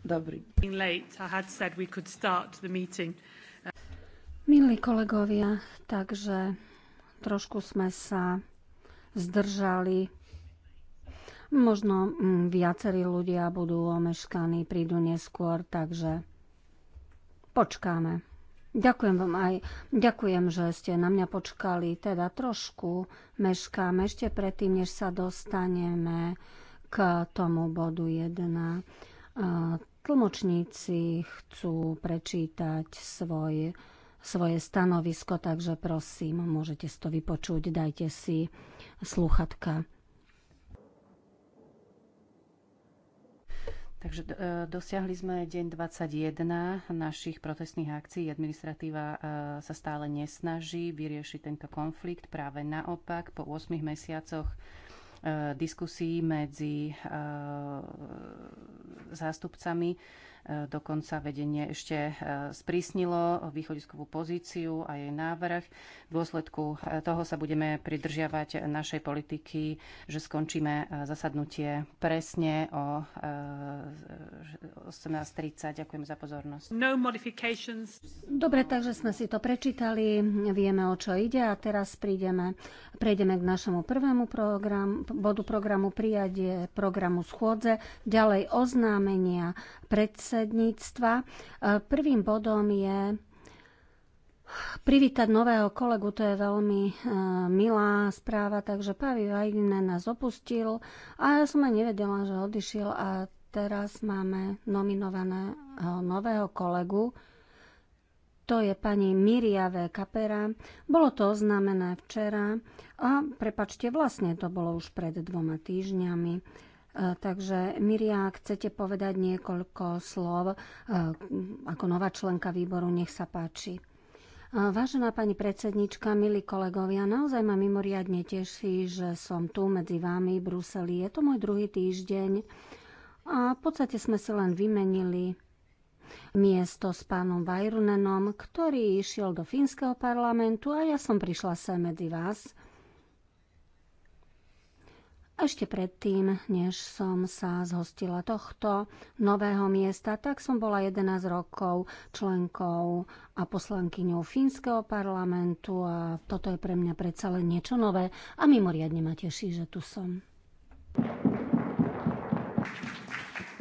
Dobrý. Milí kolegovia, takže trošku sme sa zdržali. Možno mm, viacerí ľudia budú omeškaní, prídu neskôr, takže počkáme. Ďakujem vám aj, ďakujem, že ste na mňa počkali, teda trošku meškáme ešte predtým, než sa dostaneme k tomu bodu 1. Tlmočníci chcú prečítať svoj, svoje stanovisko, takže prosím, môžete si to vypočuť, dajte si sluchatka. Takže e, dosiahli sme deň 21 našich protestných akcií. Administratíva e, sa stále nesnaží vyriešiť tento konflikt. Práve naopak, po 8 mesiacoch diskusí medzi eh, zástupcami E, dokonca vedenie ešte e, sprísnilo východiskovú pozíciu a jej návrh. V dôsledku e, toho sa budeme pridržiavať našej politiky, že skončíme zasadnutie presne o 18.30. Ďakujem za pozornosť. No Dobre, takže sme si to prečítali, vieme o čo ide a teraz prídeme, prejdeme k našemu prvému programu bodu programu prijatie programu schôdze, ďalej oznámenia predsedníctva. E, prvým bodom je privítať nového kolegu, to je veľmi e, milá správa, takže Pavi Vajdine nás opustil a ja som aj nevedela, že odišiel a teraz máme nominovaného nového kolegu, to je pani V. Kapera. Bolo to oznámené včera a prepačte, vlastne to bolo už pred dvoma týždňami. E, takže Miria, chcete povedať niekoľko slov e, ako nová členka výboru, nech sa páči. E, vážená pani predsednička, milí kolegovia, naozaj ma mimoriadne teší, že som tu medzi vami v Bruseli. Je to môj druhý týždeň a v podstate sme si len vymenili miesto s pánom Vajrunenom, ktorý išiel do fínskeho parlamentu a ja som prišla sem medzi vás. Ešte predtým, než som sa zhostila tohto nového miesta, tak som bola 11 rokov členkou a poslankyňou Fínskeho parlamentu a toto je pre mňa predsa len niečo nové a mimoriadne ma teší, že tu som.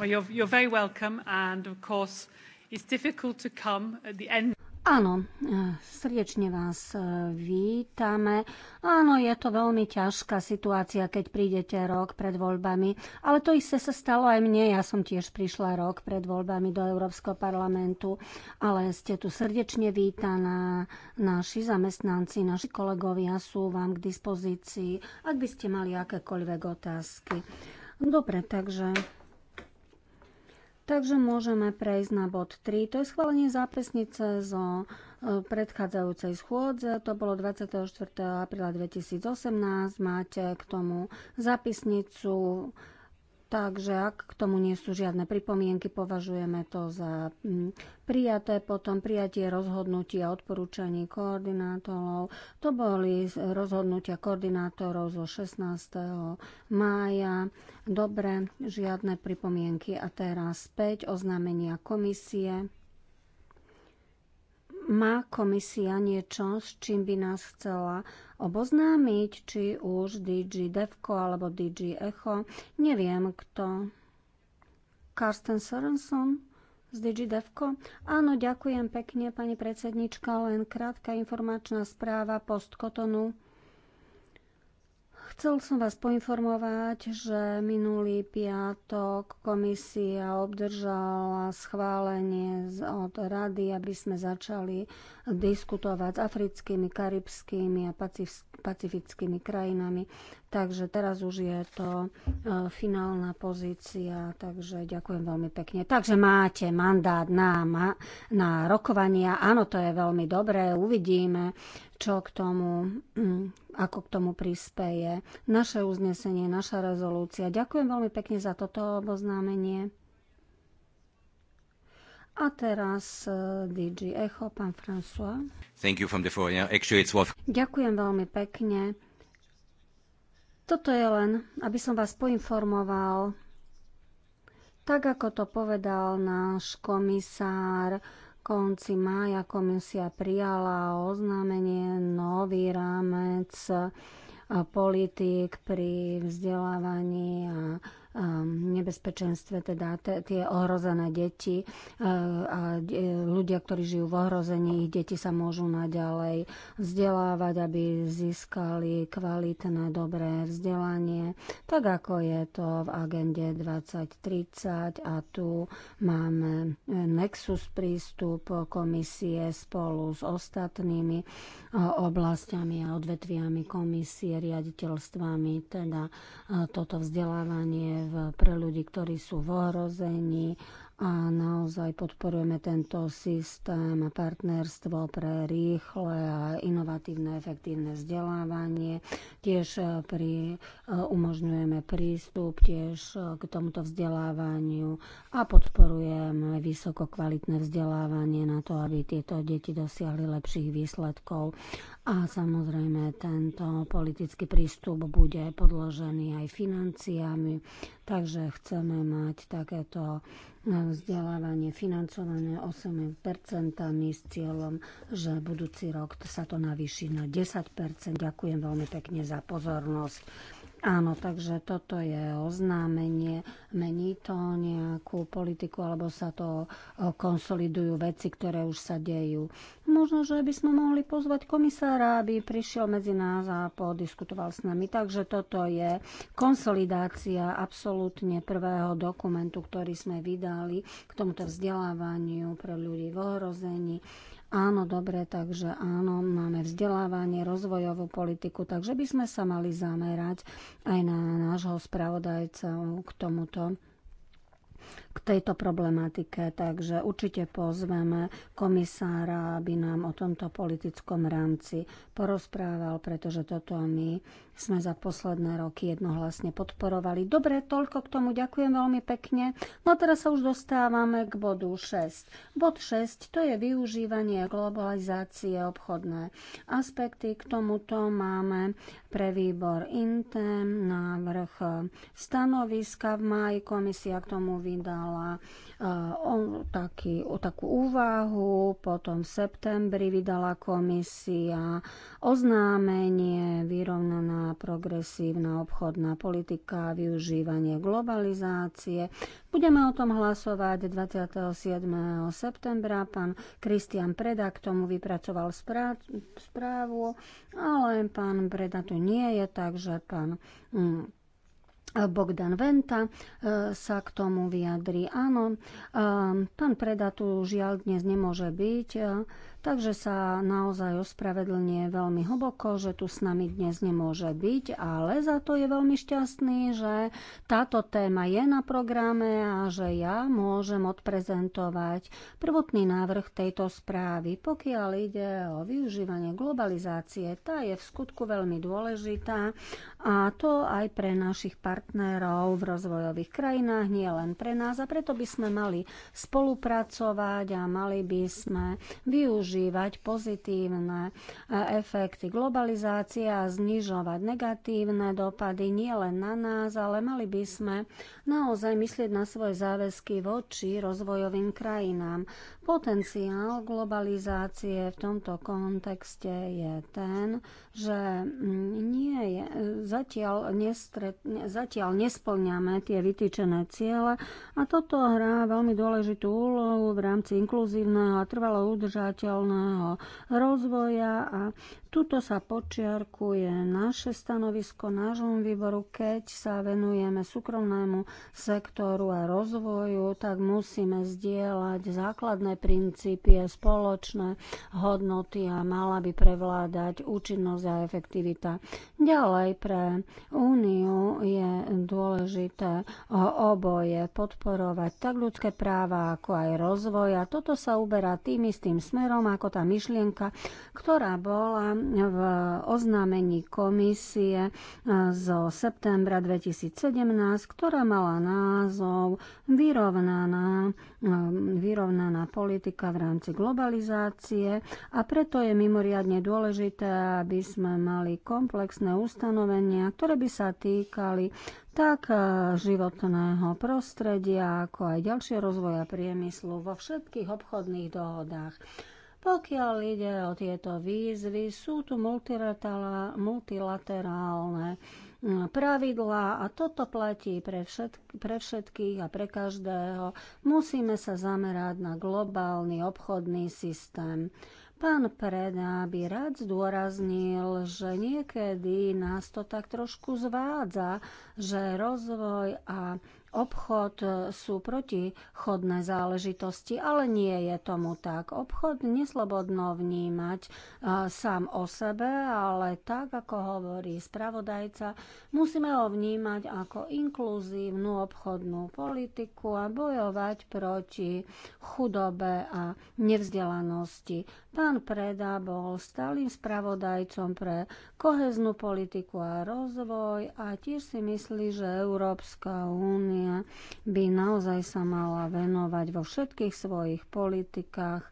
Well, you're, you're very welcome and of course it's difficult to come at the end Áno, eh, srdečne vás eh, vítame. Áno, je to veľmi ťažká situácia, keď prídete rok pred voľbami, ale to isté sa stalo aj mne. Ja som tiež prišla rok pred voľbami do Európskeho parlamentu, ale ste tu srdečne vítaná. Naši zamestnanci, naši kolegovia sú vám k dispozícii, ak by ste mali akékoľvek otázky. Dobre, takže Takže môžeme prejsť na bod 3. To je schválenie zápisnice zo e, predchádzajúcej schôdze. To bolo 24. apríla 2018. Máte k tomu zápisnicu. Takže ak k tomu nie sú žiadne pripomienky, považujeme to za mm, prijaté. Potom prijatie rozhodnutí a odporúčaní koordinátorov. To boli rozhodnutia koordinátorov zo 16. mája. Dobre, žiadne pripomienky. A teraz 5 oznámenia komisie. Má komisia niečo, s čím by nás chcela oboznámiť, či už DG Devko alebo DG Echo. Neviem, kto. Karsten Sorenson z DG Devko. Áno, ďakujem pekne, pani predsednička. Len krátka informačná správa postkotonu. Chcel som vás poinformovať, že minulý piatok komisia obdržala schválenie od rady, aby sme začali diskutovať s africkými, karibskými a pacifickými krajinami. Takže teraz už je to e, finálna pozícia, takže ďakujem veľmi pekne. Takže máte mandát na, ma, na rokovania. Áno, to je veľmi dobré, uvidíme, čo k tomu, mm, ako k tomu prispieje. Naše uznesenie, naša rezolúcia. Ďakujem veľmi pekne za toto oboznámenie. A teraz uh, e, DG Echo, pán François. Thank you from the floor. Yeah, actually it's worth... Ďakujem veľmi pekne. Toto je len, aby som vás poinformoval, tak ako to povedal náš komisár, konci mája komisia prijala oznámenie nový rámec politík pri vzdelávaní a Ehm, nebezpečenstve, teda tie ohrozené deti ehm, a e, ľudia, ktorí žijú v ohrození, ich deti sa môžu naďalej vzdelávať, aby získali kvalitné, dobré vzdelanie, tak ako je to v agende 2030 a tu máme e, Nexus prístup komisie spolu s ostatnými e, oblastiami a odvetviami komisie, riaditeľstvami, teda toto vzdelávanie v, pre ľudí, ktorí sú v ohrození a naozaj podporujeme tento systém a partnerstvo pre rýchle a inovatívne efektívne vzdelávanie. Tiež eh, pri, eh, umožňujeme prístup tiež eh, k tomuto vzdelávaniu a podporujeme vysokokvalitné vzdelávanie na to, aby tieto deti dosiahli lepších výsledkov. A samozrejme, tento politický prístup bude podložený aj financiami, takže chceme mať takéto e, vzdelávanie financované 8% s cieľom, že budúci rok sa to navýši na 10%. Ďakujem veľmi pekne za pozornosť. Áno, takže toto je oznámenie, mení to nejakú politiku, alebo sa to konsolidujú veci, ktoré už sa dejú. Možno, že by sme mohli pozvať komisára, aby prišiel medzi nás a podiskutoval s nami. Takže toto je konsolidácia absolútne prvého dokumentu, ktorý sme vydali k tomuto vzdelávaniu pre ľudí v ohrození Áno, dobre, takže áno, máme vzdelávanie, rozvojovú politiku, takže by sme sa mali zamerať aj na nášho spravodajca k tomuto k tejto problematike, takže určite pozveme komisára, aby nám o tomto politickom rámci porozprával, pretože toto my sme za posledné roky jednohlasne podporovali. Dobre, toľko k tomu. Ďakujem veľmi pekne. No teraz sa už dostávame k bodu 6. Bod 6 to je využívanie globalizácie obchodné. Aspekty k tomuto máme pre výbor INTEM, návrh stanoviska v máji. Komisia k tomu vydala mala uh, taký, takú úvahu, potom v septembri vydala komisia oznámenie vyrovnaná progresívna obchodná politika, využívanie globalizácie. Budeme o tom hlasovať 27. septembra. Pán Kristian Preda k tomu vypracoval správu, ale pán Preda tu nie je, takže pán mm, Bogdan Venta e, sa k tomu vyjadri. Áno, e, pán Preda tu žiaľ dnes nemôže byť, e, Takže sa naozaj ospravedlňuje veľmi hlboko, že tu s nami dnes nemôže byť, ale za to je veľmi šťastný, že táto téma je na programe a že ja môžem odprezentovať prvotný návrh tejto správy. Pokiaľ ide o využívanie globalizácie, tá je v skutku veľmi dôležitá a to aj pre našich partnerov v rozvojových krajinách, nie len pre nás a preto by sme mali spolupracovať a mali by sme využiť využívať pozitívne e, efekty globalizácie a znižovať negatívne dopady nielen na nás, ale mali by sme naozaj myslieť na svoje záväzky voči rozvojovým krajinám. Potenciál globalizácie v tomto kontexte je ten, že mm, nie je, zatiaľ, nestret, zatiaľ nesplňame tie vytýčené ciele a toto hrá veľmi dôležitú úlohu v rámci inkluzívneho a trvalo udržateľného sociálneho rozvoja a Tuto sa počiarkuje naše stanovisko nášho výboru, keď sa venujeme súkromnému sektoru a rozvoju, tak musíme zdieľať základné princípy a spoločné hodnoty a mala by prevládať účinnosť a efektivita. Ďalej pre Úniu je dôležité oboje podporovať tak ľudské práva, ako aj rozvoj a toto sa uberá tým istým smerom, ako tá myšlienka, ktorá bola v oznámení komisie eh, zo septembra 2017, ktorá mala názov vyrovnaná, eh, vyrovnaná politika v rámci globalizácie a preto je mimoriadne dôležité, aby sme mali komplexné ustanovenia, ktoré by sa týkali tak eh, životného prostredia, ako aj ďalšie rozvoja priemyslu vo všetkých obchodných dohodách. Pokiaľ ide o tieto výzvy, sú tu multilaterálne mm, pravidlá a toto platí pre, všetk- pre všetkých a pre každého. Musíme sa zamerať na globálny obchodný systém. Pán Preda by rád zdôraznil, že niekedy nás to tak trošku zvádza, že rozvoj a obchod e, sú protichodné záležitosti, ale nie je tomu tak. Obchod neslobodno vnímať e, sám o sebe, ale tak, ako hovorí spravodajca, musíme ho vnímať ako inkluzívnu obchodnú politiku a bojovať proti chudobe a nevzdelanosti. Pán Preda bol stálym spravodajcom pre koheznú politiku a rozvoj a tiež si myslí, že Európska únia únia by naozaj sa mala venovať vo všetkých svojich politikách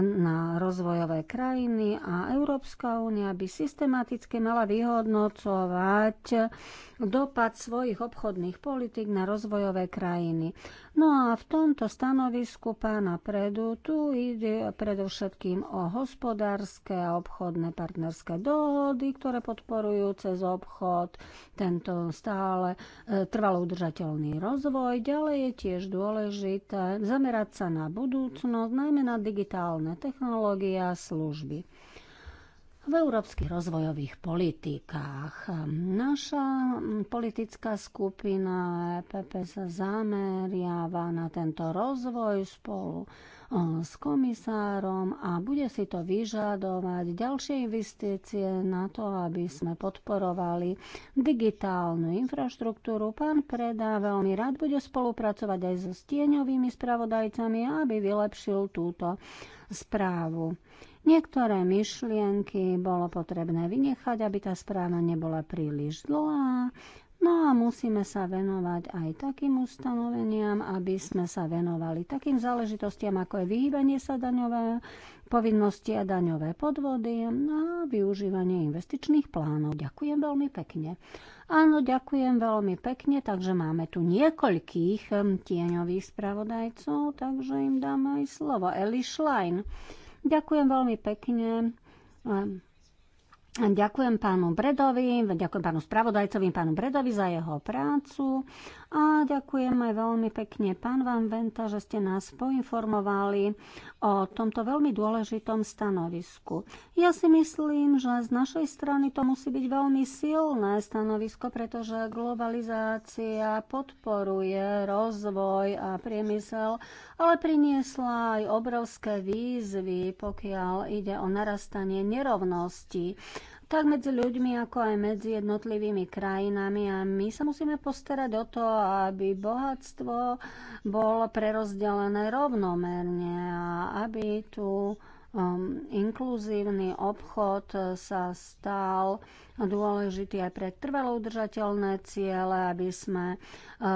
na rozvojové krajiny a Európska únia by systematicky mala vyhodnocovať dopad svojich obchodných politik na rozvojové krajiny. No a v tomto stanovisku pána Predu tu ide predovšetkým o hospodárske a obchodné partnerské dohody, ktoré podporujú cez obchod tento stále e, trvalo udržateľný rozvoj. Ďalej je tiež dôležité zamerať sa na budúcnosť, najmä na digitálne technológie a služby v európskych rozvojových politikách. Naša politická skupina EPP sa zameriava na tento rozvoj spolu e, s komisárom a bude si to vyžadovať ďalšie investície na to, aby sme podporovali digitálnu infraštruktúru. Pán Preda veľmi rád bude spolupracovať aj so stieňovými spravodajcami, aby vylepšil túto správu. Niektoré myšlienky bolo potrebné vynechať, aby tá správa nebola príliš zlá. No a musíme sa venovať aj takým ustanoveniam, aby sme sa venovali takým záležitostiam, ako je vyhýbanie sa daňové povinnosti a daňové podvody a využívanie investičných plánov. Ďakujem veľmi pekne. Áno, ďakujem veľmi pekne, takže máme tu niekoľkých hm, tieňových spravodajcov, takže im dáme aj slovo. Eli Schlein. Ďakujem veľmi pekne. Ďakujem pánu Bredovi, ďakujem pánu spravodajcovi, pánu Bredovi za jeho prácu a ďakujem aj veľmi pekne, pán Van Venta, že ste nás poinformovali o tomto veľmi dôležitom stanovisku. Ja si myslím, že z našej strany to musí byť veľmi silné stanovisko, pretože globalizácia podporuje rozvoj a priemysel, ale priniesla aj obrovské výzvy, pokiaľ ide o narastanie nerovností tak medzi ľuďmi, ako aj medzi jednotlivými krajinami. A my sa musíme postarať o to, aby bohatstvo bolo prerozdelené rovnomerne a aby tu um, inkluzívny obchod e, sa stal dôležitý aj pre trvalo udržateľné ciele, aby sme uh, e,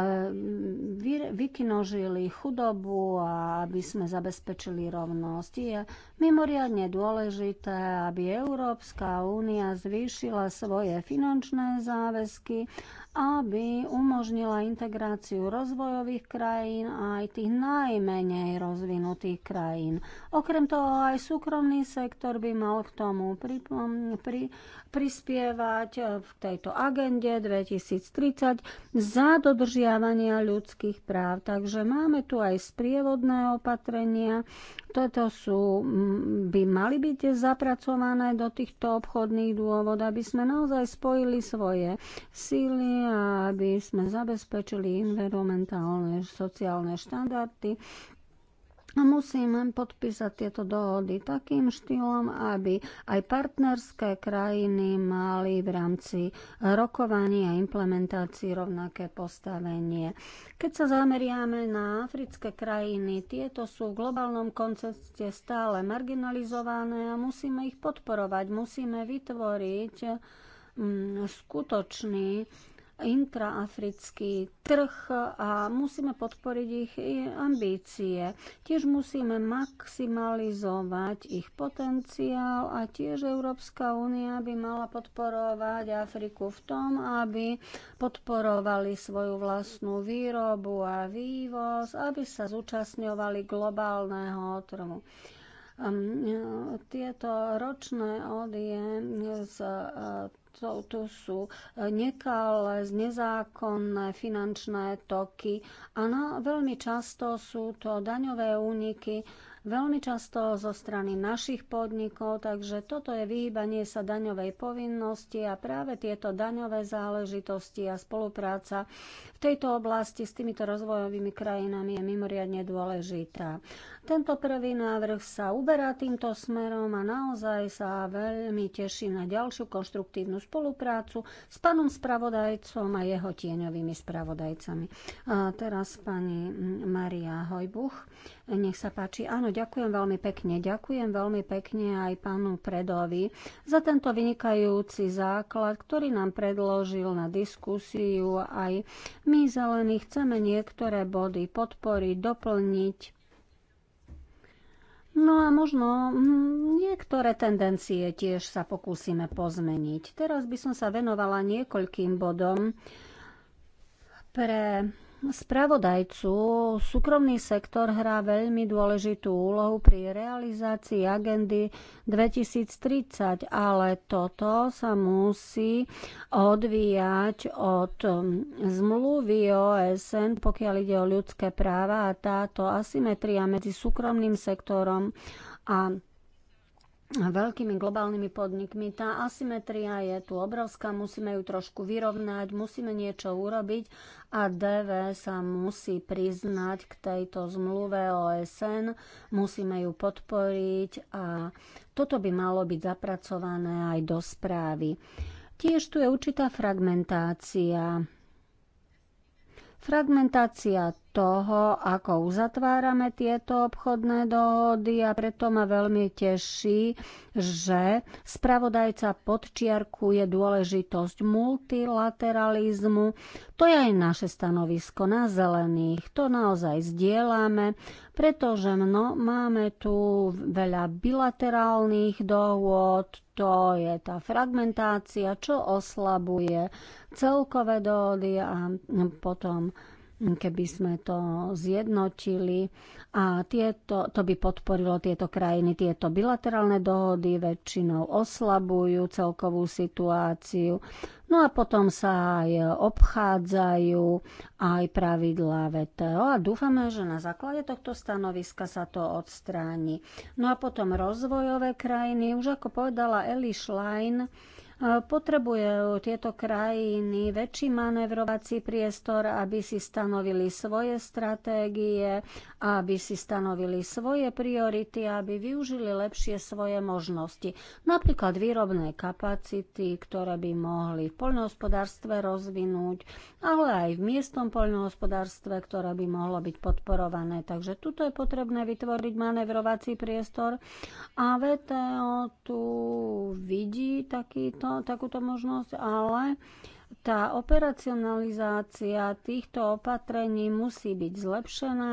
vy, vykinožili chudobu a aby sme zabezpečili rovnosť. Je mimoriadne dôležité, aby Európska únia zvýšila svoje finančné záväzky aby umožnila integráciu rozvojových krajín a aj tých najmenej rozvinutých krajín. Okrem toho aj súkromný sektor by mal k tomu pri, pri, prispievať e, v tejto agende 2030 za dodržiavania ľudských práv. Takže máme tu aj sprievodné opatrenia. Toto sú, by mali byť zapracované do týchto obchodných dôvod, aby sme naozaj spojili svoje síly a aby sme zabezpečili environmentálne sociálne štandardy len podpísať tieto dohody takým štýlom, aby aj partnerské krajiny mali v rámci rokovania a implementácií rovnaké postavenie. Keď sa zameriame na africké krajiny, tieto sú v globálnom koncepte stále marginalizované a musíme ich podporovať. Musíme vytvoriť mm, skutočný intraafrický trh a musíme podporiť ich ambície. Tiež musíme maximalizovať ich potenciál a tiež Európska únia by mala podporovať Afriku v tom, aby podporovali svoju vlastnú výrobu a vývoz, aby sa zúčastňovali globálneho trhu ehm, tieto ročné odie z to, to sú eh, nekalé, nezákonné finančné toky a na, veľmi často sú to daňové úniky, veľmi často zo strany našich podnikov, takže toto je vyhýbanie sa daňovej povinnosti a práve tieto daňové záležitosti a spolupráca v tejto oblasti s týmito rozvojovými krajinami je mimoriadne dôležitá. Tento prvý návrh sa uberá týmto smerom a naozaj sa veľmi teším na ďalšiu konštruktívnu spoluprácu s pánom spravodajcom a jeho tieňovými spravodajcami. A teraz pani Maria Hojbuch. Nech sa páči. Áno, ďakujem veľmi pekne. Ďakujem veľmi pekne aj pánu Predovi za tento vynikajúci základ, ktorý nám predložil na diskusiu. Aj my zelení chceme niektoré body podporiť, doplniť No a možno mm, niektoré tendencie tiež sa pokúsime pozmeniť. Teraz by som sa venovala niekoľkým bodom pre spravodajcu súkromný sektor hrá veľmi dôležitú úlohu pri realizácii agendy 2030, ale toto sa musí odvíjať od um, zmluvy OSN, pokiaľ ide o ľudské práva a táto asymetria medzi súkromným sektorom a veľkými globálnymi podnikmi. Tá asymetria je tu obrovská, musíme ju trošku vyrovnať, musíme niečo urobiť a DV sa musí priznať k tejto zmluve OSN, musíme ju podporiť a toto by malo byť zapracované aj do správy. Tiež tu je určitá fragmentácia. Fragmentácia toho, ako uzatvárame tieto obchodné dohody a preto ma veľmi teší, že spravodajca podčiarkuje dôležitosť multilateralizmu. To je aj naše stanovisko na zelených. To naozaj zdieľame, pretože mno, máme tu veľa bilaterálnych dohôd, to je tá fragmentácia, čo oslabuje celkové dohody a potom keby sme to zjednotili a tieto, to by podporilo tieto krajiny. Tieto bilaterálne dohody väčšinou oslabujú celkovú situáciu, no a potom sa aj obchádzajú aj pravidlá VTO a dúfame, že na základe tohto stanoviska sa to odstráni. No a potom rozvojové krajiny, už ako povedala Eli Schlein, E, Potrebujú tieto krajiny väčší manevrovací priestor, aby si stanovili svoje stratégie, aby si stanovili svoje priority, aby využili lepšie svoje možnosti. Napríklad výrobné kapacity, ktoré by mohli v poľnohospodárstve rozvinúť, ale aj v miestnom poľnohospodárstve, ktoré by mohlo byť podporované. Takže tuto je potrebné vytvoriť manevrovací priestor a VTO tu vidí takýto takúto, takúto možnosť, ale tá operacionalizácia týchto opatrení musí byť zlepšená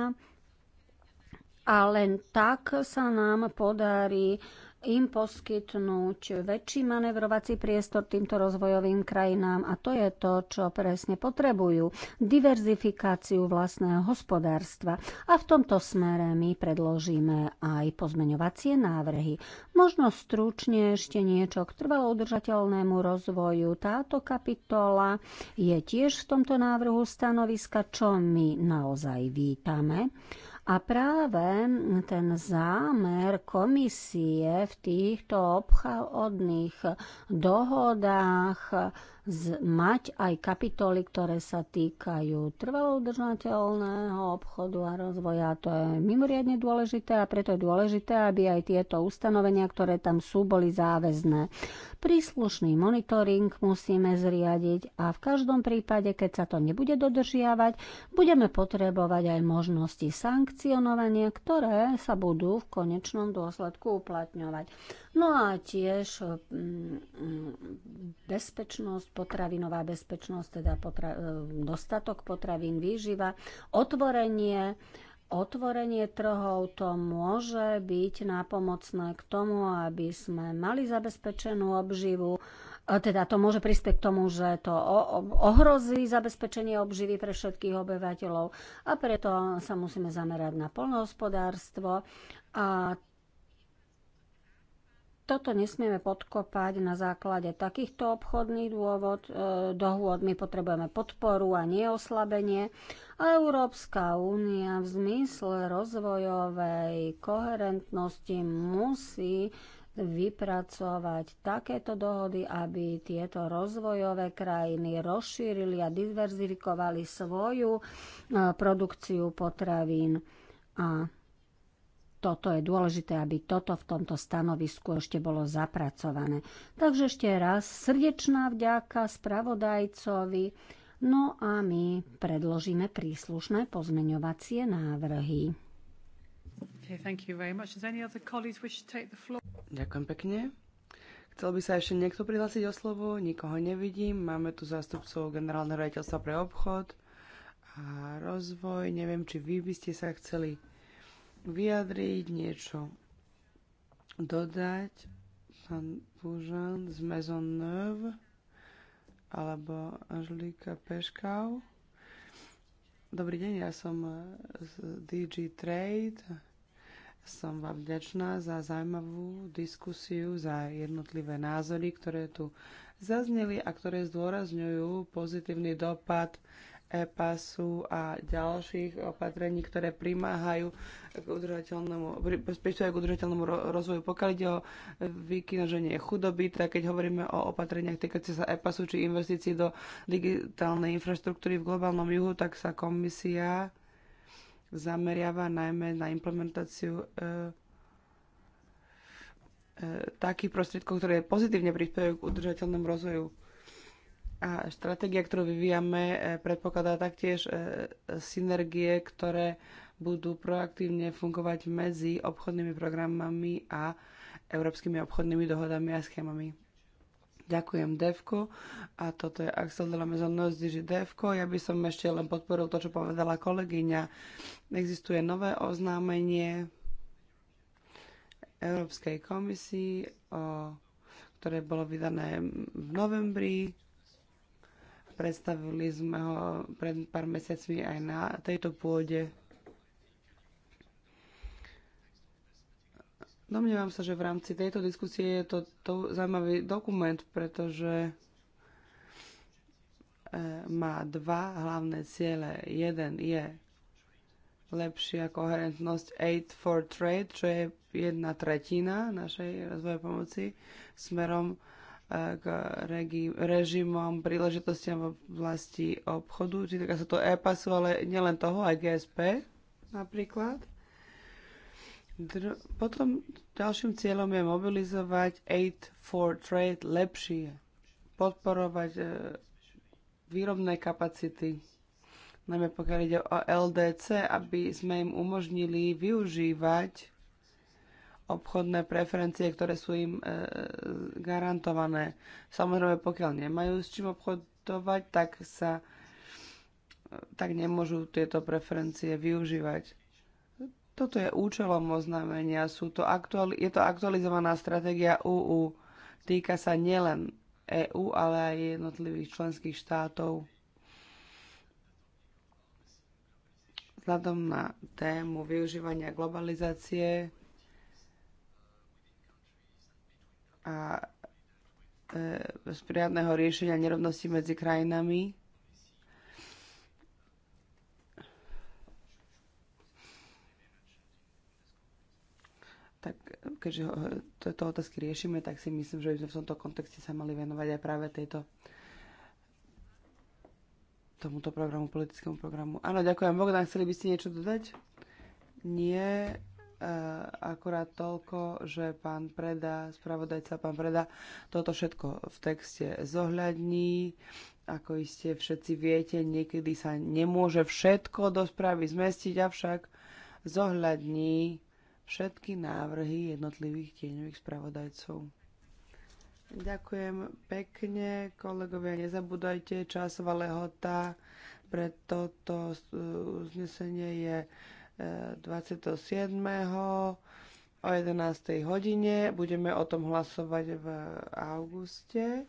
a len tak sa nám podarí im poskytnúť väčší manevrovací priestor týmto rozvojovým krajinám a to je to, čo presne potrebujú. Diverzifikáciu vlastného hospodárstva. A v tomto smere my predložíme aj pozmeňovacie návrhy. Možno stručne ešte niečo k trvalo udržateľnému rozvoju. Táto kapitola je tiež v tomto návrhu stanoviska, čo my naozaj vítame. A práve ten zámer komisie v týchto obchodných dohodách mať aj kapitoly, ktoré sa týkajú trvalo udržateľného obchodu a rozvoja. To je mimoriadne dôležité a preto je dôležité, aby aj tieto ustanovenia, ktoré tam sú, boli záväzné. Príslušný monitoring musíme zriadiť a v každom prípade, keď sa to nebude dodržiavať, budeme potrebovať aj možnosti sankcionovania, ktoré sa budú v konečnom dôsledku uplatňovať. No a tiež mm, mm, bezpečnosť, potravinová bezpečnosť, teda potra- e, dostatok potravín, výživa, otvorenie otvorenie trhov to môže byť nápomocné k tomu, aby sme mali zabezpečenú obživu, teda to môže prispieť k tomu, že to ohrozí zabezpečenie obživy pre všetkých obyvateľov a preto sa musíme zamerať na polnohospodárstvo a toto nesmieme podkopať na základe takýchto obchodných dôvod, e, dohôd. My potrebujeme podporu a neoslabenie. A Európska únia v zmysle rozvojovej koherentnosti musí vypracovať takéto dohody, aby tieto rozvojové krajiny rozšírili a diverzifikovali svoju e, produkciu potravín. A toto je dôležité, aby toto v tomto stanovisku ešte bolo zapracované. Takže ešte raz srdečná vďaka spravodajcovi. No a my predložíme príslušné pozmeňovacie návrhy. Okay, Ďakujem pekne. Chcel by sa ešte niekto prihlásiť o slovo? Nikoho nevidím. Máme tu zástupcov generálneho rejiteľstva pre obchod a rozvoj. Neviem, či vy by ste sa chceli vyjadriť, niečo dodať. Pán Bužan z Maison Neuve alebo Anželika Peškau. Dobrý deň, ja som z DG Trade. Som vám vďačná za zaujímavú diskusiu, za jednotlivé názory, ktoré tu zazneli a ktoré zdôrazňujú pozitívny dopad e-pasu a ďalších opatrení, ktoré primáhajú k udržateľnému, aj k udržateľnému rozvoju. Pokiaľ ide o vykynoženie chudoby, tak keď hovoríme o opatreniach týkajúce sa e-pasu či investícií do digitálnej infraštruktúry v globálnom juhu, tak sa komisia zameriava najmä na implementáciu e, e takých prostriedkov, ktoré pozitívne prispievajú k udržateľnému rozvoju a stratégia, ktorú vyvíjame, e, predpokladá taktiež e, synergie, ktoré budú proaktívne fungovať medzi obchodnými programami a európskymi obchodnými dohodami a schémami. Ďakujem Devko a toto je Axel de la Maison Digi Devko. Ja by som ešte len podporil to, čo povedala kolegyňa. Existuje nové oznámenie Európskej komisii, o, ktoré bolo vydané v novembri Predstavili sme ho pred pár mesiacmi aj na tejto pôde. Domnievam sa, že v rámci tejto diskusie je to, to zaujímavý dokument, pretože e, má dva hlavné ciele. Jeden je lepšia koherentnosť Aid for Trade, čo je jedna tretina našej rozvojovej pomoci smerom k režimom, príležitostiam v oblasti obchodu, či týka teda sa to e-pasu, ale nielen toho, aj GSP napríklad. Dr- potom ďalším cieľom je mobilizovať Aid for Trade lepšie, podporovať e, výrobné kapacity, najmä pokiaľ ide o LDC, aby sme im umožnili využívať obchodné preferencie, ktoré sú im e, garantované. Samozrejme, pokiaľ nemajú s čím obchodovať, tak sa e, tak nemôžu tieto preferencie využívať. Toto je účelom oznámenia. Sú to aktuali- je to aktualizovaná stratégia UU. Týka sa nielen EÚ, ale aj jednotlivých členských štátov. Vzhľadom na tému využívania globalizácie a e, spriadného riešenia nerovnosti medzi krajinami. Tak keďže tieto otázky riešime, tak si myslím, že by sme v tomto kontexte sa mali venovať aj práve tejto tomuto programu, politickému programu. Áno, ďakujem. Bogdan, chceli by ste niečo dodať? Nie. Eh, akurát toľko, že pán Preda, spravodajca pán Preda, toto všetko v texte zohľadní. Ako iste všetci viete, niekedy sa nemôže všetko do správy zmestiť, avšak zohľadní všetky návrhy jednotlivých tieňových spravodajcov. Ďakujem pekne, kolegovia, nezabúdajte, časová lehota pre toto eh, uznesenie je 27. o 11. hodine. Budeme o tom hlasovať v auguste.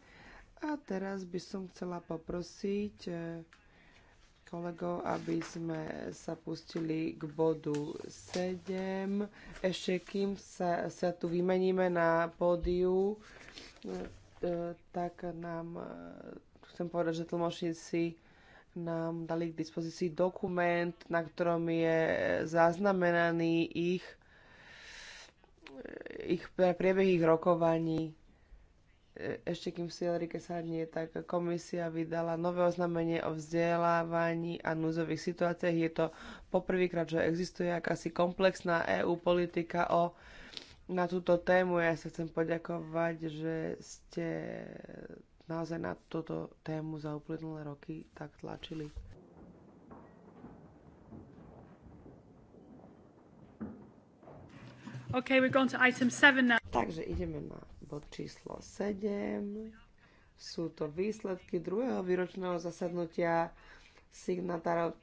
A teraz by som chcela poprosiť eh, kolegov, aby sme sa pustili k bodu 7. Ešte kým sa, sa tu vymeníme na pódiu, eh, tak nám eh, chcem povedať, že tlmočníci nám dali k dispozícii dokument, na ktorom je zaznamenaný ich, ich priebeh ich rokovaní. Ešte kým si Enrique sadne, tak komisia vydala nové oznámenie o vzdelávaní a núzových situáciách. Je to poprvýkrát, že existuje akási komplexná EU politika o, na túto tému. Ja sa chcem poďakovať, že ste naozaj na túto tému za uplynulé roky tak tlačili. Okay, we're going to item seven now. Takže ideme na bod číslo 7. Sú to výsledky druhého výročného zasadnutia signatárov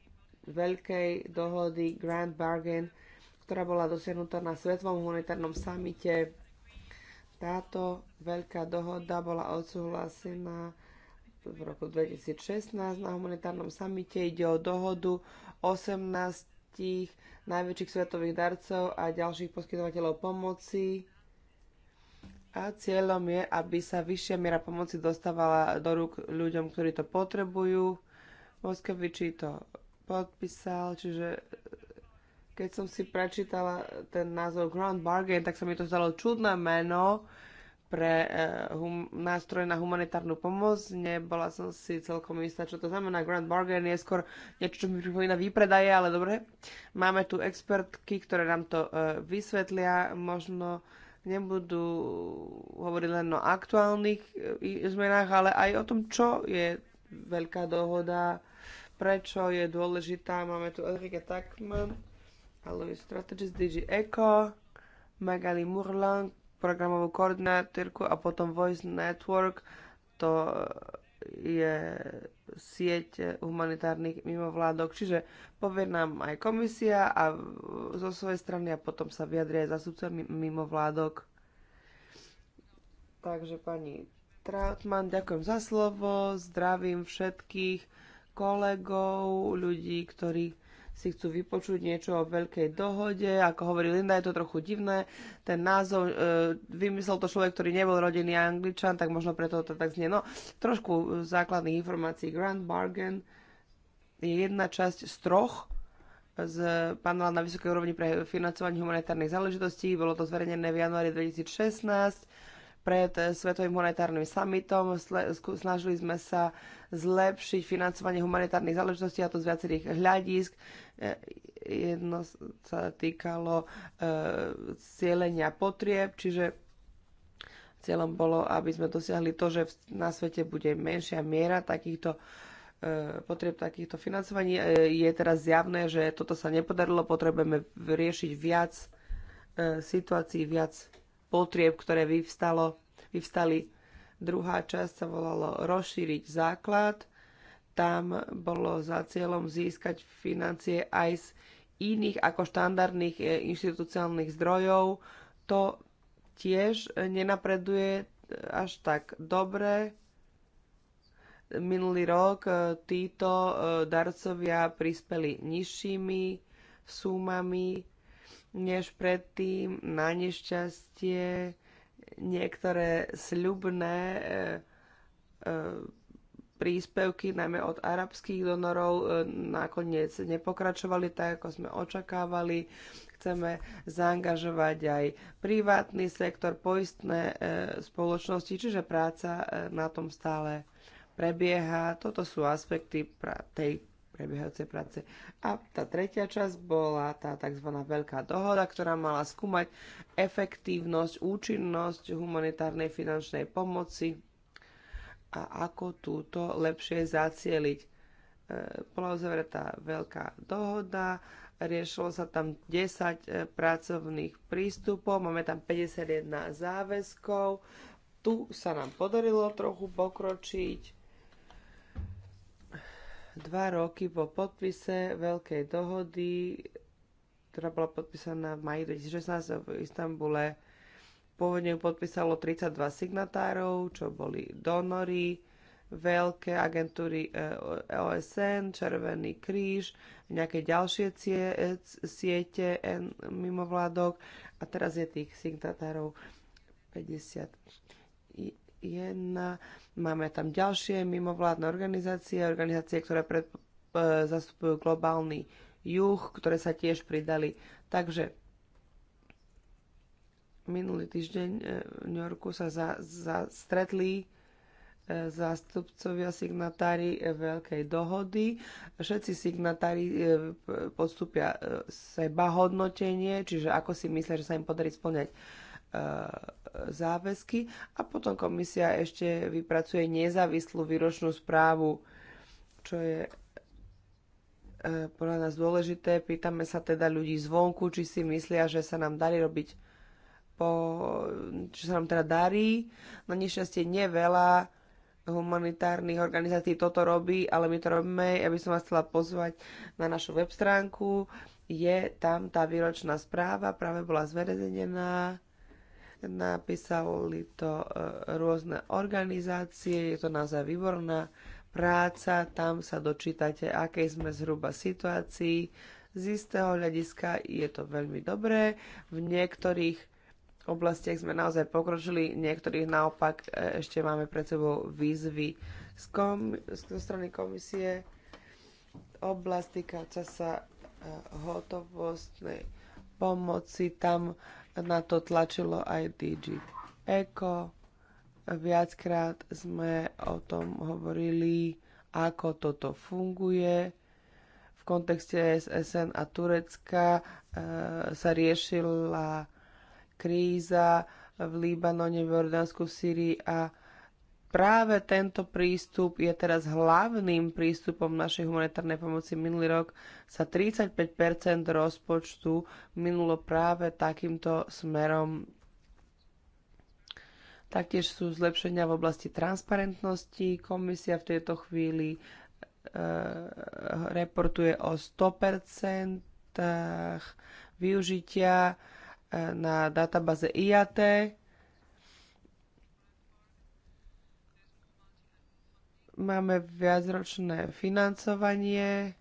veľkej dohody Grand Bargain, ktorá bola dosiahnutá na Svetovom humanitárnom samite táto veľká dohoda bola odsúhlasená v roku 2016 na humanitárnom samite. Ide o dohodu 18 najväčších svetových darcov a ďalších poskytovateľov pomoci. A cieľom je, aby sa vyššia miera pomoci dostávala do rúk ľuďom, ktorí to potrebujú. to podpísal, čiže keď som si prečítala ten názov Grand Bargain, tak sa mi to zdalo čudné meno pre eh, hum, nástroj na humanitárnu pomoc. Nebola som si celkom istá, čo to znamená. Grand Bargain je skôr niečo, čo mi pripomína výpredaje, ale dobre. Máme tu expertky, ktoré nám to uh, vysvetlia. Možno nebudú hovoriť len o aktuálnych eh, zmenách, ale aj o tom, čo je veľká dohoda, prečo je dôležitá. Máme tu Enrique Takman, Alloy Strategist, DG Eco, Magali Murlan, programovú koordinátorku a potom Voice Network, to je sieť humanitárnych mimovládok. Čiže povie nám aj komisia a zo svojej strany a potom sa vyjadria aj zasudca mimovládok. Takže pani Trautmann, ďakujem za slovo, zdravím všetkých kolegov, ľudí, ktorí si chcú vypočuť niečo o veľkej dohode. Ako hovorí Linda, je to trochu divné. Ten názov e, vymyslel to človek, ktorý nebol rodený angličan, tak možno preto to tak znie. No, trošku základných informácií. Grand Bargain je jedna časť z troch z panela na vysokej úrovni pre financovanie humanitárnych záležitostí. Bolo to zverejnené v januári 2016 pred Svetovým monetárnym summitom. Snažili sme sa zlepšiť financovanie humanitárnych záležitostí, a to z viacerých hľadisk. E, jedno sa týkalo e, potrieb, čiže cieľom bolo, aby sme dosiahli to, že na svete bude menšia miera takýchto e, potrieb takýchto financovaní. E, je teraz zjavné, že toto sa nepodarilo, potrebujeme riešiť viac situácií, viac potrieb, ktoré vyvstalo, vyvstali. Druhá časť sa volalo rozšíriť základ. Tam bolo za cieľom získať financie aj z iných ako štandardných e, inštitucionálnych zdrojov. To tiež nenapreduje až tak dobre. Minulý rok e, títo e, darcovia prispeli nižšími súmami než predtým. Na nešťastie niektoré sľubné e, e, príspevky, najmä od arabských donorov, e, nakoniec nepokračovali tak, ako sme očakávali. Chceme zaangažovať aj privátny sektor, poistné e, spoločnosti, čiže práca e, na tom stále prebieha. Toto sú aspekty tej prebiehajúcej práce. A tá tretia časť bola tá tzv. veľká dohoda, ktorá mala skúmať efektívnosť, účinnosť humanitárnej finančnej pomoci a ako túto lepšie zacieliť. E, bola uzavretá veľká dohoda, riešilo sa tam 10 e, pracovných prístupov, máme tam 51 záväzkov. Tu sa nám podarilo trochu pokročiť dva roky po podpise veľkej dohody, ktorá bola podpísaná v maji 2016 v Istambule. Pôvodne ju podpísalo 32 signatárov, čo boli donory, veľké agentúry e, OSN, Červený kríž, nejaké ďalšie e, siete mimovládok a teraz je tých signatárov 50. Máme tam ďalšie mimovládne organizácie, organizácie, ktoré pred, e, zastupujú globálny juh, ktoré sa tiež pridali. Takže minulý týždeň e, v New Yorku sa za, za stretli e, zástupcovia signatári e, veľkej dohody. Všetci signatári e, podstúpia seba hodnotenie, čiže ako si myslia, že sa im podarí splňať E, záväzky a potom komisia ešte vypracuje nezávislú výročnú správu, čo je e, podľa nás dôležité. Pýtame sa teda ľudí zvonku, či si myslia, že sa nám darí robiť po, či sa nám teda darí. Na no nešťastie nie veľa humanitárnych organizácií toto robí, ale my to robíme. Ja by som vás chcela pozvať na našu web stránku. Je tam tá výročná správa, práve bola zverejnená Napísali to e, rôzne organizácie, je to naozaj výborná práca, tam sa dočítate, akej sme zhruba situácii. Z istého hľadiska je to veľmi dobré. V niektorých oblastiach sme naozaj pokročili, niektorých naopak e, ešte máme pred sebou výzvy z, kom- z strany komisie. Oblast týkajúca sa e, hotovostnej pomoci, tam na to tlačilo aj DG Eko. Viackrát sme o tom hovorili, ako toto funguje. V kontexte SSN a Turecka e, sa riešila kríza v Líbanone, v Jordánsku, v Syrii a Práve tento prístup je teraz hlavným prístupom našej humanitárnej pomoci. Minulý rok sa 35 rozpočtu minulo práve takýmto smerom. Taktiež sú zlepšenia v oblasti transparentnosti. Komisia v tejto chvíli e, reportuje o 100% využitia e, na databáze IAT Máme viacročné financovanie.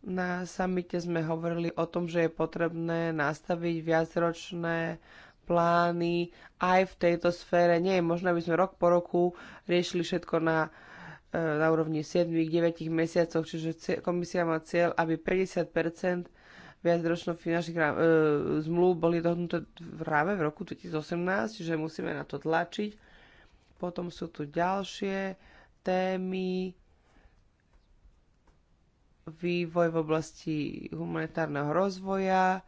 Na samite sme hovorili o tom, že je potrebné nastaviť viacročné plány aj v tejto sfére. Nie je možné, aby sme rok po roku riešili všetko na, e, na úrovni 7-9 mesiacov, čiže komisia má cieľ, aby 50 viacročných finančných e, zmluv boli dohodnuté práve v roku 2018, čiže musíme na to tlačiť potom sú tu ďalšie témy, vývoj v oblasti humanitárneho rozvoja,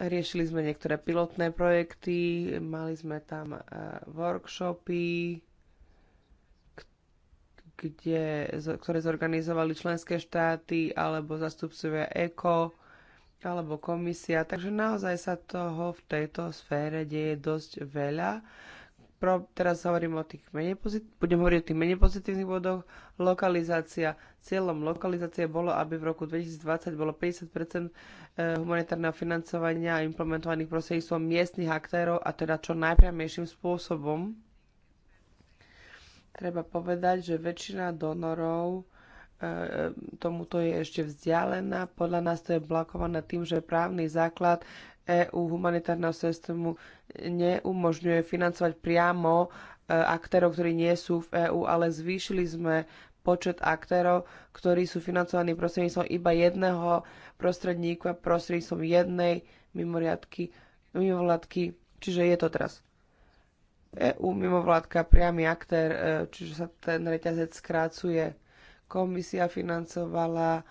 riešili sme niektoré pilotné projekty, mali sme tam e, workshopy, kde, ktoré zorganizovali členské štáty alebo zastupcovia ECO alebo komisia. Takže naozaj sa toho v tejto sfére deje dosť veľa Pro, teraz hovorím o tých menej pozit- budem hovoriť o tých menej pozitívnych bodoch. Lokalizácia. Cieľom lokalizácie bolo, aby v roku 2020 bolo 50 e, humanitárneho financovania implementovaných prostredníctvom miestnych aktérov a teda čo najpriamejším spôsobom. Treba povedať, že väčšina donorov e, tomuto je ešte vzdialená. Podľa nás to je blokované tým, že právny základ EÚ humanitárneho systému neumožňuje financovať priamo e, aktérov, ktorí nie sú v EÚ, ale zvýšili sme počet aktérov, ktorí sú financovaní prostredníctvom iba jedného prostredníka, prostredníctvom jednej mimoriadky, mimovládky, čiže je to teraz EU mimovládka, priamy aktér, e, čiže sa ten reťazec skrácuje. Komisia financovala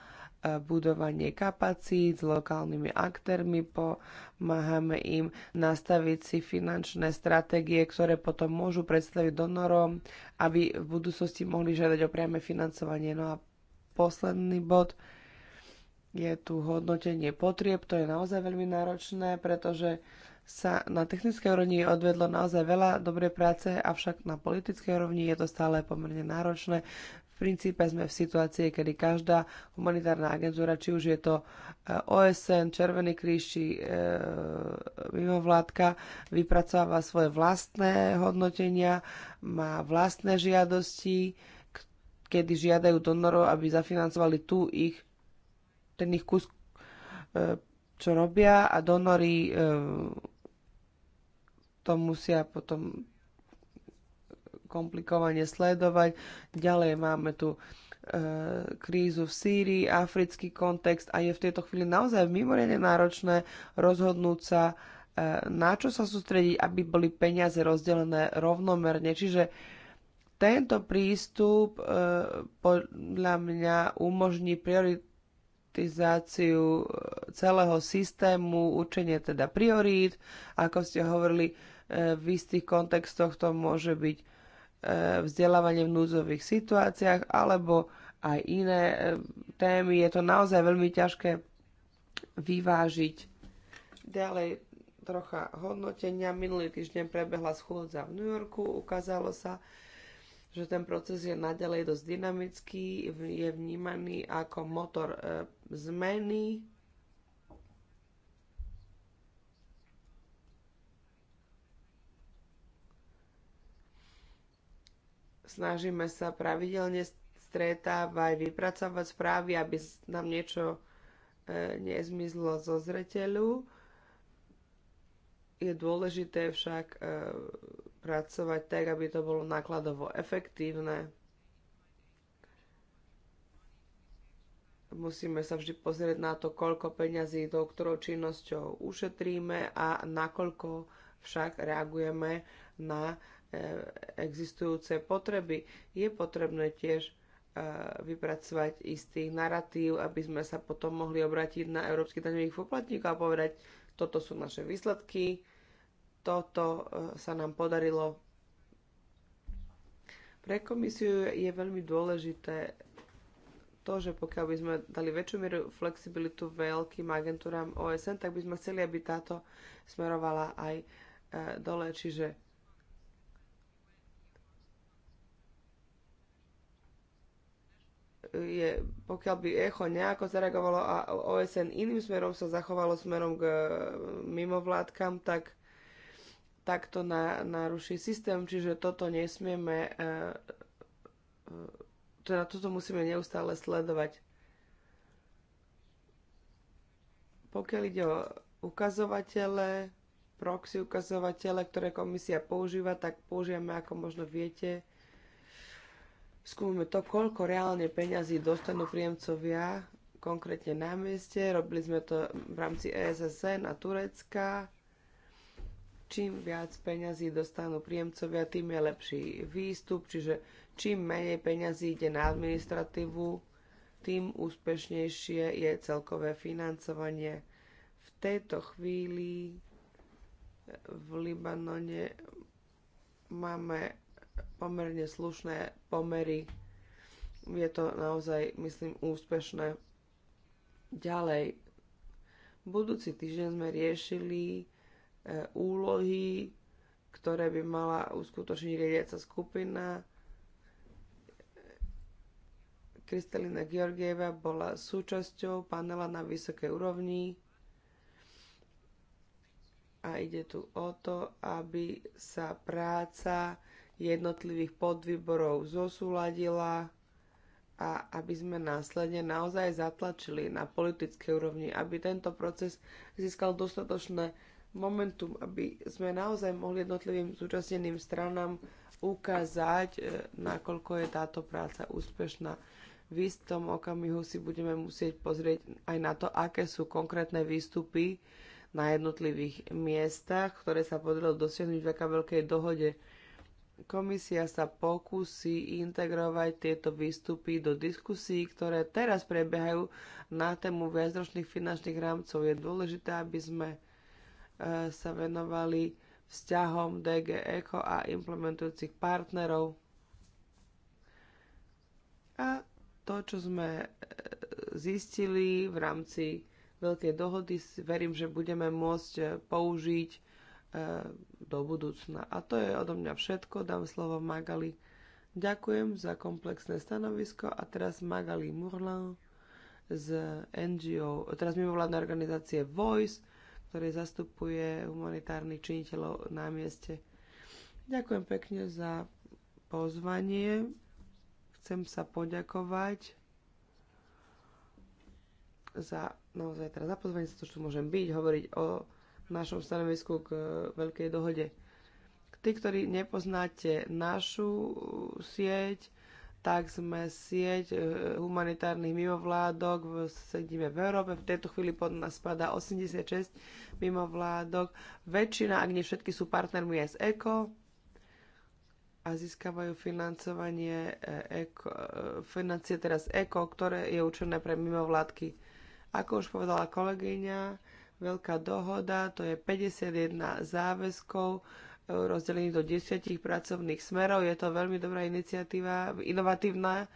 budovanie kapacít s lokálnymi aktérmi, pomáhame im nastaviť si finančné stratégie, ktoré potom môžu predstaviť donorom, aby v budúcnosti mohli žiadať o priame financovanie. No a posledný bod je tu hodnotenie potrieb, to je naozaj veľmi náročné, pretože sa na technickej úrovni odvedlo naozaj veľa dobrej práce, avšak na politickej úrovni je to stále pomerne náročné. V princípe sme v situácii, kedy každá humanitárna agentúra, či už je to eh, OSN, Červený kríž či e, mimovládka, vypracáva svoje vlastné hodnotenia, má vlastné žiadosti, kedy žiadajú donorov, aby zafinancovali tu ich, ten ich kus, e, čo robia a donory e, to musia potom komplikovane sledovať. Ďalej máme tu e, krízu v Sýrii, africký kontext a je v tejto chvíli naozaj mimoriadne náročné rozhodnúť sa, e, na čo sa sústrediť, aby boli peniaze rozdelené rovnomerne. Čiže tento prístup e, podľa mňa umožní prioritizáciu celého systému, učenie teda priorít. Ako ste hovorili, v istých kontextoch to môže byť vzdelávanie v núdzových situáciách alebo aj iné e, témy. Je to naozaj veľmi ťažké vyvážiť. Ďalej trocha hodnotenia. Minulý týždeň prebehla schôdza v New Yorku. Ukázalo sa, že ten proces je naďalej dosť dynamický, je vnímaný ako motor e, zmeny Snažíme sa pravidelne stretávať, vypracovať správy, aby nám niečo e, nezmizlo zo zreteľu. Je dôležité však e, pracovať tak, aby to bolo nákladovo efektívne. Musíme sa vždy pozrieť na to, koľko peňazí do ktorou činnosťou ušetríme a nakoľko však reagujeme na uh, E, existujúce potreby. Je potrebné tiež e, vypracovať istý narratív, aby sme sa potom mohli obrátiť na európsky daňových poplatníkov a povedať, toto sú naše výsledky, toto e, sa nám podarilo. Pre komisiu je veľmi dôležité to, že pokiaľ by sme dali väčšiu mieru flexibilitu veľkým agentúram OSN, tak by sme chceli, aby táto smerovala aj dole, čiže je, pokiaľ by ECHO nejako zareagovalo a OSN iným smerom sa zachovalo smerom k e, mimovládkam, tak tak to na, naruší systém, čiže toto nesmieme, e, e, teda toto musíme neustále sledovať. Pokiaľ ide o ukazovatele, proxy ukazovatele, ktoré komisia používa, tak používame, ako možno viete, skúmame to, koľko reálne peňazí dostanú príjemcovia konkrétne na mieste. Robili sme to v rámci ESSN a Turecka. Čím viac peňazí dostanú príjemcovia, tým je lepší výstup, čiže čím menej peňazí ide na administratívu, tým úspešnejšie je celkové financovanie. V tejto chvíli v Libanone máme pomerne slušné pomery. Je to naozaj, myslím, úspešné. Ďalej, budúci týždeň sme riešili e, úlohy, ktoré by mala uskutočniť riadiaca skupina. Kristelina Georgieva bola súčasťou panela na vysokej úrovni a ide tu o to, aby sa práca jednotlivých podvýborov zosúladila a aby sme následne naozaj zatlačili na politické úrovni, aby tento proces získal dostatočné momentum, aby sme naozaj mohli jednotlivým zúčastneným stranám ukázať, e, nakoľko je táto práca úspešná. V istom okamihu si budeme musieť pozrieť aj na to, aké sú konkrétne výstupy na jednotlivých miestach, ktoré sa podarilo dosiahnuť vďaka veľkej dohode komisia sa pokúsi integrovať tieto výstupy do diskusí, ktoré teraz prebiehajú na tému viacročných finančných rámcov. Je dôležité, aby sme e, sa venovali vzťahom DG ECO a implementujúcich partnerov. A to, čo sme e, zistili v rámci veľkej dohody, verím, že budeme môcť e, použiť E, do budúcna. A to je odo mňa všetko. Dám slovo Magali. Ďakujem za komplexné stanovisko a teraz Magali Murlan z NGO, teraz mimovládnej organizácie Voice, ktorý zastupuje humanitárnych činiteľov na mieste. Ďakujem pekne za pozvanie. Chcem sa poďakovať za naozaj teraz za pozvanie, za to, že tu môžem byť, hovoriť o v našom stanovisku k e, veľkej dohode. Tí, ktorí nepoznáte našu e, sieť, tak sme sieť e, humanitárnych mimovládok, sedíme v Európe, v tejto chvíli pod nás spadá 86 mimovládok. Väčšina, ak nie všetky, sú partnermi z ECO a získavajú financovanie ECO, financie teraz ECO, ktoré je určené pre mimovládky. Ako už povedala kolegyňa, veľká dohoda, to je 51 záväzkov e, rozdelených do 10 pracovných smerov. Je to veľmi dobrá iniciatíva, inovatívna,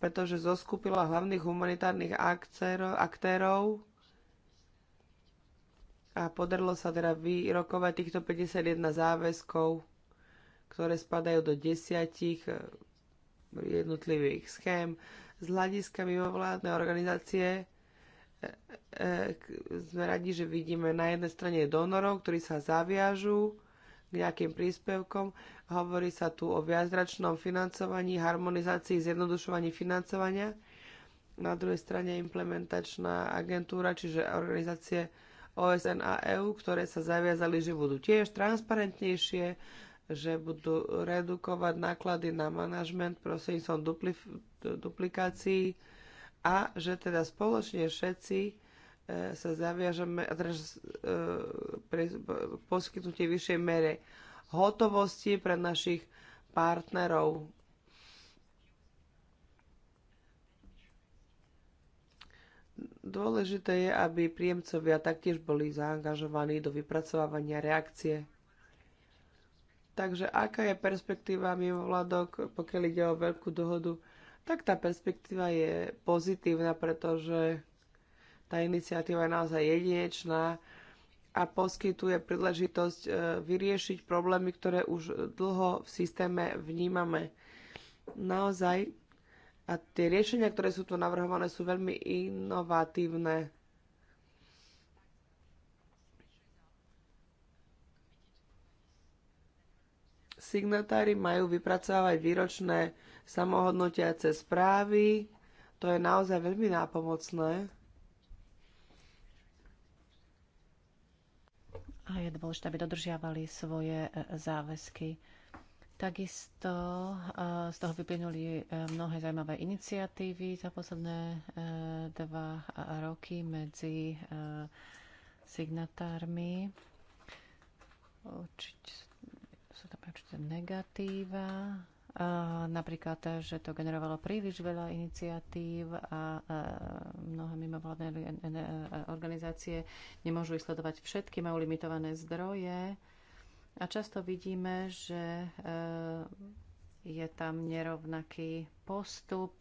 pretože zoskupila hlavných humanitárnych aktérov, aktérov a podarilo sa teda vyrokovať týchto 51 záväzkov, ktoré spadajú do desiatich e, jednotlivých schém. Z hľadiska mimovládnej organizácie sme radi, že vidíme na jednej strane donorov, ktorí sa zaviažú k nejakým príspevkom. Hovorí sa tu o viacračnom financovaní, harmonizácii, zjednodušovaní financovania. Na druhej strane implementačná agentúra, čiže organizácie OSN a EU, ktoré sa zaviazali, že budú tiež transparentnejšie, že budú redukovať náklady na manažment prostredníctvom dupli- duplikácií a že teda spoločne všetci e, sa zaviažeme teda, e, pre poskytnutie vyššej mere hotovosti pre našich partnerov. Dôležité je, aby príjemcovia taktiež boli zaangažovaní do vypracovávania reakcie. Takže aká je perspektíva mimovládok, pokiaľ ide o veľkú dohodu tak tá perspektíva je pozitívna, pretože tá iniciatíva je naozaj jedinečná a poskytuje príležitosť e, vyriešiť problémy, ktoré už dlho v systéme vnímame. Naozaj, a tie riešenia, ktoré sú tu navrhované, sú veľmi inovatívne. Signatári majú vypracovať výročné samohodnotiace správy. To je naozaj veľmi nápomocné. A je dôležité, aby dodržiavali svoje e, záväzky. Takisto e, z toho vyplynuli e, mnohé zaujímavé iniciatívy za posledné dva roky medzi signatármi. Určite sú tam určite negatíva, Eh, napríklad, eh, že to generovalo príliš veľa iniciatív a eh, mnohé mimovládne organizácie nemôžu sledovať všetky, majú limitované zdroje. A často vidíme, že je tam nerovnaký postup,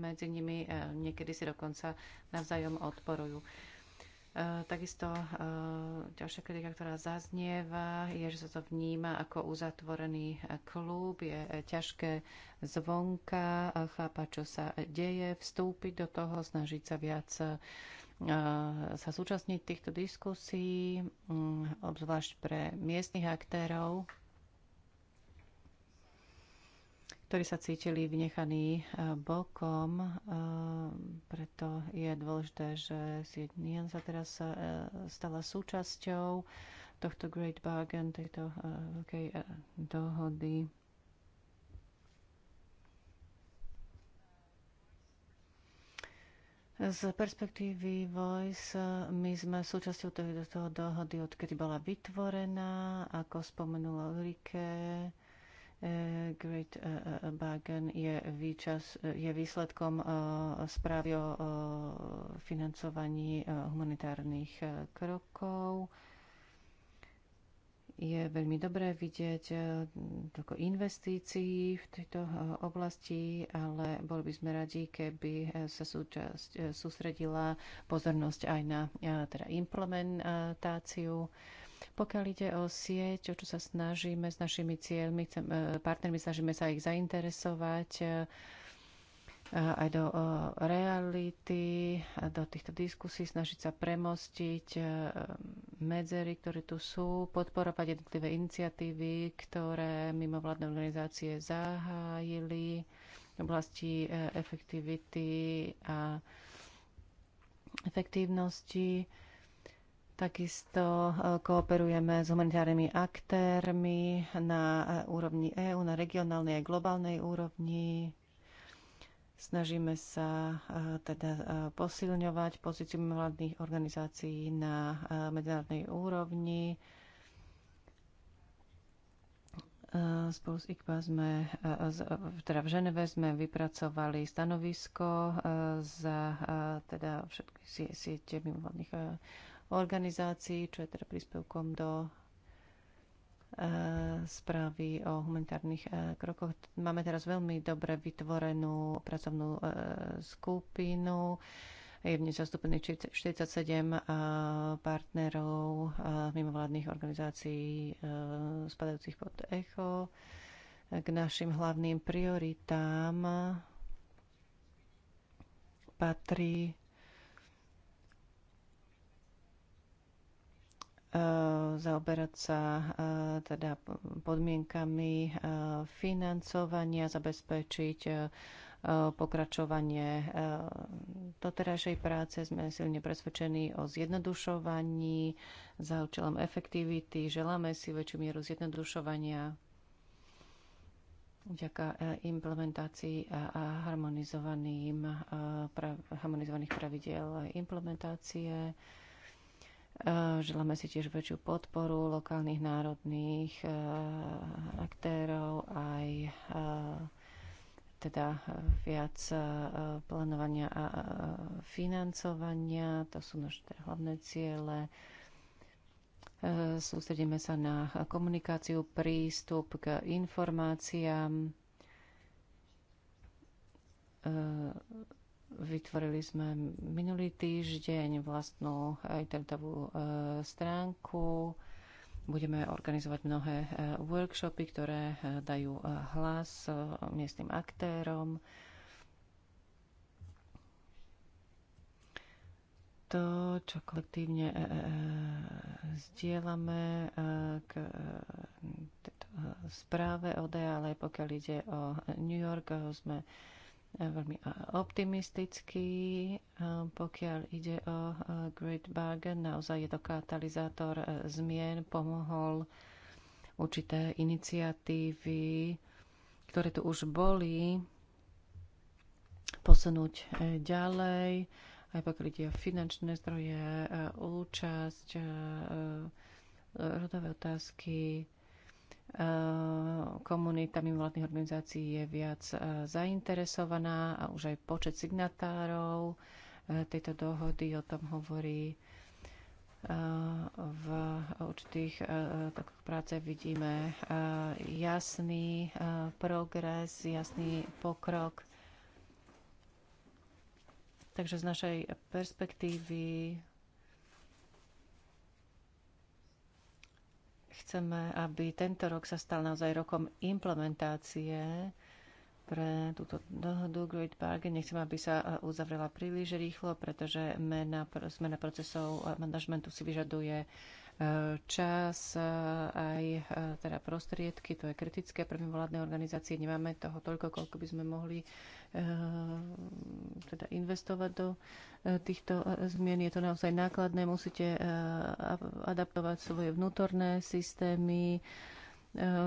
medzi nimi niekedy si dokonca navzájom odporujú. Eh, takisto eh, ďalšia kritika, ktorá zaznieva, je, že sa to vníma ako uzatvorený eh, klub. Je ťažké zvonka chápať, čo sa deje, vstúpiť do toho, snažiť sa viac sa zúčastniť týchto diskusí, mm, obzvlášť pre miestnych aktérov. ktorí sa cítili vnechaní e, bokom. E, preto je dôležité, že Siednien sa teraz e, stala súčasťou tohto Great Bargain, tejto veľkej dohody. Z perspektívy Voice my sme súčasťou toho, toho dohody, odkedy bola vytvorená, ako spomenula Ulrike, Eh, Great eh, eh, Bargain je, výčas, je výsledkom správy o financovaní humanitárnych krokov. Je veľmi dobré vidieť toľko investícií v tejto oblasti, ale boli by sme radi, keby sa súčasť, sústredila pozornosť aj na teda implementáciu pokiaľ ide o sieť, o čo sa snažíme s našimi cieľmi, chcem, e, partnermi, snažíme sa ich zainteresovať e, e, aj do reality, do týchto diskusí, snažiť sa premostiť medzery, ktoré tu sú, podporovať jednotlivé iniciatívy, ktoré mimovládne organizácie zahájili v oblasti efektivity a efektívnosti Takisto e, kooperujeme s humanitárnymi aktérmi na úrovni EÚ, na regionálnej a globálnej úrovni. Snažíme sa e, teda e, posilňovať pozíciu mladých organizácií na medzinárodnej úrovni. Spolu s IKPA sme, teda v Ženeve sme vypracovali stanovisko za teda všetky siete mimovládnych organizácií organizácií, čo je teda príspevkom do e, správy o humanitárnych e, krokoch. Máme teraz veľmi dobre vytvorenú pracovnú e, skupinu. Je v nej zastúpených 47 partnerov mimovládnych organizácií spadajúcich pod ECHO. K našim hlavným prioritám patrí Eh, zaoberať sa eh, teda podmienkami eh, financovania, zabezpečiť pokračovanie doterajšej práce. Sme silne presvedčení o zjednodušovaní za účelom efektivity. Želáme si väčšiu mieru zjednodušovania vďaka implementácii a harmonizovaným, harmonizovaných pravidel implementácie Eh, želáme si tiež väčšiu podporu lokálnych národných eh, aktérov aj eh, teda viac plánovania a financovania. To sú naše teda hlavné ciele. Sústredíme sa na komunikáciu, prístup k informáciám Vytvorili sme minulý týždeň vlastnú eh, internetovú eh, stránku. Budeme organizovať mnohé eh, workshopy, ktoré dajú hlas miestnym aktérom. To, čo kolektívne zdieľame k správe ODA, ale pokiaľ ide o New York, sme E, veľmi e, optimistický, e, pokiaľ ide o Great Bargain. Naozaj je to katalizátor zmien, pomohol určité iniciatívy, ktoré tu už boli, posunúť ďalej, aj pokiaľ ide o finančné zdroje, účasť, rodové otázky, Eh, komunita mimovládnych organizácií je viac eh, zainteresovaná a už aj počet signatárov eh, tejto dohody o tom hovorí. V určitých takých práce vidíme jasný progres, jasný pokrok. Takže z našej perspektívy Chceme, aby tento rok sa stal naozaj rokom implementácie pre túto dohodu Great Bargain. Nechcem, aby sa eh, uzavrela príliš rýchlo, pretože mena, zmena procesov eh, manažmentu si vyžaduje čas, e, aj e, teda prostriedky, to je kritické pre mimovládne organizácie. Nemáme toho toľko, koľko by sme mohli e, teda investovať do týchto zmien. Je to naozaj nákladné, musíte adaptovať svoje vnútorné systémy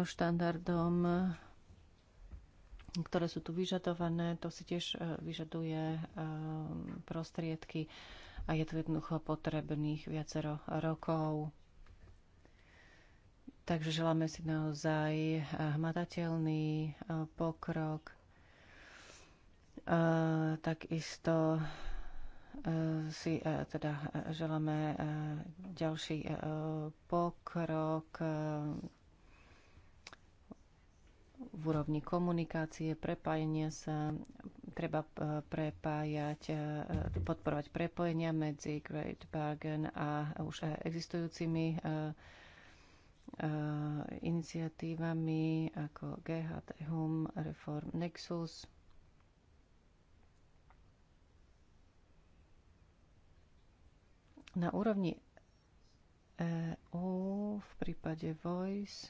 štandardom ktoré sú tu vyžadované, to si tiež vyžaduje prostriedky a je tu jednoducho potrebných viacero rokov. Takže želáme si naozaj eh, hmatateľný eh, pokrok. Eh, takisto si teda želáme ďalší pokrok v úrovni komunikácie, prepájenia sa. Treba prepájať, podporovať prepojenia medzi Great Bargain a už existujúcimi Eh, iniciatívami ako GHT Hum, Reform Nexus. Na úrovni EU v prípade Voice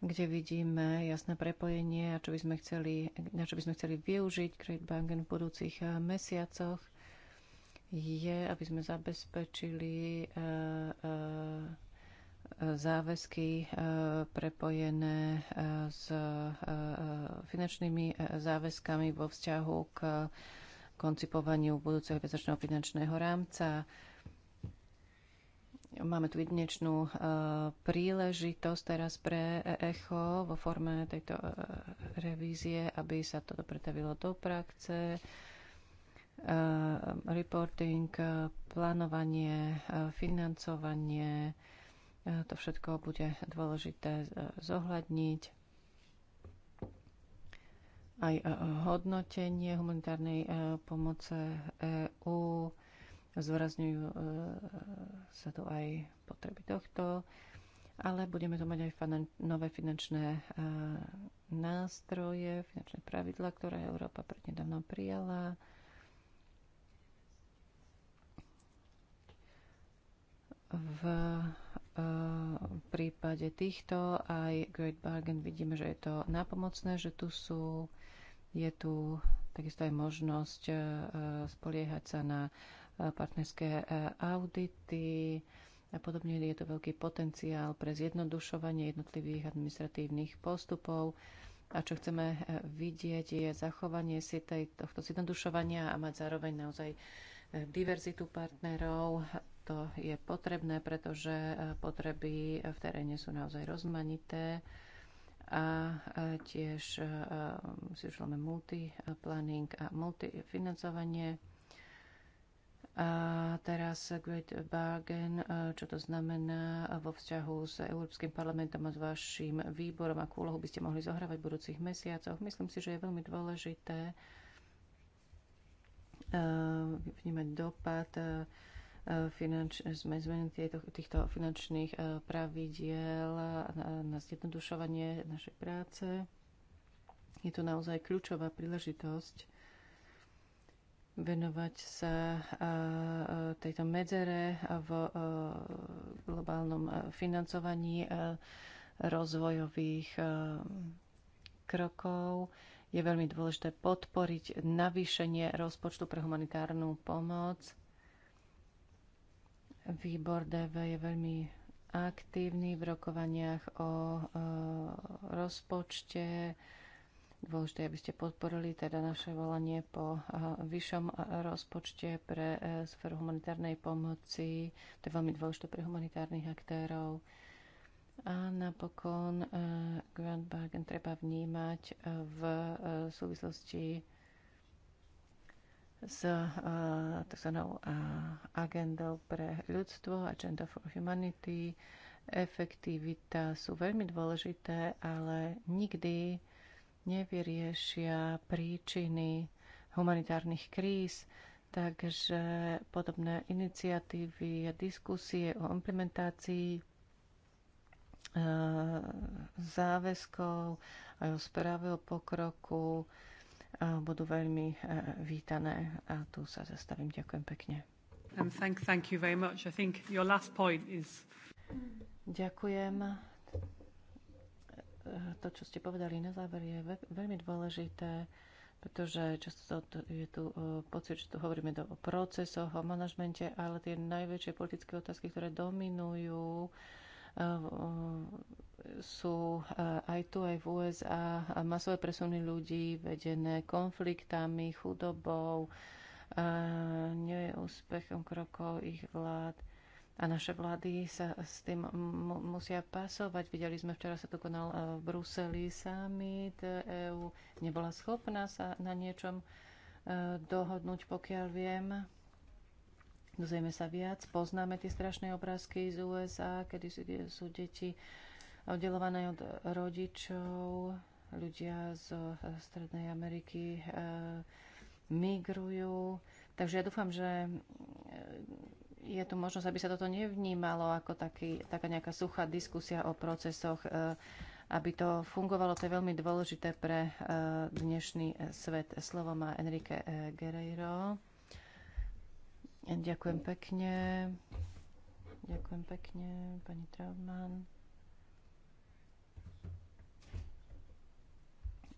kde vidíme jasné prepojenie a čo by sme chceli, na čo by sme chceli využiť Great Bangen v budúcich eh, mesiacoch, je, aby sme zabezpečili uh, uh, záväzky e, prepojené e, s e, finančnými záväzkami vo vzťahu k koncipovaniu budúceho viacročného finančného rámca. Máme tu jedinečnú príležitosť teraz pre ECHO vo forme tejto revízie, aby sa to pretavilo do praxe. Reporting, plánovanie, financovanie, E, to všetko bude dôležité e, zohľadniť. Aj e, hodnotenie humanitárnej pomoce EÚ. Zvorazňujú sa tu aj potreby tohto. Ale budeme tu mať aj nové finančné nástroje, finančné pravidla, ktoré Európa prednedávno prijala. V v prípade týchto aj Great Bargain vidíme, že je to napomocné, že tu sú, je tu takisto aj možnosť e, spoliehať sa na e, partnerské e, audity a podobne. Je to veľký potenciál pre zjednodušovanie jednotlivých administratívnych postupov. A čo chceme vidieť je zachovanie si tej, tohto zjednodušovania a mať zároveň naozaj diverzitu partnerov, to je potrebné, pretože e, potreby v teréne sú naozaj rozmanité a e, tiež e, si už multi-planning a multi-financovanie. A teraz Great Bargain, čo to znamená vo vzťahu s Európskym parlamentom a s vašim výborom, akú úlohu by ste mohli zohrávať v budúcich mesiacoch. Myslím si, že je veľmi dôležité vnímať dopad E, finanč, sme zmenili tieto, týchto finančných e, pravidiel na zjednodušovanie našej práce. Je to naozaj kľúčová príležitosť venovať sa e, tejto medzere v globálnom financovaní rozvojových krokov. Je veľmi dôležité podporiť navýšenie rozpočtu pre humanitárnu pomoc Výbor DV je veľmi aktívny v rokovaniach o e, rozpočte. Dôležité, aby ste podporili teda naše volanie po e, vyššom rozpočte pre e, sféru humanitárnej pomoci. To je veľmi dôležité pre humanitárnych aktérov. A napokon e, Grand Bargain treba vnímať e, v e, súvislosti s eh, tzv. Eh, agendou pre ľudstvo, Agenda for Humanity. Efektivita sú veľmi dôležité, ale nikdy nevyriešia príčiny humanitárnych kríz, takže podobné iniciatívy a diskusie o implementácii eh, záväzkov aj o správe o pokroku budú veľmi e, vítané a tu sa zastavím. Ďakujem pekne. Um, Ďakujem. E, to, čo ste povedali na záver, je veľmi dôležité, pretože často je tu e, pocit, že tu hovoríme o procesoch, o manažmente, ale tie najväčšie politické otázky, ktoré dominujú, Ehm, sú eh, aj tu, aj v USA masové presuny ľudí vedené konfliktami, chudobou, eh, neúspechom krokov ich vlád. A naše vlády sa s tým musia pasovať. Videli sme, včera sa to konal eh, v Bruseli summit. EU, nebola schopná sa na niečom dohodnúť, pokiaľ viem dozvieme sa viac, poznáme tie strašné obrázky z USA, kedy sú, sú deti oddelované od rodičov, ľudia z eh, Strednej Ameriky eh, migrujú. Takže ja dúfam, že eh, je tu možnosť, aby sa toto nevnímalo ako taký, taká nejaká suchá diskusia o procesoch, aby to fungovalo. To je veľmi dôležité pre dnešný svet. Slovo má Enrique Guerreiro. Ďakujem pekne. Ďakujem pekne, pani Trautmann.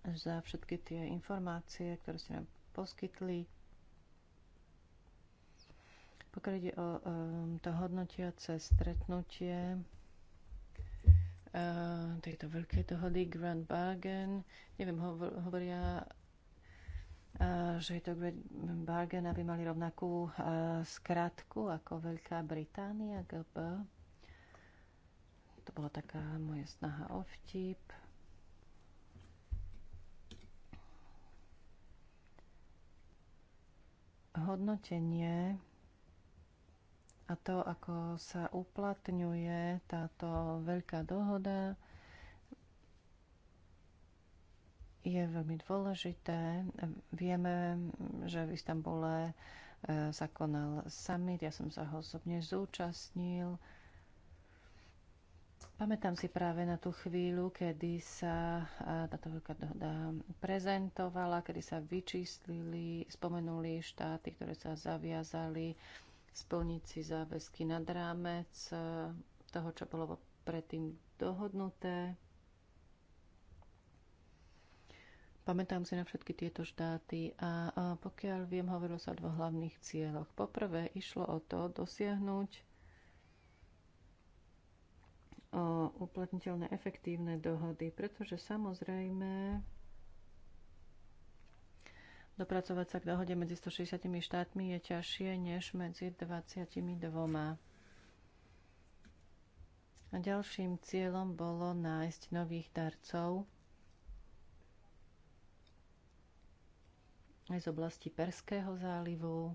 za všetky tie informácie, ktoré ste nám poskytli. Pokiaľ ide o um, to hodnotiace stretnutie uh, tejto veľkej dohody Grand Bargain, neviem, hovoria Eh, že je to Great Bargain, aby mali rovnakú eh, skratku ako Veľká Británia, GB. To bola taká moja snaha o vtip. Hodnotenie a to, ako sa uplatňuje táto veľká dohoda, je veľmi dôležité. Vieme, že v Istambule e, sa konal summit, ja som sa ho osobne zúčastnil. Pamätám si práve na tú chvíľu, kedy sa e, táto veľká dohoda prezentovala, kedy sa vyčíslili, spomenuli štáty, ktoré sa zaviazali splniť si záväzky nad rámec e, toho, čo bolo predtým dohodnuté. Pamätám si na všetky tieto štáty a, a pokiaľ viem, hovorilo sa o dvoch hlavných cieľoch. Poprvé išlo o to dosiahnuť o uplatniteľné efektívne dohody, pretože samozrejme dopracovať sa k dohode medzi 160 štátmi je ťažšie než medzi 22. A ďalším cieľom bolo nájsť nových darcov aj z oblasti Perského zálivu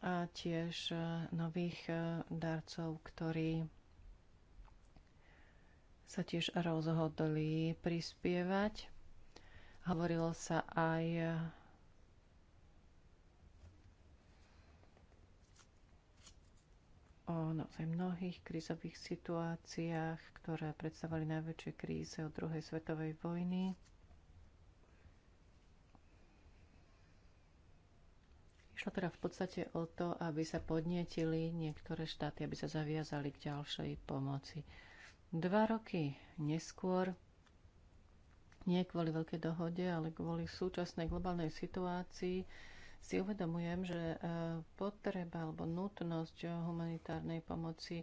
a tiež e, nových e, darcov, ktorí sa tiež rozhodli prispievať. Hovorilo sa aj e, o naozaj mnohých krízových situáciách, ktoré predstavovali najväčšie kríze od druhej svetovej vojny. Šlo teda v podstate o to, aby sa podnietili niektoré štáty, aby sa zaviazali k ďalšej pomoci. Dva roky neskôr, nie kvôli veľkej dohode, ale kvôli súčasnej globálnej situácii, si uvedomujem, že e, potreba alebo nutnosť humanitárnej pomoci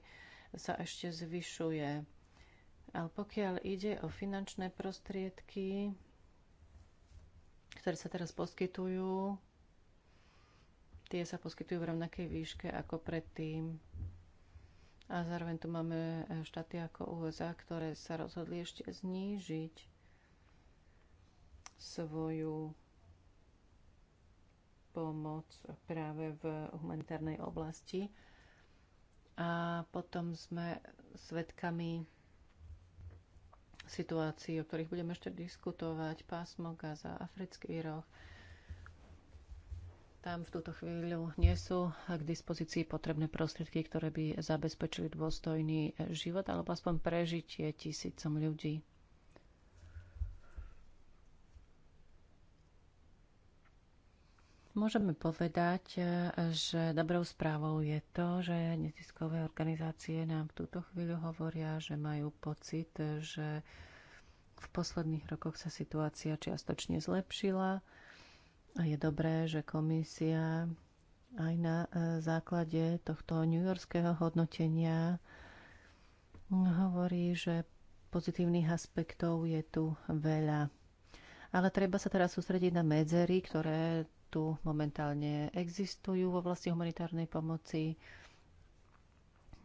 sa ešte zvyšuje. Ale pokiaľ ide o finančné prostriedky, ktoré sa teraz poskytujú Tie sa poskytujú v rovnakej výške ako predtým. A zároveň tu máme e, štáty ako USA, ktoré sa rozhodli ešte znížiť svoju pomoc práve v humanitárnej oblasti. A potom sme svedkami situácií, o ktorých budeme ešte diskutovať, pásmo Gaza, Africký roh, tam v túto chvíľu nie sú k dispozícii potrebné prostriedky, ktoré by zabezpečili dôstojný život alebo aspoň prežitie tisícom ľudí. Môžeme povedať, že dobrou správou je to, že neziskové organizácie nám v túto chvíľu hovoria, že majú pocit, že v posledných rokoch sa situácia čiastočne zlepšila a je dobré, že komisia aj na e, základe tohto Yorkského hodnotenia hovorí, že pozitívnych aspektov je tu veľa. Ale treba sa teraz sústrediť na medzery, ktoré tu momentálne existujú vo vlasti humanitárnej pomoci.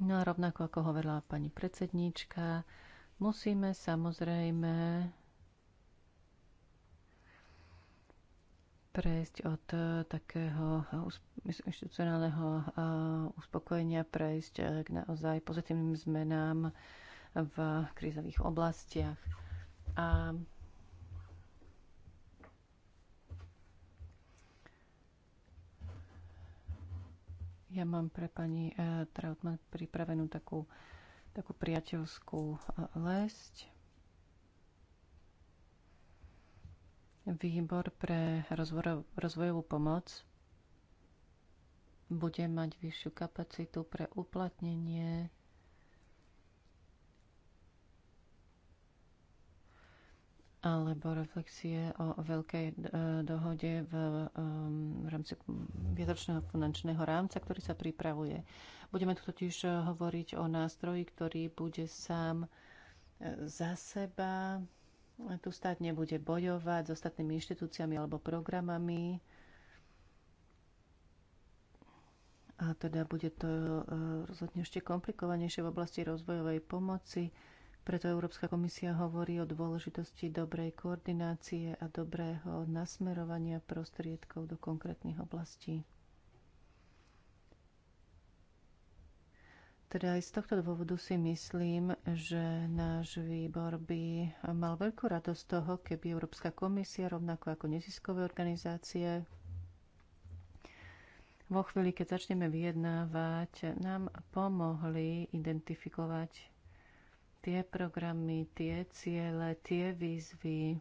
No a rovnako ako hovorila pani predsedníčka, musíme samozrejme prejsť od eh, takého eh, inštitucionálneho eh, uspokojenia, prejsť k naozaj pozitívnym zmenám v krízových oblastiach. A ja mám pre pani Trautmann pripravenú takú, takú priateľskú lesť. Výbor pre rozvojovú pomoc bude mať vyššiu kapacitu pre uplatnenie alebo reflexie o veľkej e, dohode v, e, v rámci viedročného finančného rámca, ktorý sa pripravuje. Budeme tu totiž e, hovoriť o nástroji, ktorý bude sám za seba tu stát nebude bojovať s ostatnými inštitúciami alebo programami. A teda bude to e, rozhodne ešte komplikovanejšie v oblasti rozvojovej pomoci. Preto Európska komisia hovorí o dôležitosti dobrej koordinácie a dobrého nasmerovania prostriedkov do konkrétnych oblastí. teda aj z tohto dôvodu si myslím, že náš výbor by mal veľkú radosť toho, keby Európska komisia, rovnako ako neziskové organizácie, vo chvíli, keď začneme vyjednávať, nám pomohli identifikovať tie programy, tie ciele, tie výzvy,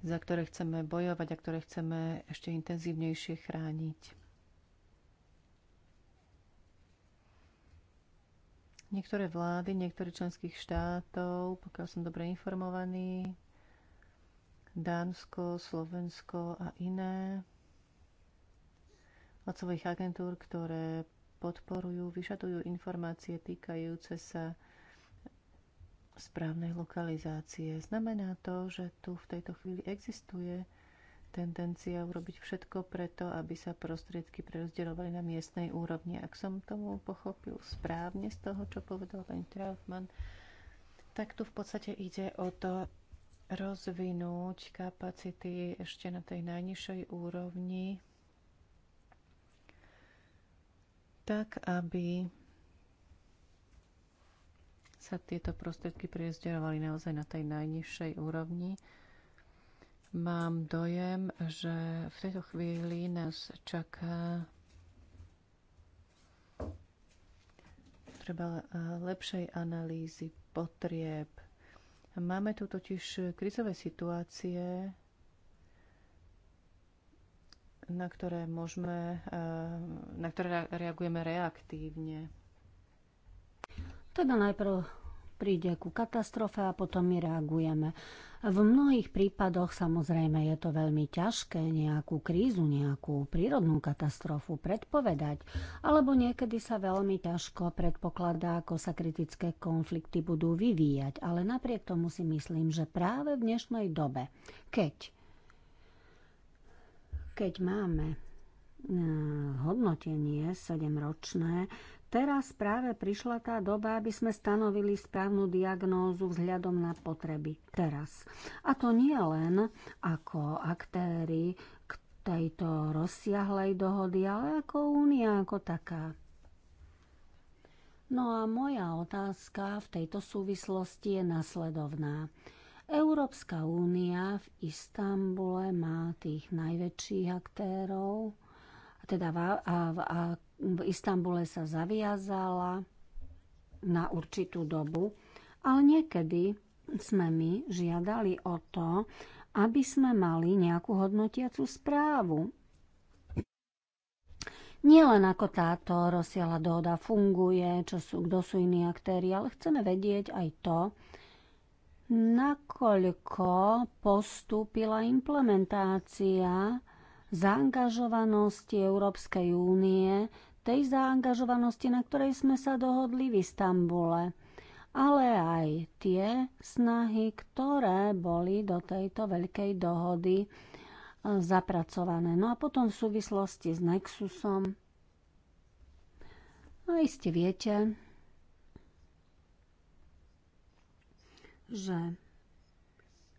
za ktoré chceme bojovať a ktoré chceme ešte intenzívnejšie chrániť. Niektoré vlády, niektorých členských štátov, pokiaľ som dobre informovaný, Dánsko, Slovensko a iné od svojich agentúr, ktoré podporujú, vyšadujú informácie týkajúce sa správnej lokalizácie. Znamená to, že tu v tejto chvíli existuje tendencia urobiť všetko preto, aby sa prostriedky prerozdeľovali na miestnej úrovni. Ak som tomu pochopil správne z toho, čo povedal pani Trautmann, tak tu v podstate ide o to rozvinúť kapacity ešte na tej najnižšej úrovni, tak aby sa tieto prostriedky prerozdeľovali naozaj na tej najnižšej úrovni Mám dojem, že v tejto chvíli nás čaká treba eh, lepšej analýzy potrieb. Máme tu totiž krizové situácie, na ktoré, môžeme, eh, na ktoré reagujeme reaktívne. Teda najprv príde ku katastrofe a potom my reagujeme. V mnohých prípadoch samozrejme je to veľmi ťažké nejakú krízu, nejakú prírodnú katastrofu predpovedať, alebo niekedy sa veľmi ťažko predpokladá, ako sa kritické konflikty budú vyvíjať, ale napriek tomu si myslím, že práve v dnešnej dobe, keď, keď máme eh, hodnotenie 7-ročné, Teraz práve prišla tá doba, aby sme stanovili správnu diagnózu vzhľadom na potreby. Teraz. A to nie len ako aktéry k tejto rozsiahlej dohody, ale ako únia ako taká. No a moja otázka v tejto súvislosti je nasledovná. Európska únia v Istambule má tých najväčších aktérov, teda v, a, v, a v Istambule sa zaviazala na určitú dobu, ale niekedy sme my žiadali o to, aby sme mali nejakú hodnotiacu správu. Nielen ako táto rozsiela dohoda funguje, čo sú, kto sú iní aktéry, ale chceme vedieť aj to, nakoľko postúpila implementácia zaangažovanosti Európskej únie tej zaangažovanosti, na ktorej sme sa dohodli v Istambule, ale aj tie snahy, ktoré boli do tejto veľkej dohody e, zapracované. No a potom v súvislosti s Nexusom. No iste viete, že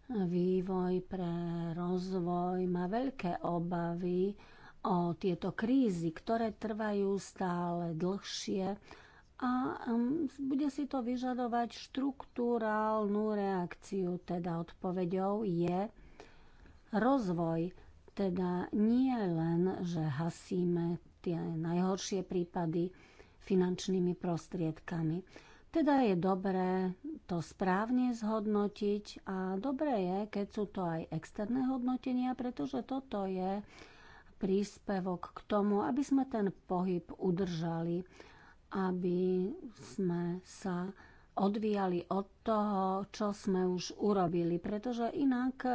vývoj pre rozvoj má veľké obavy o tieto krízy, ktoré trvajú stále dlhšie a um, bude si to vyžadovať štruktúrálnu reakciu. Teda odpoveďou je rozvoj, teda nie len, že hasíme tie najhoršie prípady finančnými prostriedkami. Teda je dobré to správne zhodnotiť a dobré je, keď sú to aj externé hodnotenia, pretože toto je príspevok k tomu, aby sme ten pohyb udržali, aby sme sa odvíjali od toho, čo sme už urobili, pretože inak e,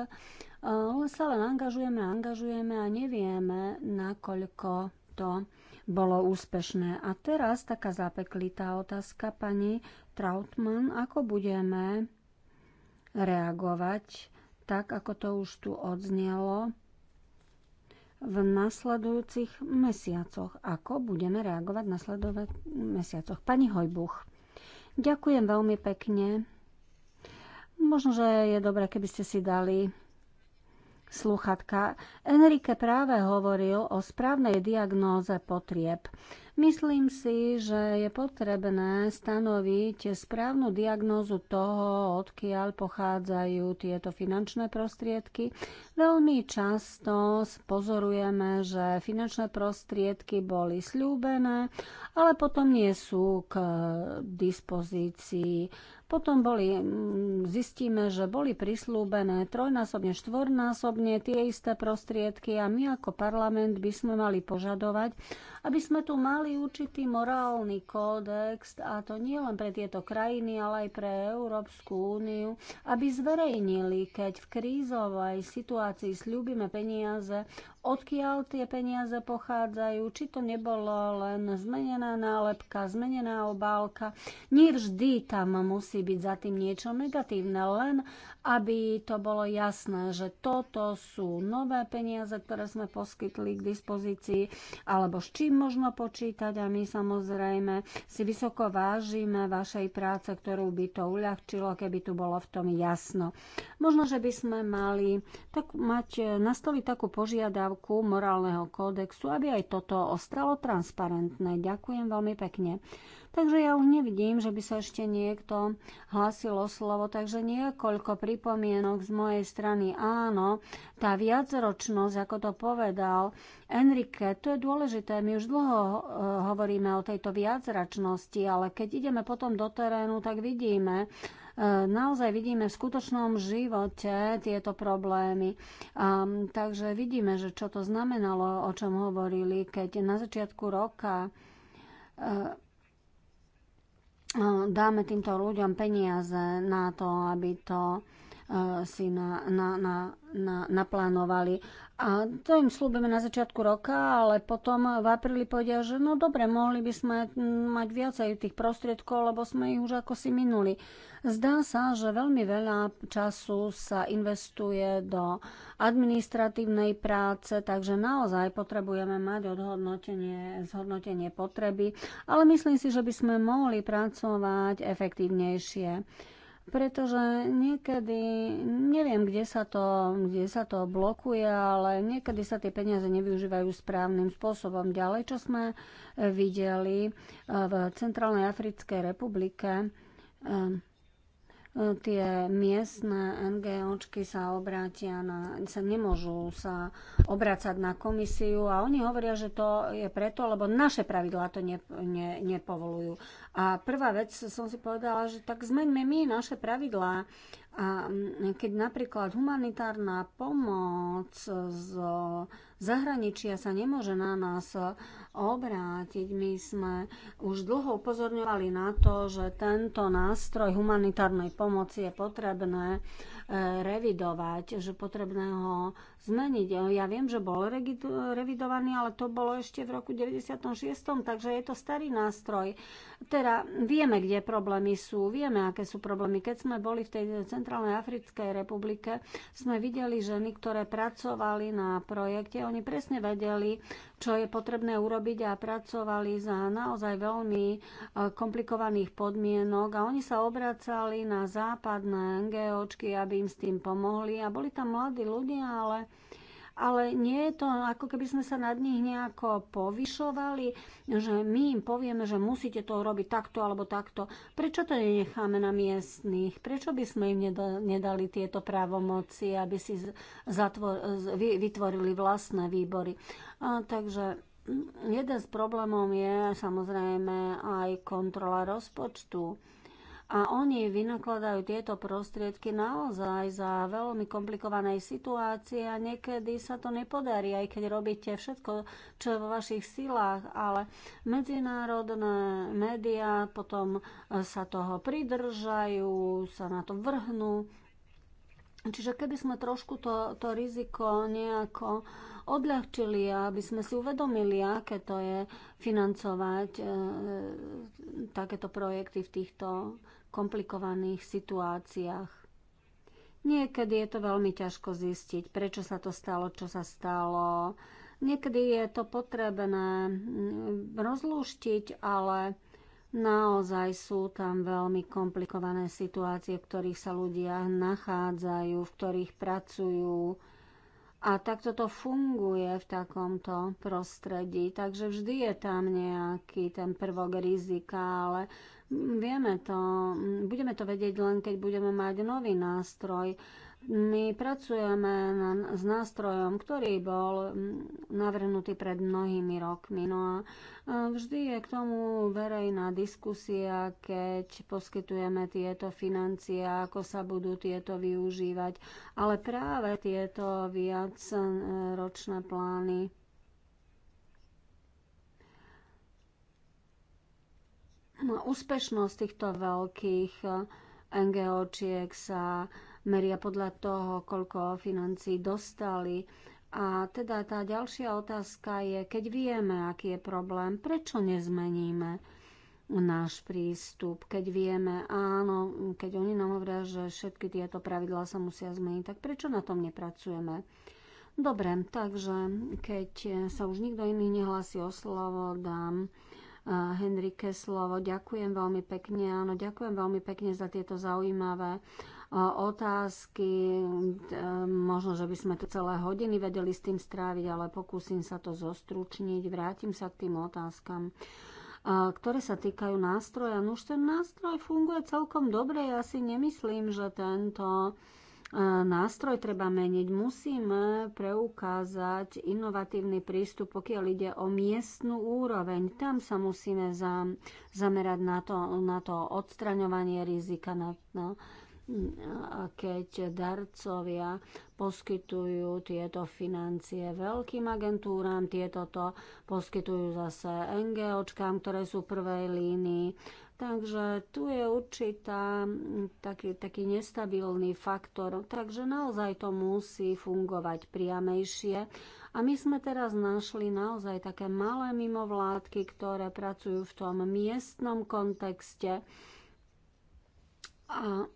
sa len angažujeme, angažujeme a nevieme, nakoľko to bolo úspešné. A teraz taká zapeklitá otázka pani Trautmann, ako budeme reagovať, tak ako to už tu odznelo, v nasledujúcich mesiacoch. Ako budeme reagovať v nasledujúcich mesiacoch? Pani Hojbuch, ďakujem veľmi pekne. Možno, že je dobré, keby ste si dali sluchatka. Enrique práve hovoril o správnej diagnóze potrieb. Myslím si, že je potrebné stanoviť správnu diagnózu toho, odkiaľ pochádzajú tieto finančné prostriedky. Veľmi často pozorujeme, že finančné prostriedky boli slúbené, ale potom nie sú k dispozícii potom boli, mm, zistíme, že boli prislúbené trojnásobne, štvornásobne tie isté prostriedky a my ako parlament by sme mali požadovať, aby sme tu mali určitý morálny kódex, a to nie len pre tieto krajiny, ale aj pre Európsku úniu, aby zverejnili, keď v krízovej situácii sľúbime peniaze, odkiaľ tie peniaze pochádzajú, či to nebolo len zmenená nálepka, zmenená obálka. Nie vždy tam musí byť za tým niečo negatívne, len aby to bolo jasné, že toto sú nové peniaze, ktoré sme poskytli k dispozícii, alebo s čím možno počítať a my samozrejme si vysoko vážime vašej práce, ktorú by to uľahčilo, keby tu bolo v tom jasno. Možno, že by sme mali tak mať, eh, nastaviť takú požiadavku morálneho kódexu, aby aj toto ostalo transparentné. Ďakujem veľmi pekne. Takže ja už nevidím, že by sa ešte niekto hlásil o slovo, takže niekoľko pripomienok z mojej strany. Áno, tá viacročnosť, ako to povedal Enrique, to je dôležité. My už dlho eh, hovoríme o tejto viacračnosti, ale keď ideme potom do terénu, tak vidíme, eh, naozaj vidíme v skutočnom živote tieto problémy. Um, takže vidíme, že čo to znamenalo, o čom hovorili, keď na začiatku roka uh, dáme týmto ľuďom peniaze na to, aby to si na, na, na, na, naplánovali a to im slúbime na začiatku roka, ale potom v apríli povedia, že no dobre, mohli by sme mať viacej tých prostriedkov, lebo sme ich už ako si minuli. Zdá sa, že veľmi veľa času sa investuje do administratívnej práce, takže naozaj potrebujeme mať odhodnotenie, zhodnotenie potreby, ale myslím si, že by sme mohli pracovať efektívnejšie pretože niekedy, neviem, kde sa, to, kde sa to blokuje, ale niekedy sa tie peniaze nevyužívajú správnym spôsobom. Ďalej, čo sme eh, videli eh, v Centrálnej Africkej republike, eh, tie miestne NGOčky sa obrátia na, sa nemôžu sa obrácať na komisiu a oni hovoria, že to je preto, lebo naše pravidlá to ne, ne, nepovolujú. A prvá vec som si povedala, že tak zmeňme my naše pravidlá a mm, keď napríklad humanitárna pomoc z zahraničia sa nemôže na nás obrátiť, my sme už dlho upozorňovali na to, že tento nástroj humanitárnej pomoci je potrebné eh, revidovať, že potrebné ho zmeniť. E, ja viem, že bol revidovaný, ale to bolo ešte v roku 96, takže je to starý nástroj. Teda vieme, kde problémy sú, vieme, aké sú problémy. Keď sme boli v tej Centrálnej Africkej republike, sme videli ženy, ktoré pracovali na projekte. Oni presne vedeli, čo je potrebné urobiť a pracovali za naozaj veľmi e, komplikovaných podmienok a oni sa obracali na západné NGOčky, aby im s tým pomohli a boli tam mladí ľudia, ale ale nie je to, ako keby sme sa nad nich nejako povyšovali, že my im povieme, že musíte to robiť takto alebo takto. Prečo to nenecháme na miestných? Prečo by sme im nedali tieto právomoci, aby si zatvor, vytvorili vlastné výbory? A, takže mm, jeden z problémov je samozrejme aj kontrola rozpočtu a oni vynakladajú tieto prostriedky naozaj za veľmi komplikovanej situácie a niekedy sa to nepodarí, aj keď robíte všetko, čo je vo vašich silách, ale medzinárodné médiá potom e, sa toho pridržajú, sa na to vrhnú. Čiže keby sme trošku to, to riziko nejako odľahčili, aby sme si uvedomili, aké to je financovať e, e takéto projekty v týchto komplikovaných situáciách. Niekedy je to veľmi ťažko zistiť, prečo sa to stalo, čo sa stalo. Niekedy je to potrebné mm, rozlúštiť, ale naozaj sú tam veľmi komplikované situácie, v ktorých sa ľudia nachádzajú, v ktorých pracujú. A takto to funguje v takomto prostredí. Takže vždy je tam nejaký ten prvok rizika, ale Vieme to, budeme to vedieť len, keď budeme mať nový nástroj. My pracujeme na, s nástrojom, ktorý bol navrhnutý pred mnohými rokmi. No a vždy je k tomu verejná diskusia, keď poskytujeme tieto financie, ako sa budú tieto využívať. Ale práve tieto viacročné plány No, úspešnosť týchto veľkých eh, NGOčiek sa meria podľa toho, koľko financí dostali. A teda tá ďalšia otázka je, keď vieme, aký je problém, prečo nezmeníme náš prístup, keď vieme, áno, keď oni nám hovoria, že všetky tieto pravidlá sa musia zmeniť, tak prečo na tom nepracujeme? Dobre, takže keď sa už nikto iný nehlási o slovo, dám Henry Keslovo, Ďakujem veľmi pekne, áno, ďakujem veľmi pekne za tieto zaujímavé otázky. E, možno, že by sme tu celé hodiny vedeli s tým stráviť, ale pokúsim sa to zostručniť. Vrátim sa k tým otázkam e, ktoré sa týkajú nástroja. No už ten nástroj funguje celkom dobre. Ja si nemyslím, že tento nástroj treba meniť. Musíme preukázať inovatívny prístup, pokiaľ ide o miestnú úroveň. Tam sa musíme zamerať na to, na to odstraňovanie rizika, na, na, keď darcovia poskytujú tieto financie veľkým agentúram, tieto to poskytujú zase NGOčkám, ktoré sú v prvej línii Takže tu je určitá taký, taký nestabilný faktor, takže naozaj to musí fungovať priamejšie. A my sme teraz našli naozaj také malé mimovládky, ktoré pracujú v tom miestnom kontexte. A e,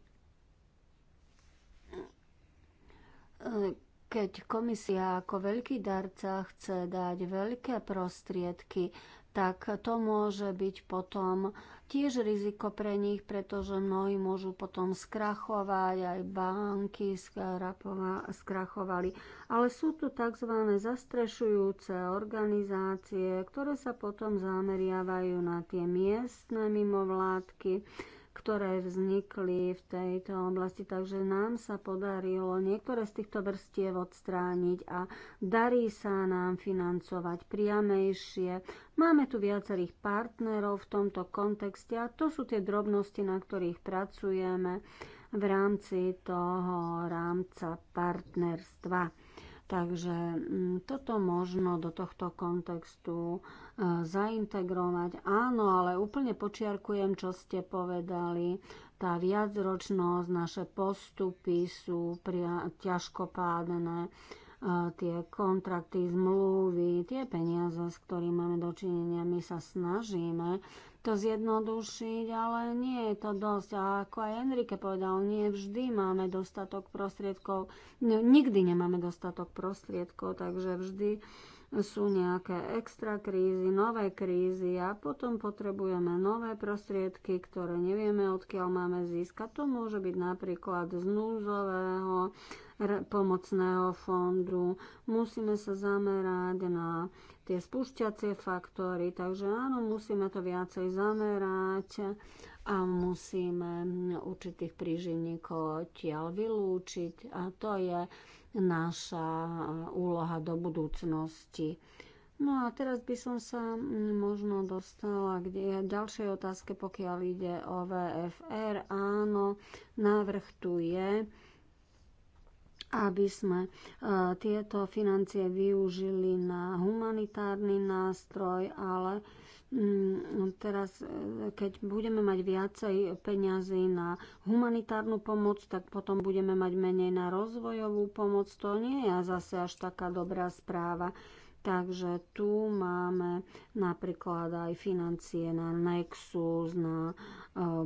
keď komisia ako veľký darca chce dať veľké prostriedky, tak to môže byť potom tiež riziko pre nich, pretože mnohí môžu potom skrachovať, aj banky skrachovali. Ale sú tu tzv. zastrešujúce organizácie, ktoré sa potom zameriavajú na tie miestne mimovládky, ktoré vznikli v tejto oblasti. Takže nám sa podarilo niektoré z týchto vrstiev odstrániť a darí sa nám financovať priamejšie. Máme tu viacerých partnerov v tomto kontexte a to sú tie drobnosti, na ktorých pracujeme v rámci toho rámca partnerstva. Takže mm, toto možno do tohto kontextu e, zaintegrovať. Áno, ale úplne počiarkujem, čo ste povedali. Tá viacročnosť, naše postupy sú pria- ťažkopádne e, tie kontrakty, zmluvy, tie peniaze, s ktorými máme dočinenia, my sa snažíme to zjednodušiť, ale nie je to dosť. A ako aj Enrique povedal, nie vždy máme dostatok prostriedkov. Nikdy nemáme dostatok prostriedkov, takže vždy sú nejaké extra krízy, nové krízy a potom potrebujeme nové prostriedky, ktoré nevieme, odkiaľ máme získať. To môže byť napríklad z núzového pomocného fondu. Musíme sa zamerať na tie spúšťacie faktory. Takže áno, musíme to viacej zamerať a musíme určitých príživníkov odtiaľ vylúčiť a to je naša úloha do budúcnosti. No a teraz by som sa možno dostala k ďalšej otázke, pokiaľ ide o VFR. Áno, návrh tu je aby sme e, tieto financie využili na humanitárny nástroj, ale mm, teraz, e, keď budeme mať viacej peňazí na humanitárnu pomoc, tak potom budeme mať menej na rozvojovú pomoc. To nie je zase až taká dobrá správa. Takže tu máme napríklad aj financie na Nexus, na e,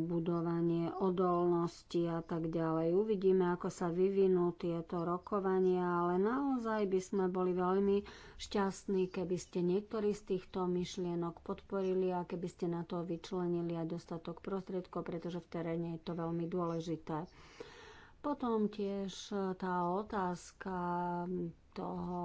budovanie odolnosti a tak ďalej. Uvidíme, ako sa vyvinú tieto rokovania, ale naozaj by sme boli veľmi šťastní, keby ste niektorý z týchto myšlienok podporili a keby ste na to vyčlenili aj dostatok prostriedkov, pretože v teréne je to veľmi dôležité. Potom tiež tá otázka toho,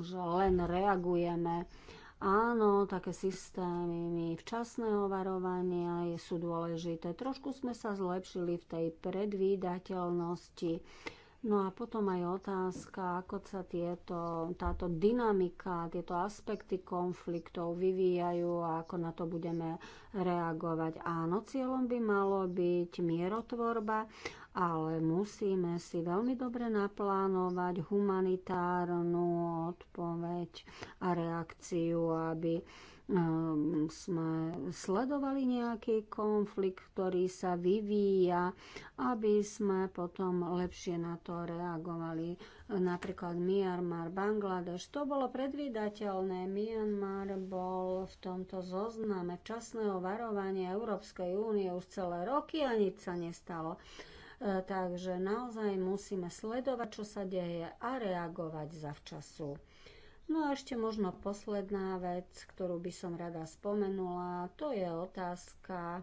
že len reagujeme. Áno, také systémy včasného varovania sú dôležité. Trošku sme sa zlepšili v tej predvídateľnosti. No a potom aj otázka, ako sa tieto, táto dynamika, tieto aspekty konfliktov vyvíjajú a ako na to budeme reagovať. Áno, cieľom by malo byť mierotvorba, ale musíme si veľmi dobre naplánovať humanitárnu odpoveď a reakciu, aby ehm, sme sledovali nejaký konflikt, ktorý sa vyvíja, aby sme potom lepšie na to reagovali. Napríklad Myanmar, Bangladeš, to bolo predvídateľné. Myanmar bol v tomto zozname včasného varovania Európskej únie už celé roky a nič sa nestalo. E, takže naozaj musíme sledovať, čo sa deje a reagovať zavčasu. No a ešte možno posledná vec, ktorú by som rada spomenula, to je otázka e,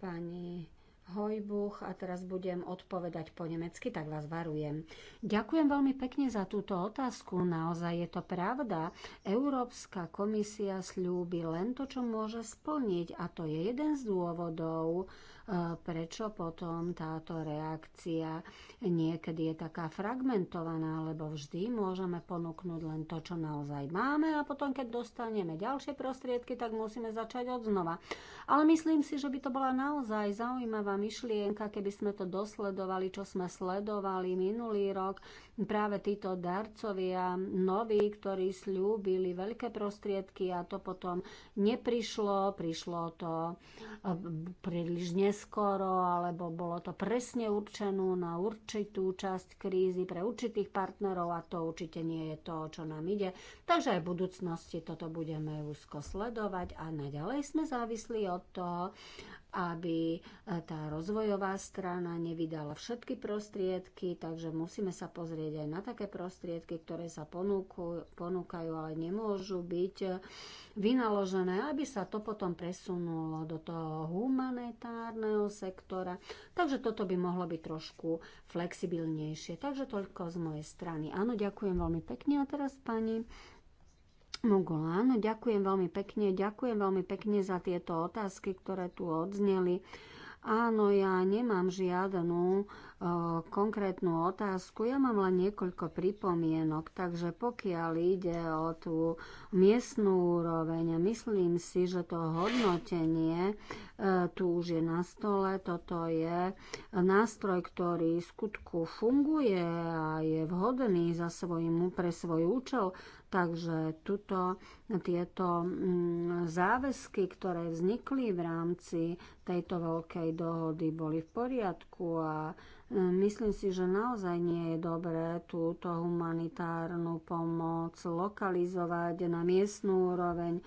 pani Hojbuch a teraz budem odpovedať po nemecky, tak vás varujem. Ďakujem veľmi pekne za túto otázku. Naozaj je to pravda. Európska komisia slúbi len to, čo môže splniť a to je jeden z dôvodov, E, prečo potom táto reakcia niekedy je taká fragmentovaná, lebo vždy môžeme ponúknuť len to, čo naozaj máme a potom, keď dostaneme ďalšie prostriedky, tak musíme začať od znova. Ale myslím si, že by to bola naozaj zaujímavá myšlienka, keby sme to dosledovali, čo sme sledovali minulý rok, práve títo darcovia noví, ktorí slúbili veľké prostriedky a to potom neprišlo, prišlo to e, príliš neskoro, alebo bolo to presne určenú na určitú časť krízy pre určitých partnerov a to určite nie je to, čo nám ide. Takže aj v budúcnosti toto budeme úzko sledovať a naďalej sme závislí od toho, aby e, tá rozvojová strana nevydala všetky prostriedky, takže musíme sa pozrieť aj na také prostriedky, ktoré sa ponúkujú, ponúkajú, ale nemôžu byť e, vynaložené, aby sa to potom presunulo do toho humanitárneho sektora. Takže toto by mohlo byť trošku flexibilnejšie. Takže toľko z mojej strany. Áno, ďakujem veľmi pekne a teraz pani Áno ďakujem veľmi pekne, ďakujem veľmi pekne za tieto otázky, ktoré tu odzneli. Áno, ja nemám žiadnu e, konkrétnu otázku, ja mám len niekoľko pripomienok, takže pokiaľ ide o tú miestnú úroveň, myslím si, že to hodnotenie E, tu už je na stole. Toto je nástroj, ktorý v skutku funguje a je vhodný za svojim, pre svoj účel. Takže tuto, tieto mm, záväzky, ktoré vznikli v rámci tejto veľkej dohody, boli v poriadku a e, Myslím si, že naozaj nie je dobré túto humanitárnu pomoc lokalizovať na miestnú úroveň,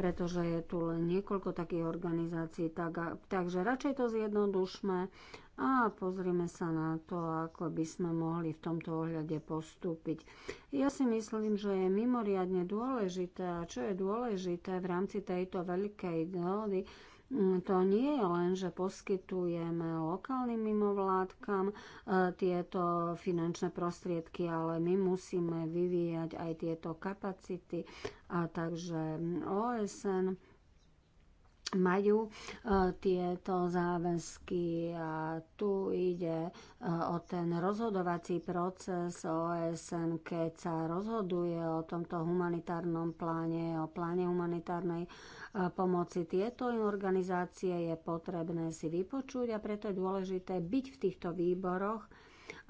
pretože je tu len niekoľko takých organizácií. Tak a, takže radšej to zjednodušme a pozrime sa na to, ako by sme mohli v tomto ohľade postúpiť. Ja si myslím, že je mimoriadne dôležité a čo je dôležité v rámci tejto veľkej dohody, no, Mm, to nie je len, že poskytujeme lokálnym mimovládkam e, tieto finančné prostriedky, ale my musíme vyvíjať aj tieto kapacity. A takže mm, OSN majú e, tieto záväzky a tu ide e, o ten rozhodovací proces OSN, keď sa rozhoduje o tomto humanitárnom pláne, o pláne humanitárnej e, pomoci. Tieto organizácie je potrebné si vypočuť a preto je dôležité byť v týchto výboroch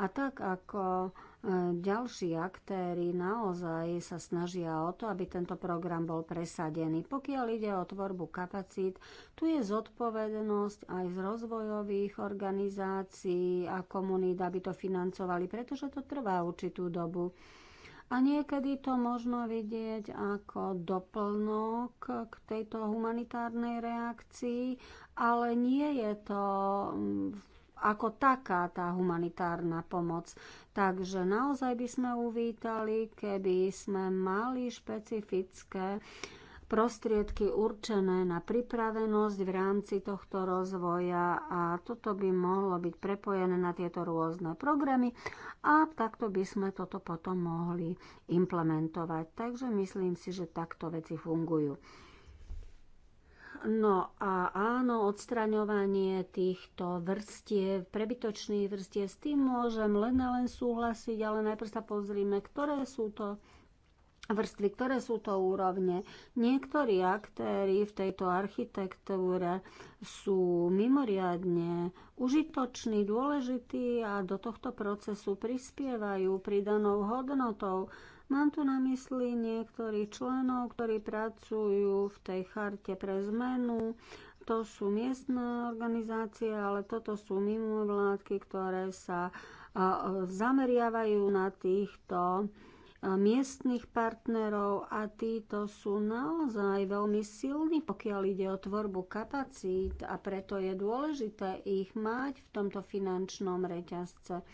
a tak ako E, ďalší aktéry naozaj sa snažia o to, aby tento program bol presadený. Pokiaľ ide o tvorbu kapacít, tu je zodpovednosť aj z rozvojových organizácií a komunít, aby to financovali, pretože to trvá určitú dobu. A niekedy to možno vidieť ako doplnok k tejto humanitárnej reakcii, ale nie je to mm, ako taká tá humanitárna pomoc. Takže naozaj by sme uvítali, keby sme mali špecifické prostriedky určené na pripravenosť v rámci tohto rozvoja a toto by mohlo byť prepojené na tieto rôzne programy a takto by sme toto potom mohli implementovať. Takže myslím si, že takto veci fungujú. No a áno, odstraňovanie týchto vrstiev, prebytočných vrstiev, s tým môžem len a len súhlasiť, ale najprv sa pozrime, ktoré sú to vrstvy, ktoré sú to úrovne. Niektorí aktéry v tejto architektúre sú mimoriadne užitoční, dôležití a do tohto procesu prispievajú pridanou hodnotou. Mám tu na mysli niektorých členov, ktorí pracujú v tej charte pre zmenu. To sú miestne organizácie, ale toto sú mimovládky, ktoré sa zameriavajú na týchto miestnych partnerov a títo sú naozaj veľmi silní, pokiaľ ide o tvorbu kapacít a preto je dôležité ich mať v tomto finančnom reťazce.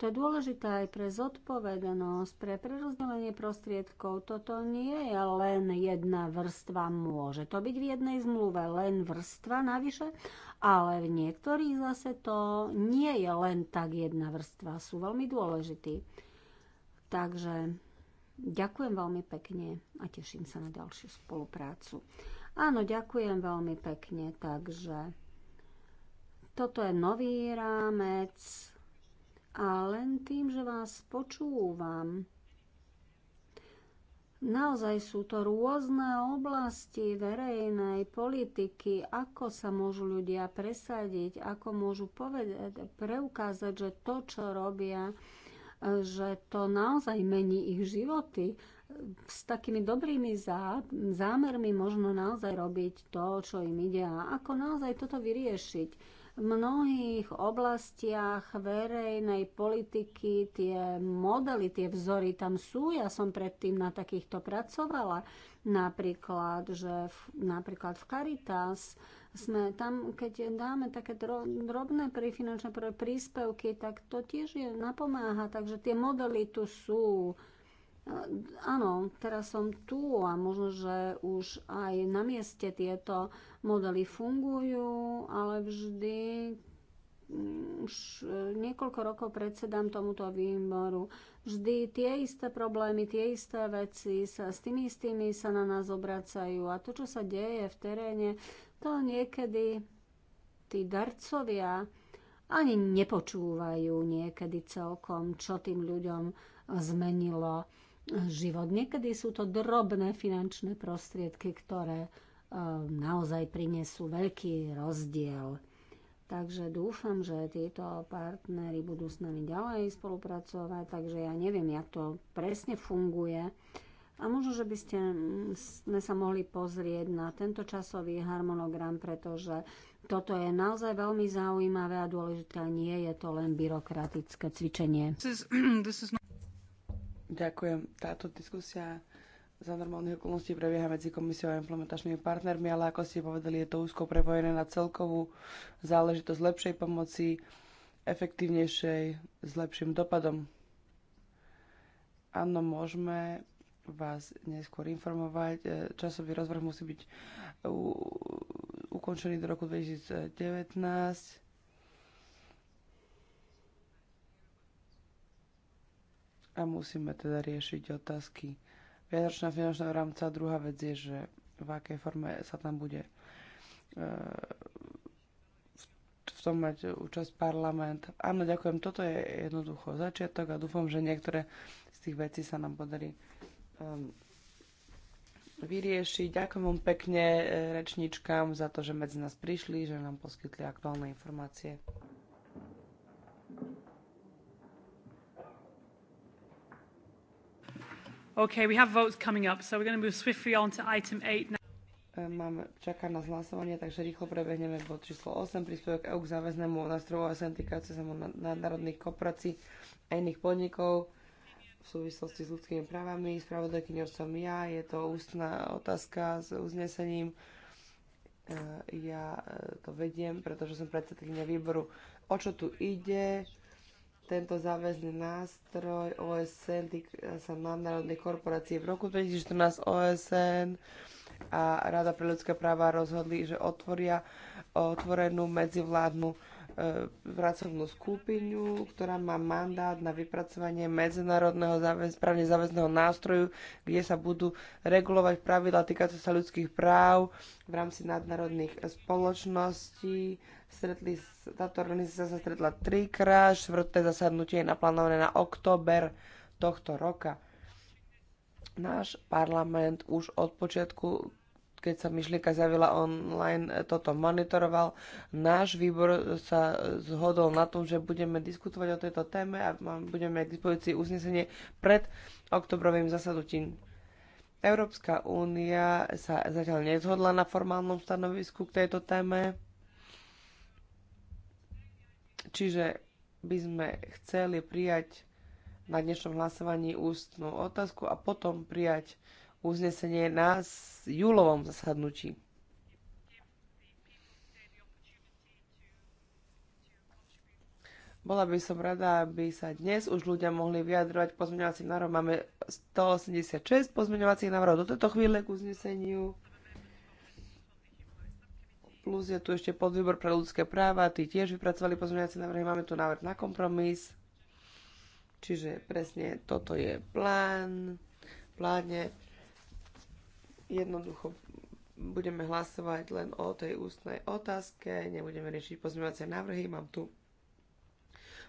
To je dôležité aj pre zodpovednosť, pre prerozdelenie prostriedkov. Toto nie je len jedna vrstva, môže to byť v jednej zmluve len vrstva navyše, ale v niektorých zase to nie je len tak jedna vrstva, sú veľmi dôležití. Takže Ďakujem veľmi pekne a teším sa na ďalšiu spoluprácu. Áno, ďakujem veľmi pekne, takže toto je nový rámec a len tým, že vás počúvam, Naozaj sú to rôzne oblasti verejnej politiky, ako sa môžu ľudia presadiť, ako môžu povedať, preukázať, že to, čo robia, že to naozaj mení ich životy. S takými dobrými zá, zámermi možno naozaj robiť to, čo im ide a ako naozaj toto vyriešiť. V mnohých oblastiach verejnej politiky tie modely, tie vzory tam sú. Ja som predtým na takýchto pracovala. Napríklad, že v, napríklad v Caritas sme. Tam, keď dáme také drobné finančné príspevky, tak to tiež je, napomáha. Takže tie modely tu sú. E, áno, teraz som tu a možno, že už aj na mieste tieto modely fungujú, ale vždy mm, už e, niekoľko rokov predsedám tomuto výboru. Vždy tie isté problémy, tie isté veci sa s tými istými sa na nás obracajú a to, čo sa deje v teréne, to niekedy tí darcovia ani nepočúvajú niekedy celkom, čo tým ľuďom zmenilo život. Niekedy sú to drobné finančné prostriedky, ktoré e, naozaj prinesú veľký rozdiel. Takže dúfam, že títo partnery budú s nami ďalej spolupracovať, takže ja neviem, jak to presne funguje, a možno, že by ste, mm, sme sa mohli pozrieť na tento časový harmonogram, pretože toto je naozaj veľmi zaujímavé a dôležité. Nie je to len byrokratické cvičenie. Ďakujem. Táto diskusia za normálnych okolností prebieha medzi komisiou a implementačnými partnermi, ale ako ste povedali, je to úzko prepojené na celkovú záležitosť lepšej pomoci, efektívnejšej, s lepším dopadom. Áno, môžeme vás neskôr informovať. E, časový rozvrh musí byť e, ukončený do roku 2019. A musíme teda riešiť otázky viacročná finančného rámca. Druhá vec je, že v akej forme sa tam bude e, v tom mať účasť parlament. Áno, ďakujem. Toto je jednoducho začiatok a dúfam, že niektoré z tých vecí sa nám podarí Ehm, vyriešiť. Ďakujem vám pekne eh, rečníčkam za to, že medzi nás prišli, že nám poskytli aktuálne informácie. Okay, we have votes coming up, so we're going to move swiftly on to item 8 now. Eh, mám, čaká nás hlasovanie, takže rýchlo prebehneme bod číslo 8, príspevok EU k záväznému nástroju a týkajúce sa nadnárodných a iných podnikov v súvislosti s ľudskými právami. Spravodajkyňou som ja, je to ústna otázka s uznesením. E, ja e, to vediem, pretože som predsedkynia výboru. O čo tu ide? Tento záväzný nástroj OSN týka sa nadnárodnej korporácií. V roku 2014 OSN a Rada pre ľudské práva rozhodli, že otvoria otvorenú medzivládnu E, pracovnú skupinu, ktorá má mandát na vypracovanie medzinárodného záväz, právne záväzného nástroju, kde sa budú regulovať pravidla týkajúce sa ľudských práv v rámci nadnárodných spoločností. Stretli, táto organizácia sa stretla trikrát, štvrté zasadnutie je naplánované na október tohto roka. Náš parlament už od počiatku keď sa myšlienka zjavila online, e, toto monitoroval. Náš výbor sa zhodol na tom, že budeme diskutovať o tejto téme a budeme k dispozícii uznesenie pred oktobrovým zasadnutím. Európska únia sa zatiaľ nezhodla na formálnom stanovisku k tejto téme, čiže by sme chceli prijať na dnešnom hlasovaní ústnú otázku a potom prijať uznesenie na júlovom zasadnutí. Bola by som rada, aby sa dnes už ľudia mohli vyjadrovať pozmeňovacím návrhom. Máme 186 pozmeňovacích návrhov do tejto chvíle k uzneseniu. Plus je tu ešte podvýbor pre ľudské práva. Tí tiež vypracovali pozmeňovacie návrhy. Máme tu návrh na kompromis. Čiže presne toto je plán. Pláne Jednoducho budeme hlasovať len o tej ústnej otázke, nebudeme riešiť pozmeňovacie návrhy. Mám tu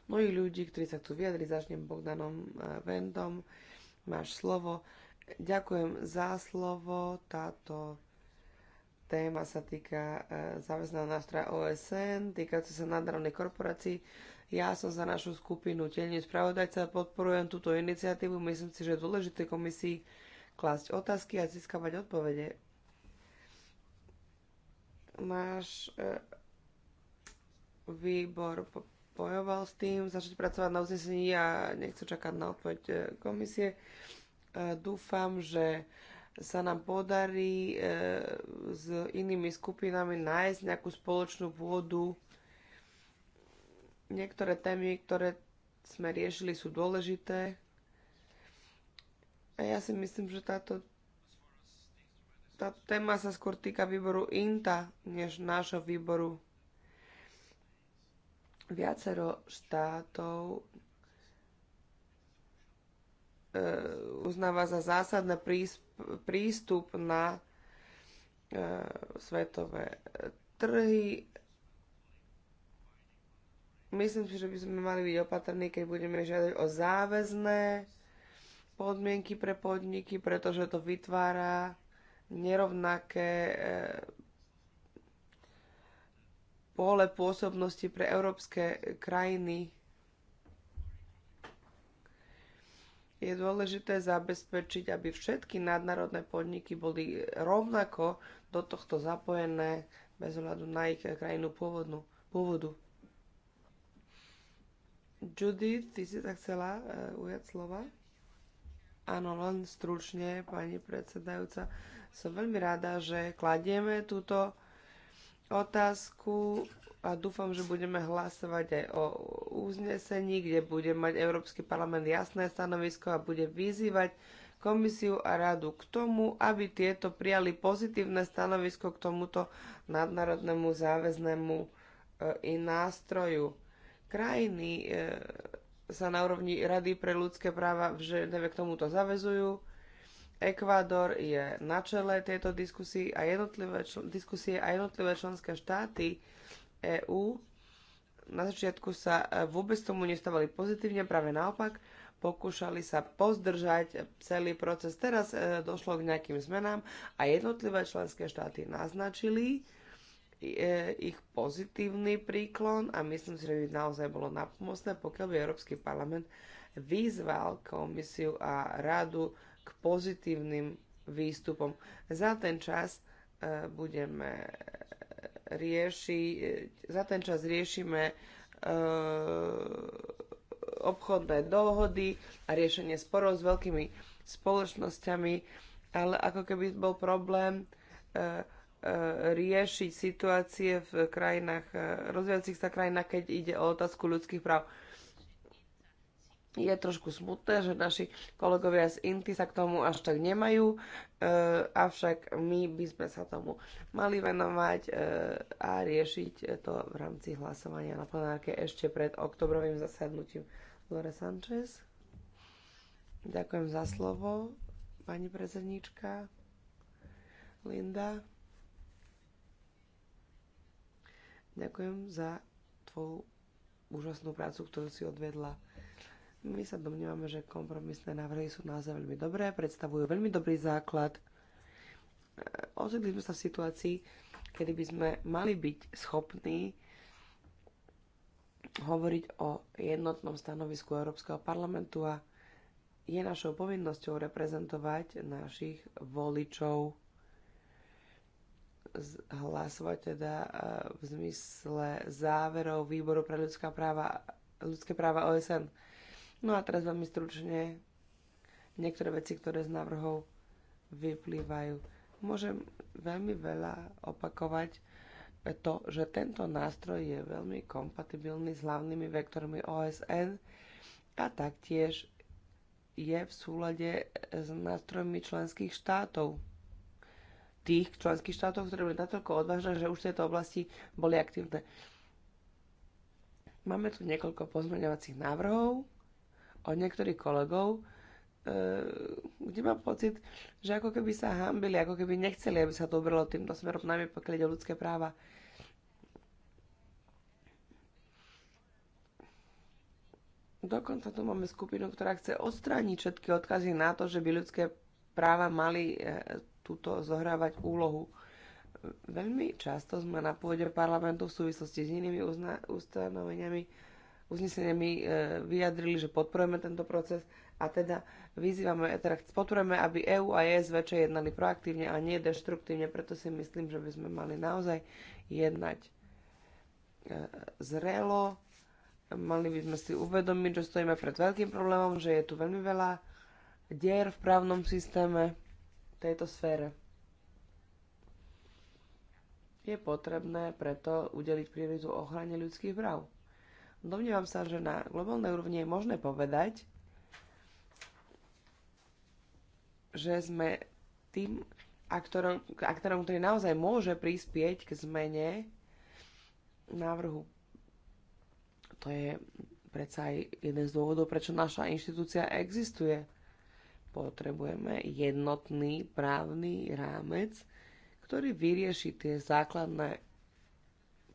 mnohých ľudí, ktorí sa chcú vyjadriť. Začnem Bogdanom e, Vendom. Máš slovo. Ďakujem za slovo. Táto téma sa týka e, záväzného nástroja OSN, týka sa nadrovnej korporácii. Ja som za našu skupinu Telný spravodajca, podporujem túto iniciatívu. Myslím si, že je dôležité komisii klásť otázky a získavať odpovede. e, výbor bojoval s tým, začať pracovať na uznesení a nechce čakať na odpoveď e, komisie. E, dúfam, že sa nám podarí e, s inými skupinami nájsť nejakú spoločnú pôdu. Niektoré témy, ktoré sme riešili, sú dôležité. A ja si myslím, že táto, tá téma sa skôr týka výboru INTA, než nášho výboru. Viacero štátov e, uznáva za zásadný prístup na e, svetové trhy. Myslím si, že by sme mali byť opatrní, keď budeme žiadať o záväzné podmienky pre podniky, pretože to vytvára nerovnaké eh, pole pôsobnosti pre európske krajiny. Je dôležité zabezpečiť, aby všetky nadnárodné podniky boli rovnako do tohto zapojené bez ohľadu na ich krajinu pôvodnú, pôvodu. Judith, ty si sa chcela uh, ujať slova? Áno, len stručne, pani predsedajúca. Som veľmi rada, že kladieme túto otázku a dúfam, že budeme hlasovať aj o uznesení, kde bude mať Európsky parlament jasné stanovisko a bude vyzývať komisiu a radu k tomu, aby tieto prijali pozitívne stanovisko k tomuto nadnárodnému záväznému e, i nástroju. Krajiny e, sa na úrovni Rady pre ľudské práva v Ženeve k tomuto zavezujú. Ekvádor je na čele tejto diskusie a jednotlivé, čl- diskusie a jednotlivé členské štáty EÚ na začiatku sa e, vôbec tomu nestávali pozitívne, práve naopak pokúšali sa pozdržať celý proces. Teraz e, došlo k nejakým zmenám a jednotlivé členské štáty naznačili, ich pozitívny príklon a myslím si, že by naozaj bolo napomocné, pokiaľ by Európsky parlament vyzval komisiu a radu k pozitívnym výstupom. Za ten čas e, budeme riešiť, e, za ten čas riešime e, obchodné dohody a riešenie sporov s veľkými spoločnosťami, ale ako keby bol problém riešiť situácie v krajinách, rozvíjajúcich sa krajinách, keď ide o otázku ľudských práv. Je trošku smutné, že naši kolegovia z Inty sa k tomu až tak nemajú, e, avšak my by sme sa tomu mali venovať e, a riešiť to v rámci hlasovania na plenárke ešte pred oktobrovým zasadnutím. Lore Sanchez. Ďakujem za slovo, pani prezerníčka. Linda. Ďakujem za tvoju úžasnú prácu, ktorú si odvedla. My sa domnívame, že kompromisné návrhy sú naozaj veľmi dobré, predstavujú veľmi dobrý základ. Ocitli sme sa v situácii, kedy by sme mali byť schopní hovoriť o jednotnom stanovisku Európskeho parlamentu a je našou povinnosťou reprezentovať našich voličov hlasovať teda e, v zmysle záverov Výboru pre ľudská práva, ľudské práva OSN. No a teraz veľmi stručne niektoré veci, ktoré z návrhov vyplývajú. Môžem veľmi veľa opakovať to, že tento nástroj je veľmi kompatibilný s hlavnými vektormi OSN a taktiež je v súlade s nástrojmi členských štátov tých členských štátov, ktoré boli natoľko odvážne, že už v tejto oblasti boli aktívne. Máme tu niekoľko pozmeňovacích návrhov od niektorých kolegov, e, kde mám pocit, že ako keby sa hambili, ako keby nechceli, aby sa to ubralo týmto smerom, najmä pokiaľ ide o ľudské práva. Dokonca tu máme skupinu, ktorá chce odstrániť všetky odkazy na to, že by ľudské práva mali e, túto zohrávať úlohu. Veľmi často sme na pôde parlamentu v súvislosti s inými ustanoveniami, uzneseniami e, vyjadrili, že podporujeme tento proces a teda vyzývame, teda podporujeme, aby EÚ a väčšie jednali proaktívne a nie deštruktívne, preto si myslím, že by sme mali naozaj jednať e, zrelo, mali by sme si uvedomiť, že stojíme pred veľkým problémom, že je tu veľmi veľa dier v právnom systéme tejto sfére. Je potrebné preto udeliť prioritu ochrane ľudských práv. Domnievam sa, že na globálnej úrovni je možné povedať, že sme tým aktorom, aktorom, ktorý naozaj môže prispieť k zmene návrhu. To je predsa aj jeden z dôvodov, prečo naša inštitúcia existuje. Potrebujeme jednotný právny rámec, ktorý vyrieši tie základné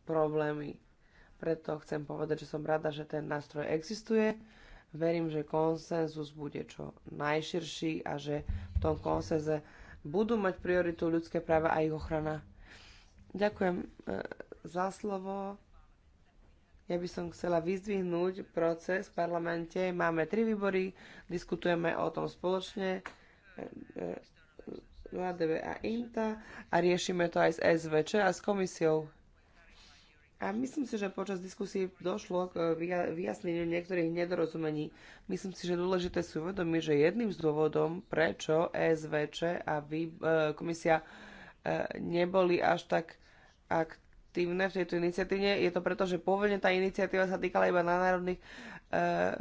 problémy. Preto chcem povedať, že som rada, že ten nástroj existuje. Verím, že konsenzus bude čo najširší a že v tom konsenze budú mať prioritu ľudské práva a ich ochrana. Ďakujem eh, za slovo. Ja by som chcela vyzdvihnúť proces v parlamente. Máme tri výbory, diskutujeme o tom spoločne, LADV eh, eh, a INTA a riešime to aj s SVČ a s komisiou. A myslím si, že počas diskusí došlo k eh, vyjasneniu niektorých nedorozumení. Myslím si, že dôležité sú uvedomiť, že jedným z dôvodom, prečo SVČ a komisia neboli až tak aktívne v tejto iniciatíve. Je to preto, že pôvodne tá iniciatíva sa týkala iba národných e, eh,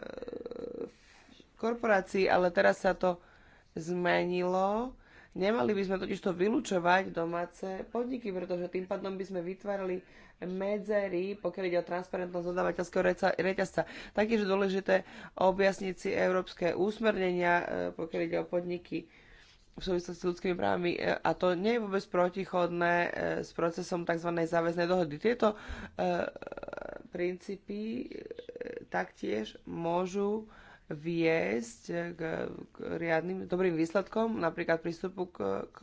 korporácií, ale teraz sa to zmenilo. Nemali by sme totiž vylúčovať domáce podniky, pretože tým pádom by sme vytvárali medzery, pokiaľ ide o transparentnosť dodávateľského reťazca. Taktiež dôležité objasniť si európske úsmernenia, eh, pokiaľ ide o podniky v súvislosti s ľudskými právami e, a to nie je vôbec protichodné e, s procesom tzv. záväznej dohody. Tieto e, princípy taktiež môžu viesť k, k riadnym dobrým výsledkom, napríklad prístupu k, k,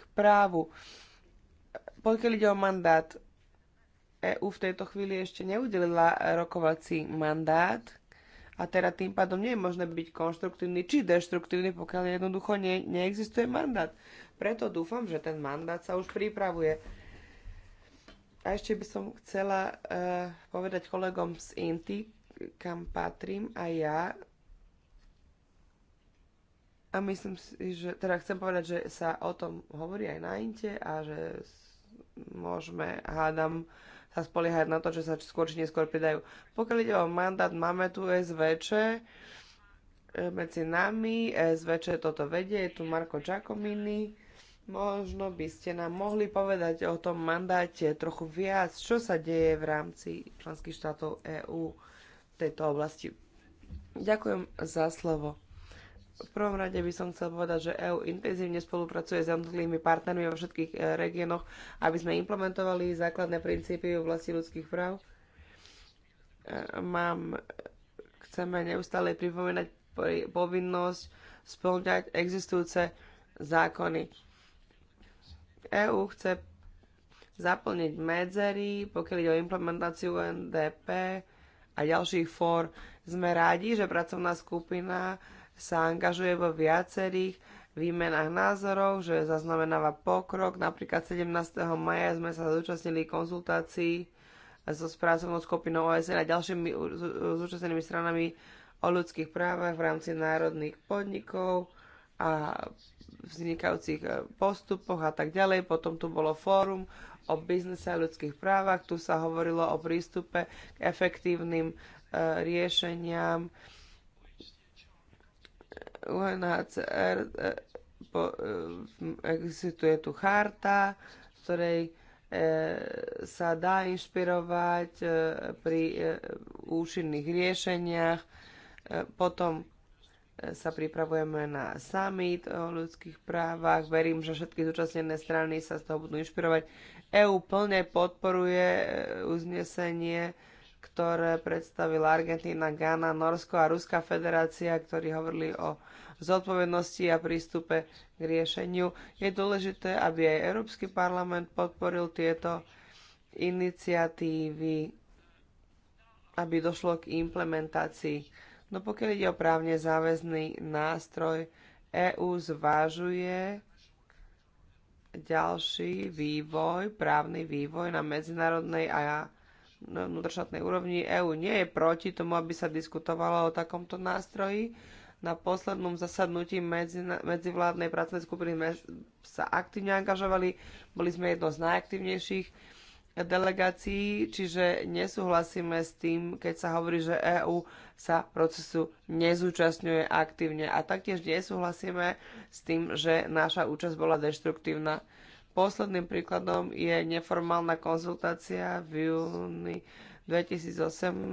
k právu. Pokiaľ ide o mandát, EU v tejto chvíli ešte neudelila rokovací mandát a teda tým pádom nie je možné byť konštruktívny či deštruktívny, pokiaľ jednoducho nie, neexistuje mandát. Preto dúfam, že ten mandát sa už pripravuje. A ešte by som chcela uh, povedať kolegom z Inty, kam patrím a ja. A myslím si, že teda chcem povedať, že sa o tom hovorí aj na Inte a že môžeme, hádam, uh, sa spoliehať na to, že sa skôr či neskôr pridajú. Pokiaľ ide o mandát, máme tu SVČ e, medzi nami, SVČ toto vedie, je tu Marko Giacomini. Možno by ste nám mohli povedať o tom mandáte trochu viac, čo sa deje v rámci členských štátov EÚ v tejto oblasti. Ďakujem za slovo. V prvom rade by som chcel povedať, že EÚ intenzívne spolupracuje s jednotlivými partnermi vo všetkých e, regiónoch, aby sme implementovali základné princípy v oblasti ľudských práv. E, mám, chceme neustále pripomínať povinnosť spĺňať existujúce zákony. EÚ chce zaplniť medzery, pokiaľ ide o implementáciu NDP a ďalších fór. Sme rádi, že pracovná skupina sa angažuje vo viacerých výmenách názorov, že zaznamenáva pokrok. Napríklad 17. maja sme sa zúčastnili konzultácií so správcovnou skupinou OSN a ďalšími zúčastnenými stranami o ľudských právach v rámci národných podnikov a vznikajúcich e, postupoch a tak ďalej. Potom tu bolo fórum o biznise a ľudských právach. Tu sa hovorilo o prístupe k efektívnym e, riešeniam UNHCR, e, po, e, existuje tu charta, v ktorej e, sa dá inšpirovať pri účinných riešeniach. Potom sa pripravujeme na summit o ľudských právach. Verím, že všetky zúčastnené strany sa z toho budú inšpirovať. EU plne podporuje uznesenie ktoré predstavila Argentína, Ghana, Norsko a Ruská federácia, ktorí hovorili o zodpovednosti a prístupe k riešeniu. Je dôležité, aby aj Európsky parlament podporil tieto iniciatívy, aby došlo k implementácii. No pokiaľ ide o právne záväzný nástroj, EÚ zvážuje ďalší vývoj, právny vývoj na medzinárodnej a na vnútroštátnej úrovni. EÚ nie je proti tomu, aby sa diskutovalo o takomto nástroji. Na poslednom zasadnutí medzi, medzivládnej pracovnej skupiny sme sa aktívne angažovali. Boli sme jedno z najaktívnejších delegácií, čiže nesúhlasíme s tým, keď sa hovorí, že EÚ sa procesu nezúčastňuje aktívne. A taktiež nesúhlasíme s tým, že naša účasť bola deštruktívna Posledným príkladom je neformálna konzultácia v júni 2018.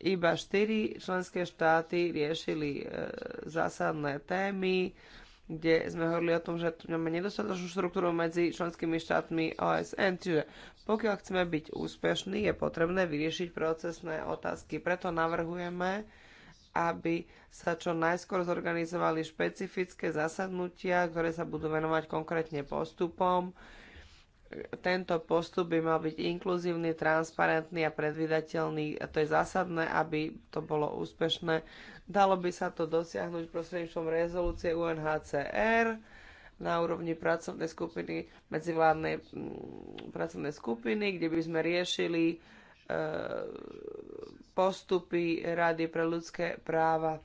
Iba štyri členské štáty riešili e, zásadné témy, kde sme hovorili o tom, že tu máme nedostatočnú štruktúru medzi členskými štátmi OSN, čiže pokiaľ chceme byť úspešní, je potrebné vyriešiť procesné otázky. Preto navrhujeme, aby sa čo najskôr zorganizovali špecifické zasadnutia, ktoré sa budú venovať konkrétne postupom. Tento postup by mal byť inkluzívny, transparentný a predvydateľný. A to je zásadné, aby to bolo úspešné. Dalo by sa to dosiahnuť prostredníctvom rezolúcie UNHCR na úrovni pracovnej skupiny, medzivládnej mm, pracovnej skupiny, kde by sme riešili postupy Rady pre ľudské práva.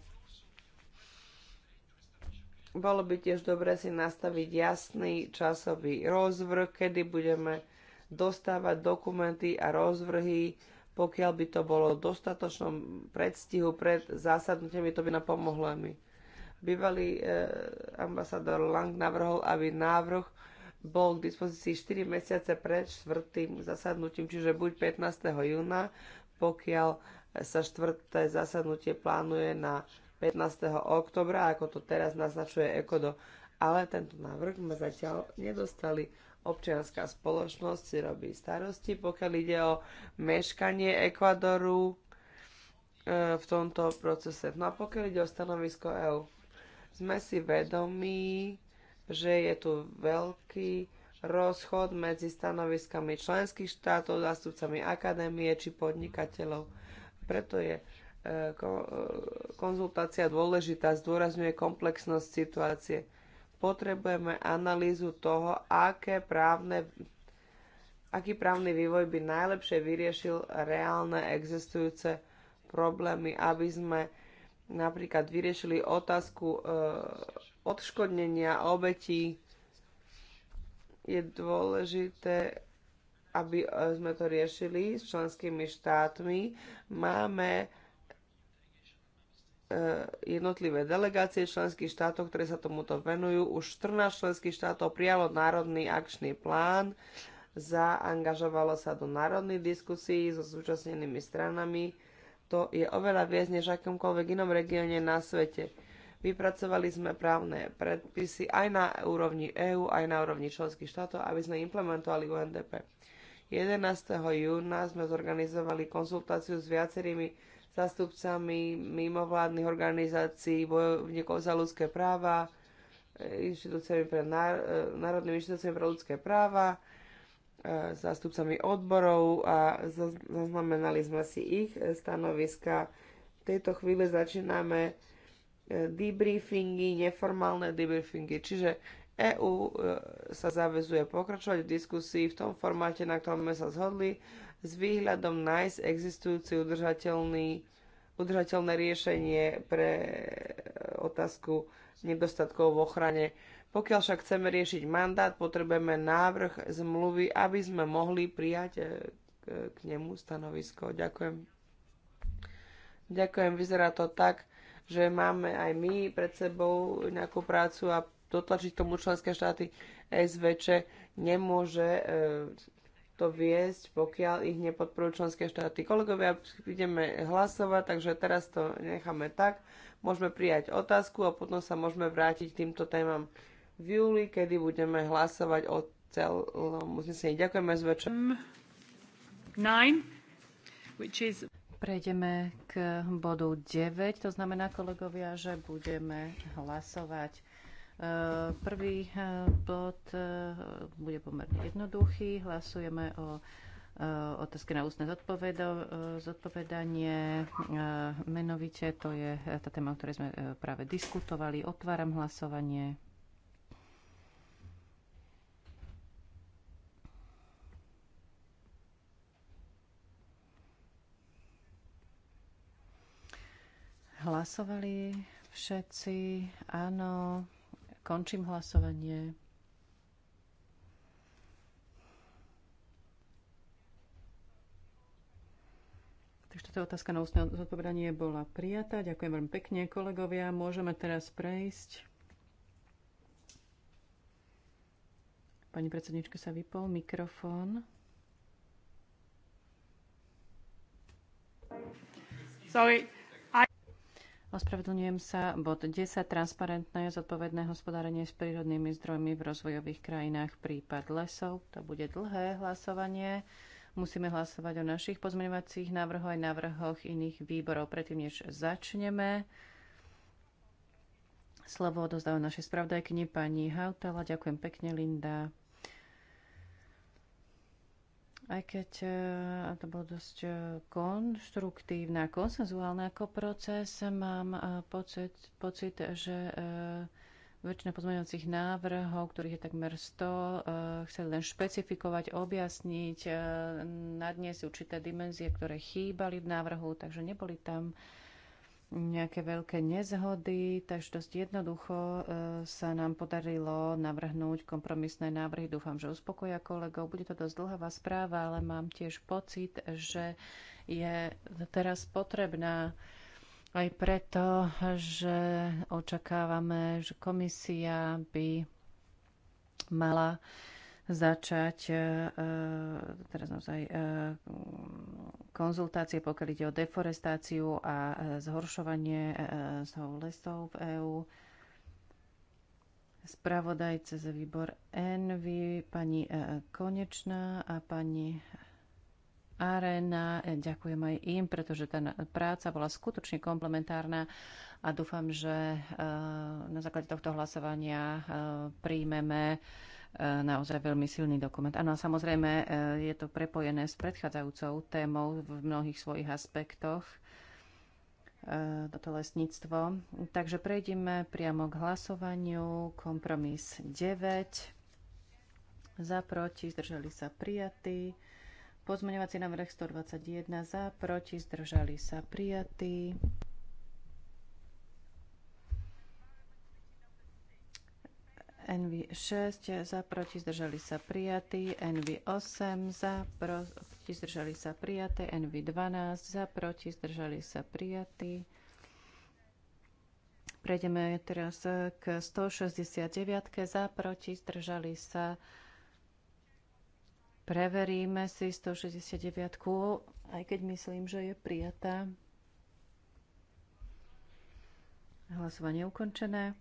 Bolo by tiež dobre si nastaviť jasný časový rozvrh, kedy budeme dostávať dokumenty a rozvrhy, pokiaľ by to bolo v dostatočnom predstihu pred zásadnutiami, to by nám pomohlo mi. Bývalý e, eh, ambasador Lang navrhol, aby návrh bol k dispozícii 4 mesiace pred štvrtým zasadnutím, čiže buď 15. júna, pokiaľ sa štvrté zasadnutie plánuje na 15. oktobra, ako to teraz naznačuje Ekodo. Ale tento návrh sme zatiaľ nedostali. Občianská spoločnosť si robí starosti, pokiaľ ide o meškanie Ekvadoru e, v tomto procese. No a pokiaľ ide o stanovisko EU, sme si vedomí že je tu veľký rozchod medzi stanoviskami členských štátov, zástupcami akadémie či podnikateľov. Preto je e, e, konzultácia dôležitá, zdôrazňuje komplexnosť situácie. Potrebujeme analýzu toho, aké právne, aký právny vývoj by najlepšie vyriešil reálne existujúce problémy, aby sme napríklad vyriešili otázku e, odškodnenia obetí. Je dôležité, aby e, sme to riešili s členskými štátmi. Máme e, jednotlivé delegácie členských štátov, ktoré sa tomuto venujú. Už 14 členských štátov prijalo národný akčný plán, zaangažovalo sa do národných diskusí so zúčastnenými stranami. To je oveľa viac než akomkoľvek inom regióne na svete. Vypracovali sme právne predpisy aj na úrovni EÚ, aj na úrovni členských štátov, aby sme implementovali UNDP. 11. júna sme zorganizovali konzultáciu s viacerými zástupcami mimovládnych organizácií, bojovníkov za ľudské práva, inštitúciami pre národnými inštitúciami pre ľudské práva, e, zástupcami odborov a zaznamenali sme si ich stanoviska. V tejto chvíli začíname E, debriefingy, neformálne debriefingy. Čiže EU e, sa zavezuje pokračovať v diskusii v tom formáte, na ktorom sme sa zhodli, s výhľadom nájsť existujúci udržateľný, udržateľné riešenie pre e, otázku nedostatkov v ochrane. Pokiaľ však chceme riešiť mandát, potrebujeme návrh zmluvy, aby sme mohli prijať k nemu stanovisko. Ďakujem. Ďakujem, vyzerá to tak, že máme aj my pred sebou nejakú prácu a dotlačiť tomu členské štáty SVČ nemôže e, to viesť, pokiaľ ich nepodporujú členské štáty. Kolegovia, ideme hlasovať, takže teraz to necháme tak. Môžeme prijať otázku a potom sa môžeme vrátiť k týmto témam v júli, kedy budeme hlasovať o celom uznesení. Ďakujeme SVČ. 9, which is... Prejdeme k bodu 9, to znamená, kolegovia, že budeme hlasovať. E, prvý e, bod e, bude pomerne jednoduchý. Hlasujeme o otázke na ústne zodpovedanie. Menovite to je tá téma, o ktorej sme práve diskutovali. Otváram hlasovanie. Hlasovali všetci? Áno. Končím hlasovanie. Takže táto otázka na ústne zodpovedanie bola prijatá. Ďakujem veľmi pekne, kolegovia. Môžeme teraz prejsť. Pani predsednička sa vypol mikrofón. Sorry. Ospravedlňujem sa. Bod 10. Transparentné zodpovedné hospodárenie s prírodnými zdrojmi v rozvojových krajinách prípad lesov. To bude dlhé hlasovanie. Musíme hlasovať o našich pozmeňovacích návrhoch aj návrhoch iných výborov. Predtým, než začneme, slovo odozdávam našej spravdajkyni pani Hautala. Ďakujem pekne, Linda aj keď e, to bolo dosť e, konštruktívne a konsenzuálne ako proces, mám e, pocit, pocit že väčšina pozmeňujúcich návrhov, ktorých je takmer 100, chceli len špecifikovať, objasniť, nadniesť určité dimenzie, ktoré chýbali v návrhu, takže neboli tam nejaké veľké nezhody, takže dosť jednoducho e, sa nám podarilo navrhnúť kompromisné návrhy. Dúfam, že uspokoja kolegov. Bude to dosť dlhá správa, ale mám tiež pocit, že je teraz potrebná aj preto, že očakávame, že komisia by mala začať e, e, teraz naozaj konzultácie, pokiaľ ide o deforestáciu a e, zhoršovanie stavu e, e, lesov v EÚ. Spravodajce za výbor Envy, pani Konečná a pani Arena. Ďakujem aj im, pretože tá práca bola skutočne komplementárna a dúfam, že na základe tohto hlasovania príjmeme E, naozaj veľmi silný dokument. Áno, samozrejme e, je to prepojené s predchádzajúcou témou v mnohých svojich aspektoch e, toto lesníctvo. Takže prejdeme priamo k hlasovaniu. Kompromis 9. Za, proti, zdržali sa prijatí. Pozmeňovací návrh 121 za, proti, zdržali sa prijatí. NV6 za, proti, zdržali sa prijatí. NV8 za, proti, zdržali sa prijaté. NV12 za, proti, zdržali sa prijatí. Prejdeme teraz k 169 za, proti, zdržali sa. Preveríme si 169, aj keď myslím, že je prijatá. Hlasovanie ukončené.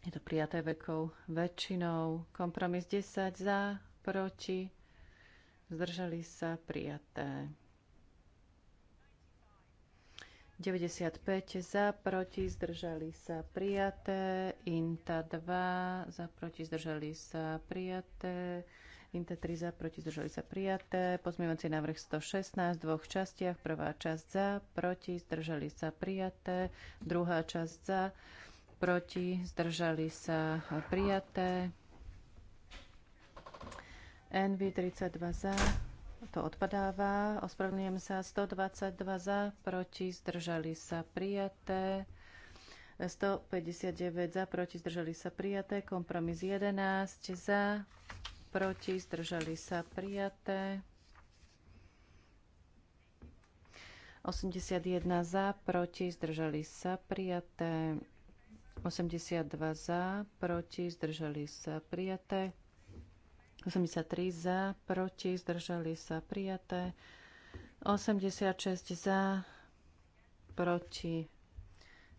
Je to prijaté vekou väčšinou. Kompromis 10 za, proti, zdržali sa, prijaté. 95 za, proti, zdržali sa, prijaté. Inta 2 za, proti, zdržali sa, prijaté. Inta 3 za, proti, zdržali sa, prijaté. Pozmývací návrh 116 v dvoch častiach. Prvá časť za, proti, zdržali sa, prijaté. Druhá časť za, proti, zdržali sa prijaté. NV 32 za, to odpadáva. Ospravedlňujem sa, 122 za, proti, zdržali sa prijaté. 159 za, proti, zdržali sa prijaté. Kompromis 11 za, proti, zdržali sa prijaté. 81 za, proti, zdržali sa prijaté. 82 za, proti, zdržali sa prijaté. 83 za, proti, zdržali sa prijaté. 86 za, proti,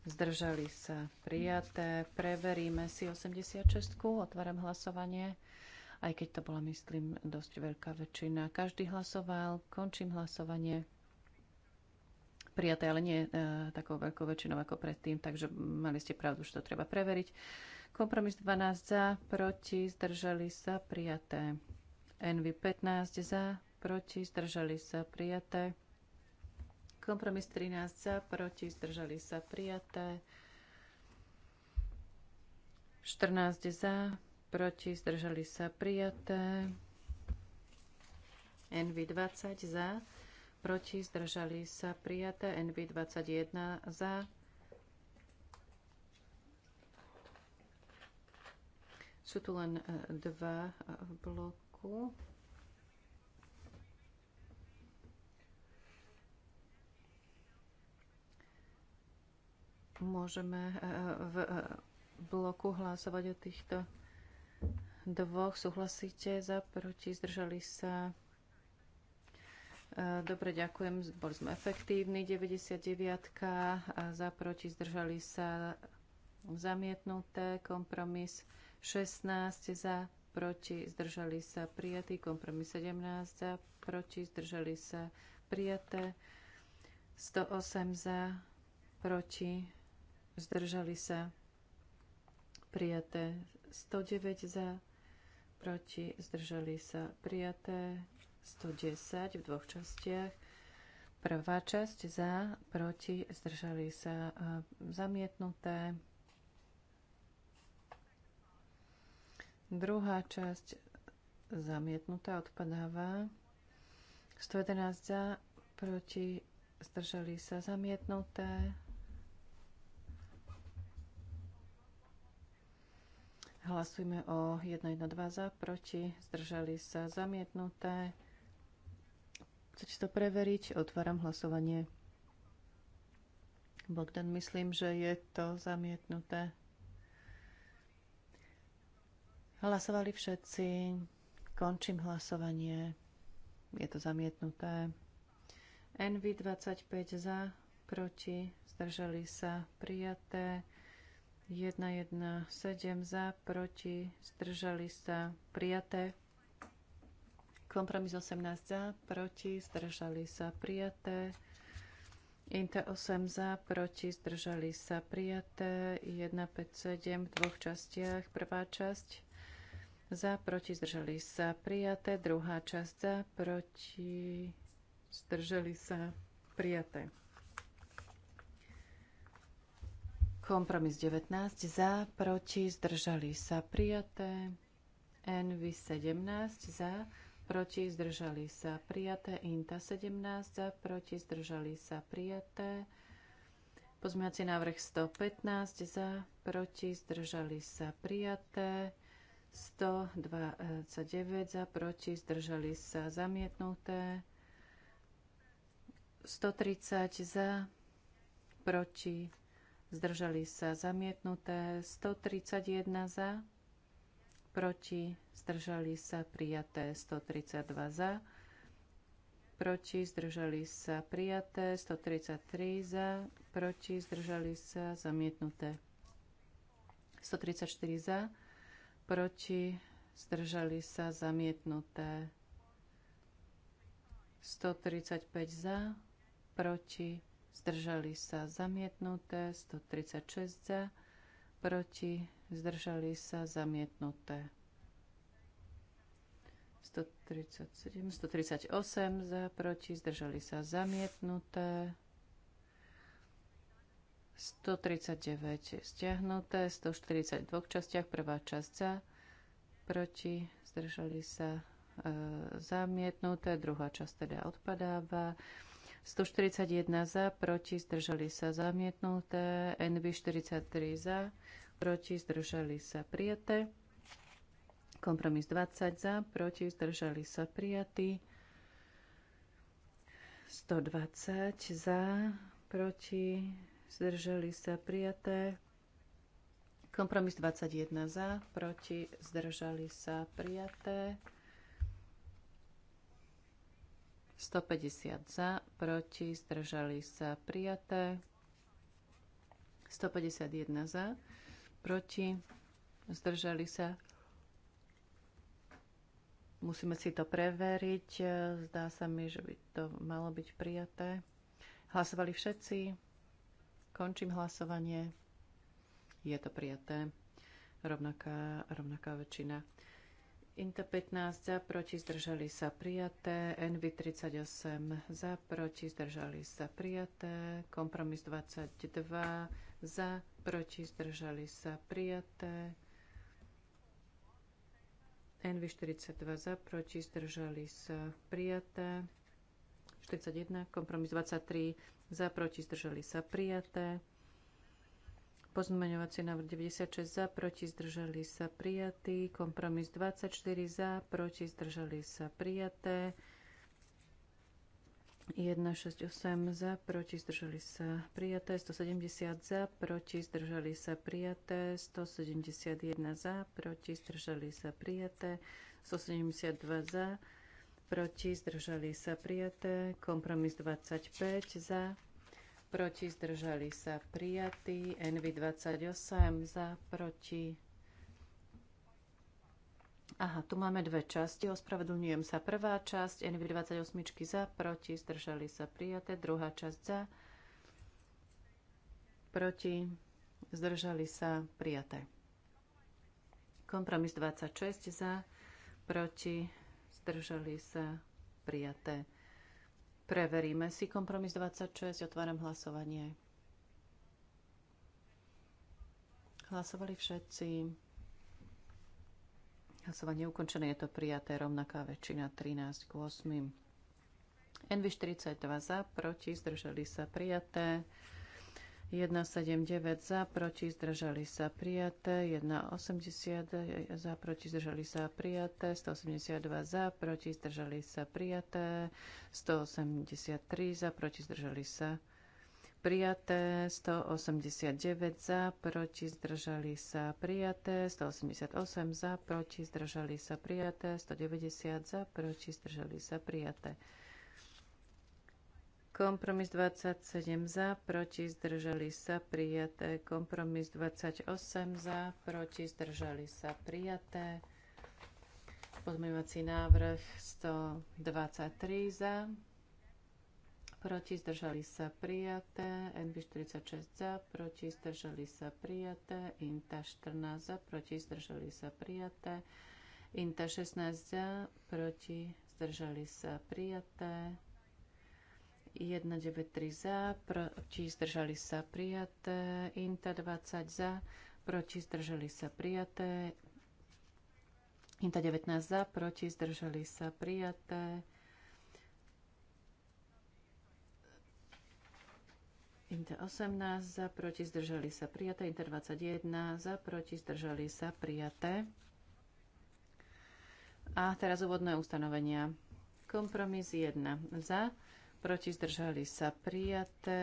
zdržali sa prijaté. Preveríme si 86. Otváram hlasovanie, aj keď to bola, myslím, dosť veľká väčšina. Každý hlasoval, končím hlasovanie prijaté, ale nie e, takou veľkou väčšinou ako predtým, takže mali ste pravdu, že to treba preveriť. Kompromis 12 za, proti, zdržali sa, prijaté. NV 15 za, proti, zdržali sa, prijaté. Kompromis 13 za, proti, zdržali sa, prijaté. 14 za, proti, zdržali sa, prijaté. NV 20 za, proti, zdržali sa prijaté, NB 21 za, Sú tu len e, dva e, v bloku. Môžeme e, v bloku hlasovať o týchto dvoch. Súhlasíte za, proti, zdržali sa. Eh, dobre, ďakujem. Boli sme efektívni. 99 eh, za proti zdržali sa eh, zamietnuté. Kompromis 16 za proti zdržali sa prijatý. Kompromis 17 za proti zdržali sa prijaté. 108 za proti zdržali sa prijaté. 109 za proti zdržali sa prijaté. 110 v dvoch častiach. Prvá časť za, proti, zdržali sa e, zamietnuté. Druhá časť zamietnutá odpadáva. 111 za, proti, zdržali sa zamietnuté. Hlasujme o 1, 1 2 za, proti, zdržali sa zamietnuté. Chcete to preveriť? Otváram hlasovanie. Bogdan, myslím, že je to zamietnuté. Hlasovali všetci. Končím hlasovanie. Je to zamietnuté. nv 25 za, proti, zdržali sa, prijaté. 117 za, proti, zdržali sa, prijaté. Kompromis 18 za, proti, zdržali sa prijaté. Inta 8 za, proti, zdržali sa prijaté. 1 7 v dvoch častiach. Prvá časť za, proti, zdržali sa prijaté. Druhá časť za, proti, zdržali sa prijaté. Kompromis 19 za, proti, zdržali sa prijaté. NV 17 za, proti, zdržali sa prijaté. Inta 17 za, proti, zdržali sa prijaté. Pozmeňovací návrh 115 za, proti, zdržali sa prijaté. 129 za, proti, zdržali sa zamietnuté. 130 za, proti, zdržali sa zamietnuté. 131 za, proti, zdržali sa prijaté 132 za, proti, zdržali sa prijaté 133 za, proti, zdržali sa zamietnuté 134 za, proti, zdržali sa zamietnuté 135 za, proti, zdržali sa zamietnuté 136 za, proti, zdržali sa zamietnuté. 137, 138 za, proti, zdržali sa zamietnuté. 139 stiahnuté, 140 v dvoch častiach, prvá časť za, proti, zdržali sa e, zamietnuté, druhá časť teda odpadáva. 141 za, proti, zdržali sa zamietnuté. NB 43 za, proti, zdržali sa prijaté. Kompromis 20 za, proti, zdržali sa prijatí. 120 za, proti, zdržali sa prijaté. Kompromis 21 za, proti, zdržali sa prijaté. 150 za, proti, zdržali sa prijaté. 151 za, proti, zdržali sa. Musíme si to preveriť. Zdá sa mi, že by to malo byť prijaté. Hlasovali všetci. Končím hlasovanie. Je to prijaté. Rovnaká, rovnaká väčšina. Into 15 za, proti, zdržali sa prijaté. NV 38 za, proti, zdržali sa prijaté. Kompromis 22 za, proti, zdržali sa prijaté. NV 42 za, proti, zdržali sa prijaté. 41, kompromis 23 za, proti, zdržali sa prijaté. Pozmeňovací návrh 96 za, proti zdržali sa prijatý. Kompromis 24 za, proti zdržali sa prijaté. 168 za, proti zdržali sa prijaté. 170 za, proti zdržali sa prijaté. 171 za, proti zdržali sa prijaté. 172 za, proti zdržali sa prijaté. Kompromis 25 za, proti, zdržali sa prijatí. NV28 za, proti. Aha, tu máme dve časti, ospravedlňujem sa. Prvá časť NV28 za, proti, zdržali sa prijaté. Druhá časť za, proti, zdržali sa prijaté. Kompromis 26 za, proti, zdržali sa prijaté. Preveríme si kompromis 26. Otváram hlasovanie. Hlasovali všetci. Hlasovanie ukončené. Je to prijaté rovnaká väčšina 13 k 8. NV42 za, proti, zdržali sa prijaté. 179 za, proti, zdržali sa prijaté. 180 e, e, za, proti, zdržali sa prijaté. 182 za, proti, zdržali sa prijaté. 183 za, proti, zdržali sa prijaté. 189 za, proti, zdržali sa prijaté. 188 za, proti, zdržali sa prijaté. 190 za, proti, zdržali sa prijaté. Kompromis 27 za, proti zdržali sa prijaté. Kompromis 28 za, proti zdržali sa prijaté. Pozmeňovací návrh 123 za, proti zdržali sa prijaté. NB46 za, proti zdržali sa prijaté. INTA 14 za, proti zdržali sa prijaté. INTA 16 za, proti zdržali sa prijaté. 193 za, proti zdržali sa prijaté, INTA 20 za, proti zdržali sa prijaté, INTA 19 za, proti zdržali sa prijaté, INTA 18 za, proti zdržali sa prijaté, INTA 21 za, proti zdržali sa prijaté. A teraz úvodné ustanovenia. Kompromis 1 za, proti zdržali sa prijaté,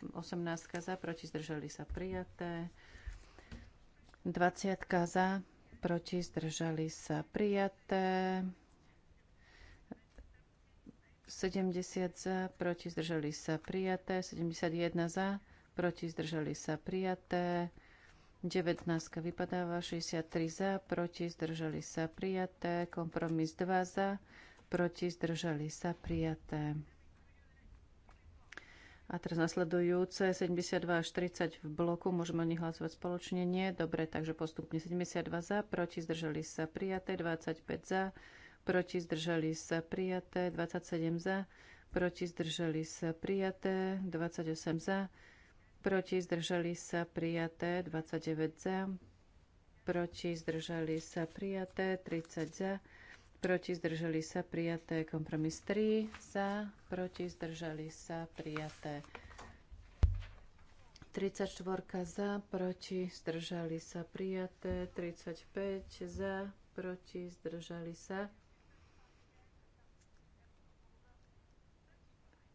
18 za, proti zdržali sa prijaté, 20 za, proti zdržali sa prijaté, 70 za, proti zdržali sa prijaté, 71 za, proti zdržali sa prijaté, 19 vypadáva, 63 za, proti zdržali sa prijaté, kompromis 2 za, proti, zdržali sa prijaté. A teraz nasledujúce 72 až 30 v bloku, môžeme o nich hlasovať spoločne? Nie. Dobre, takže postupne 72 za, proti, zdržali sa prijaté, 25 za, proti, zdržali sa prijaté, 27 za, proti, zdržali sa prijaté, 28 za, proti, zdržali sa prijaté, 29 za, proti, zdržali sa prijaté, 30 za, proti zdržali sa prijaté. Kompromis 3 za, proti zdržali sa prijaté. 34 za, proti zdržali sa prijaté. 35 za, proti zdržali sa.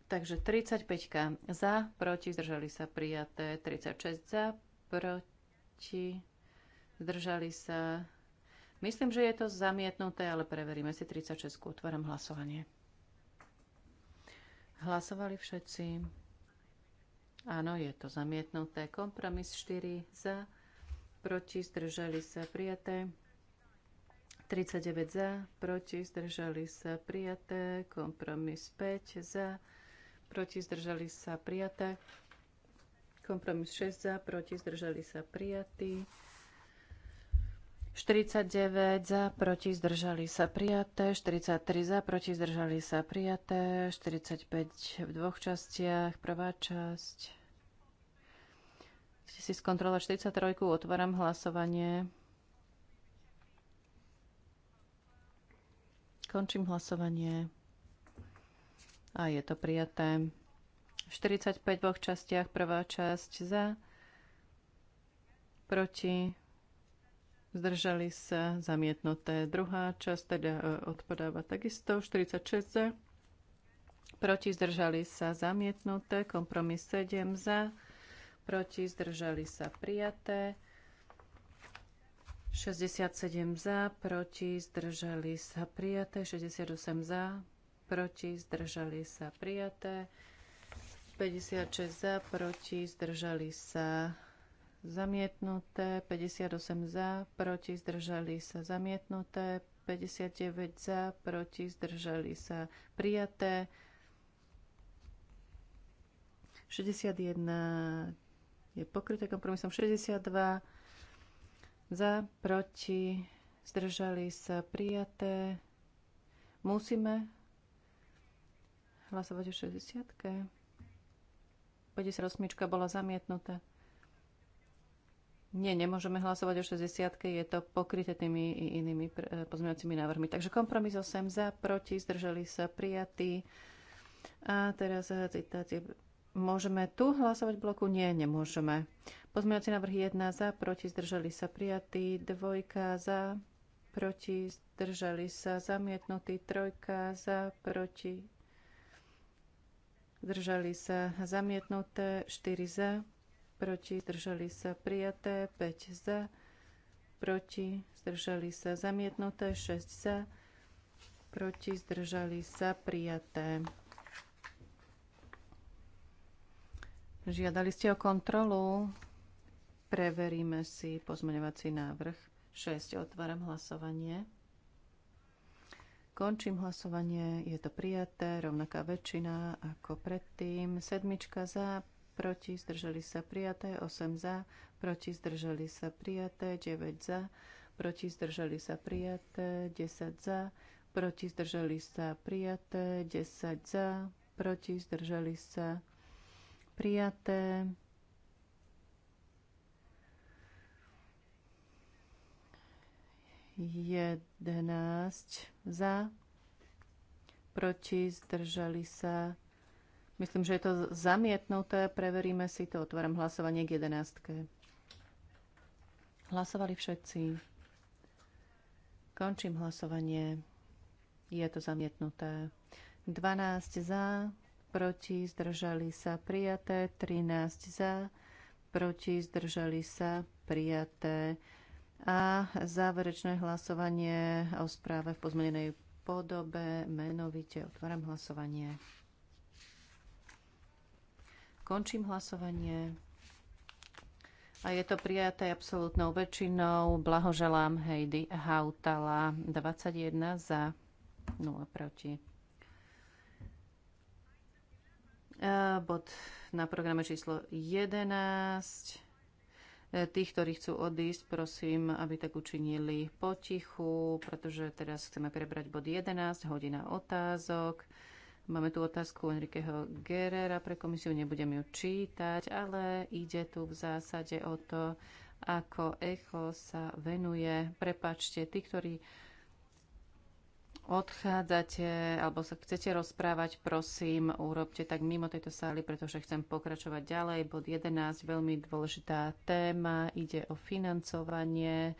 Takže 35 za, proti zdržali sa prijaté. 36 za, proti zdržali sa Myslím, že je to zamietnuté, ale preveríme si 36. Otváram hlasovanie. Hlasovali všetci. Áno, je to zamietnuté. Kompromis 4 za, proti, zdržali sa, prijaté. 39 za, proti, zdržali sa, prijaté. Kompromis 5 za, proti, zdržali sa, prijaté. Kompromis 6 za, proti, zdržali sa, prijatí. 49 za, proti, zdržali sa prijaté. 43 za, proti, zdržali sa prijaté. 45 v dvoch častiach. Prvá časť. Chcete si skontrolovať 43. Otváram hlasovanie. Končím hlasovanie. A je to prijaté. 45 v dvoch častiach. Prvá časť za, proti, zdržali sa, zamietnuté. Druhá časť teda e, odpadáva takisto, 46 za, proti zdržali sa, zamietnuté. Kompromis 7 za, proti zdržali sa, prijaté. 67 za, proti zdržali sa, prijaté. 68 za, proti zdržali sa, prijaté. 56 za, proti zdržali sa, zamietnuté, 58 za, proti, zdržali sa, zamietnuté, 59 za, proti, zdržali sa, prijaté, 61 je pokryté kompromisom, 62 za, proti, zdržali sa, prijaté, musíme hlasovať o 60. 58 bola zamietnutá. Nie, nemôžeme hlasovať o 60 je to pokryté tými inými e, pozmeňovacími návrhmi. Takže kompromis 8 za, proti, zdržali sa, prijatí. A teraz e, citácie. Môžeme tu hlasovať bloku? Nie, nemôžeme. Pozmeňovací návrh 1 za, proti, zdržali sa, prijatí. Dvojka za, proti, zdržali sa, zamietnutí. Trojka za, proti, zdržali sa, zamietnuté. 4 za, proti, zdržali sa prijaté, 5 za, proti, zdržali sa zamietnuté, 6 za, proti, zdržali sa prijaté. Žiadali ste o kontrolu. Preveríme si pozmeňovací návrh 6. Otváram hlasovanie. Končím hlasovanie, je to prijaté, rovnaká väčšina ako predtým. Sedmička za, proti, zdržali sa prijaté, 8 za, proti, zdržali sa prijaté, 9 za, proti, zdržali sa prijaté, 10 za, proti, zdržali sa prijaté, 10 za, proti, zdržali sa prijaté. Jedenáct za, proti, zdržali sa prijaté Myslím, že je to zamietnuté. Preveríme si to. Otváram hlasovanie k 11. Hlasovali všetci. Končím hlasovanie. Je to zamietnuté. 12 za, proti, zdržali sa prijaté, 13 za, proti, zdržali sa prijaté. A záverečné hlasovanie o správe v pozmenenej podobe menovite. Otváram hlasovanie. Končím hlasovanie. A je to prijaté absolútnou väčšinou. Blahoželám Heidi Hautala. 21 za, 0 proti. Bod na programe číslo 11. E, tých, ktorí chcú odísť, prosím, aby tak učinili potichu, pretože teraz chceme prebrať bod 11, hodina otázok. Máme tu otázku Enrikeho Gerera pre komisiu, nebudem ju čítať, ale ide tu v zásade o to, ako echo sa venuje. Prepačte, tí, ktorí odchádzate alebo sa chcete rozprávať, prosím, urobte tak mimo tejto sály, pretože chcem pokračovať ďalej. Bod 11, veľmi dôležitá téma, ide o financovanie.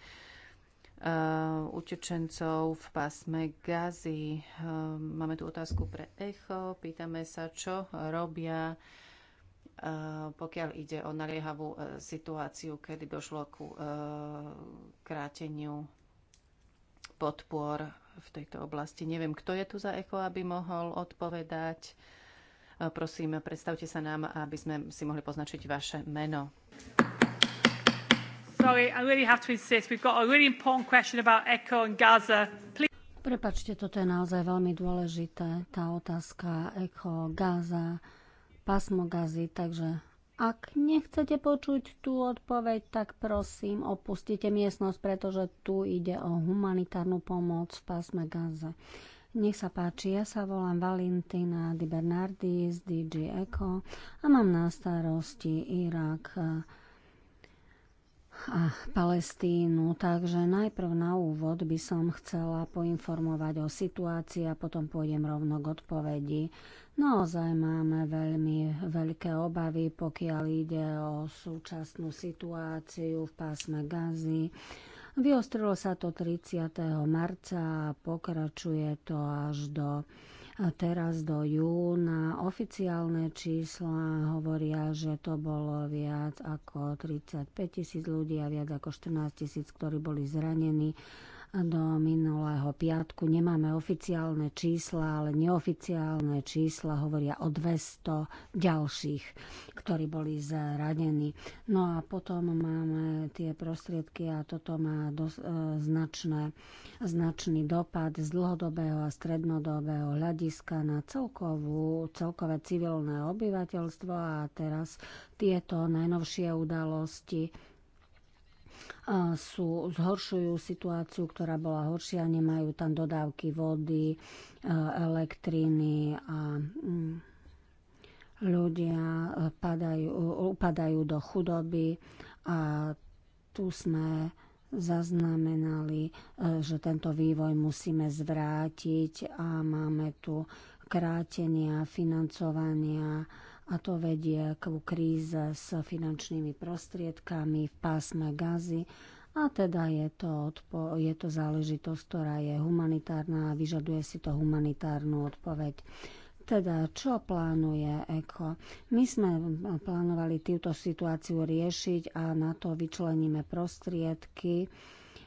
Uh, utečencov v pásme Gazy. Uh, máme tu otázku pre ECHO. Pýtame sa, čo robia uh, pokiaľ ide o naliehavú situáciu, kedy došlo ku kráteniu podpor v tejto oblasti. Neviem, kto je tu za ECHO, aby mohol odpovedať. Prosím, predstavte sa nám, aby sme si mohli poznačiť vaše meno sorry, I really have to insist. We've got a really important question about ECHO and Gaza. Please. Prepačte, toto je naozaj veľmi dôležité, tá otázka ECHO, Gaza, pásmo Gazy, takže ak nechcete počuť tú odpoveď, tak prosím, opustite miestnosť, pretože tu ide o humanitárnu pomoc v pásme Gaze. Nech sa páči, ja sa volám Valentina Di Bernardi z DG Eco a mám na starosti Irak, a Palestínu. Takže najprv na úvod by som chcela poinformovať o situácii a potom pôjdem rovno k odpovedi. Naozaj máme veľmi veľké obavy, pokiaľ ide o súčasnú situáciu v pásme Gazy. Vyostrilo sa to 30. marca a pokračuje to až do teraz do júna. Oficiálne čísla hovoria, že to bolo viac ako 35 tisíc ľudí a viac ako 14 tisíc, ktorí boli zranení do minulého piatku. Nemáme oficiálne čísla, ale neoficiálne čísla hovoria o 200 ďalších, ktorí boli zranení. No a potom máme tie prostriedky a toto má dos- e, značné, značný dopad z dlhodobého a strednodobého hľadiska na celkovú, celkové civilné obyvateľstvo a teraz tieto najnovšie udalosti sú, zhoršujú situáciu, ktorá bola horšia, nemajú tam dodávky vody, e, elektriny a mm, ľudia e, padajú, upadajú do chudoby a tu sme zaznamenali, e, že tento vývoj musíme zvrátiť a máme tu krátenia financovania a to vedie k kríze s finančnými prostriedkami v pásme gazy a teda je to, odpo- je to záležitosť, ktorá je humanitárna a vyžaduje si to humanitárnu odpoveď. Teda, čo plánuje ECO? My sme plánovali túto situáciu riešiť a na to vyčleníme prostriedky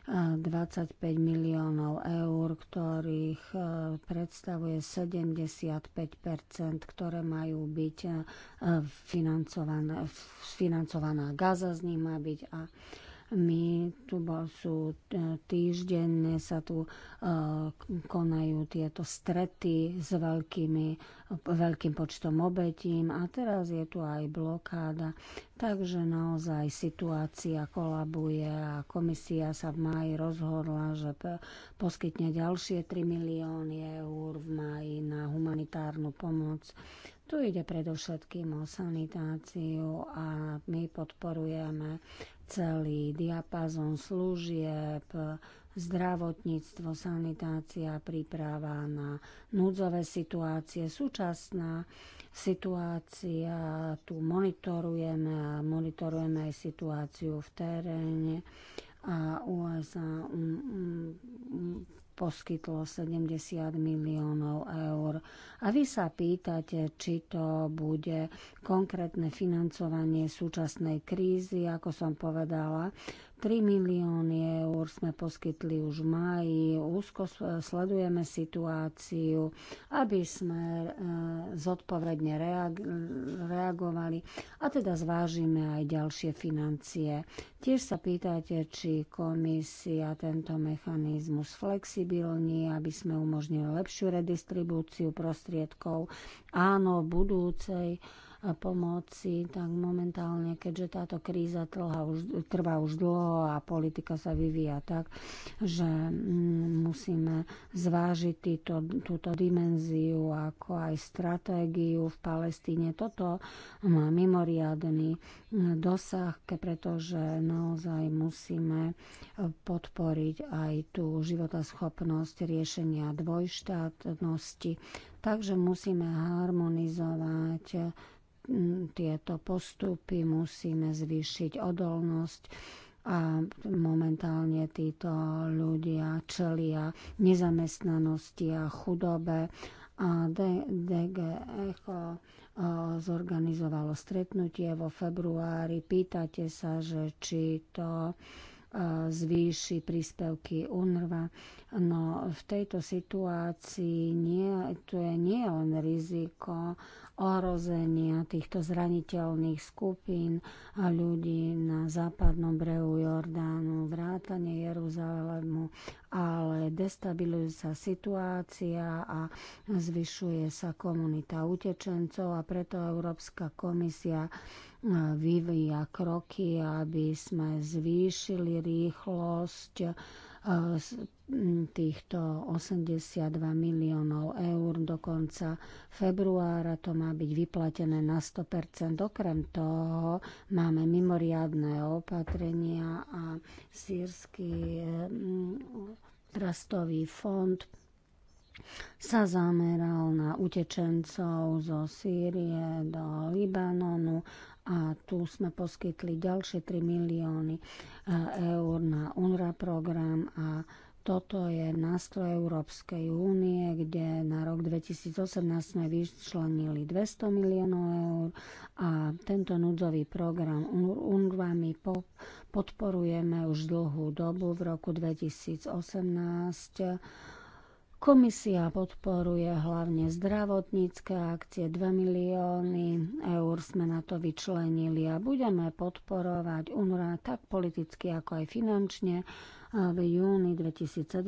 25 miliónov eur, ktorých e, predstavuje 75 ktoré majú byť e, financované, financovaná Gaza z nich má byť a my tu bol, sú e, týždenne sa tu e, konajú tieto strety s veľkými, veľkým počtom obetím a teraz je tu aj blokáda. Takže naozaj situácia kolabuje a komisia sa v máji rozhodla, že poskytne ďalšie 3 milióny eur v máji na humanitárnu pomoc. Tu ide predovšetkým o sanitáciu a my podporujeme celý diapazon služieb, zdravotníctvo, sanitácia, príprava na núdzové situácie. Súčasná situácia tu monitorujeme a monitorujeme aj situáciu v teréne a USA um, um, poskytlo 70 miliónov eur. A vy sa pýtate, či to bude konkrétne financovanie súčasnej krízy, ako som povedala. 3 milióny eur sme poskytli už v máji. Úzko sledujeme situáciu, aby sme e, zodpovedne reagovali a teda zvážime aj ďalšie financie. Tiež sa pýtate, či komisia tento mechanizmus flexibilní, aby sme umožnili lepšiu redistribúciu prostriedkov. Áno, v budúcej pomoci, tak momentálne, keďže táto kríza trvá už, trvá už dlho a politika sa vyvíja tak, že mm, musíme zvážiť týto, túto dimenziu, ako aj stratégiu v Palestíne. Toto má mimoriadný mm, dosah, pretože naozaj musíme podporiť aj tú životaschopnosť riešenia dvojštátnosti. Takže musíme harmonizovať tieto postupy, musíme zvýšiť odolnosť a momentálne títo ľudia čelia nezamestnanosti a chudobe a DG Echo e, zorganizovalo stretnutie vo februári. Pýtate sa, že či to e, zvýši príspevky UNRVA. No v tejto situácii nie, to je nie len riziko ohrozenia týchto zraniteľných skupín a ľudí na západnom brehu Jordánu, vrátane Jeruzalému, ale destabilizuje sa situácia a zvyšuje sa komunita utečencov a preto Európska komisia eh, vyvíja kroky, aby sme zvýšili rýchlosť z eh, týchto 82 miliónov eur do konca februára. To má byť vyplatené na 100%. Okrem toho máme mimoriadné opatrenia a sírsky eh, trastový fond sa zameral na utečencov zo Sýrie do Libanonu a tu sme poskytli ďalšie 3 milióny eh, eur na UNRWA program a toto je nástroj Európskej únie, kde na rok 2018 sme vyčlenili 200 miliónov eur a tento núdzový program UNRWA my podporujeme už dlhú dobu. V roku 2018 Komisia podporuje hlavne zdravotnícke akcie, 2 milióny eur sme na to vyčlenili a budeme podporovať UNRWA tak politicky, ako aj finančne, v júni 2017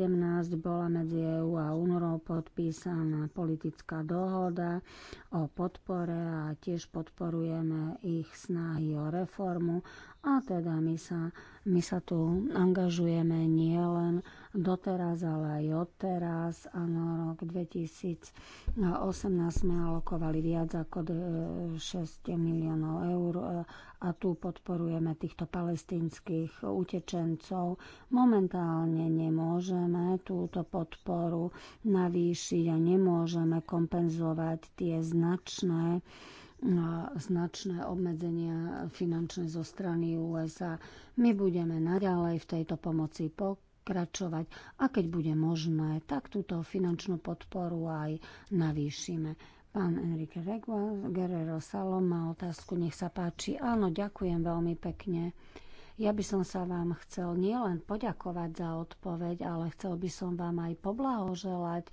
bola medzi EU a UNRO podpísaná politická dohoda o podpore a tiež podporujeme ich snahy o reformu a teda my sa, my sa tu angažujeme nielen doteraz, ale aj odteraz. Áno, rok 2018 sme alokovali viac ako 6 miliónov eur e, a tu podporujeme týchto palestinských utečencov. Moment momentálne nemôžeme túto podporu navýšiť a nemôžeme kompenzovať tie značné značné obmedzenia finančné zo strany USA. My budeme naďalej v tejto pomoci pokračovať a keď bude možné, tak túto finančnú podporu aj navýšime. Pán Enrique Guerrero Salom má otázku, nech sa páči. Áno, ďakujem veľmi pekne. Ja by som sa vám chcel nielen poďakovať za odpoveď, ale chcel by som vám aj poblahoželať e,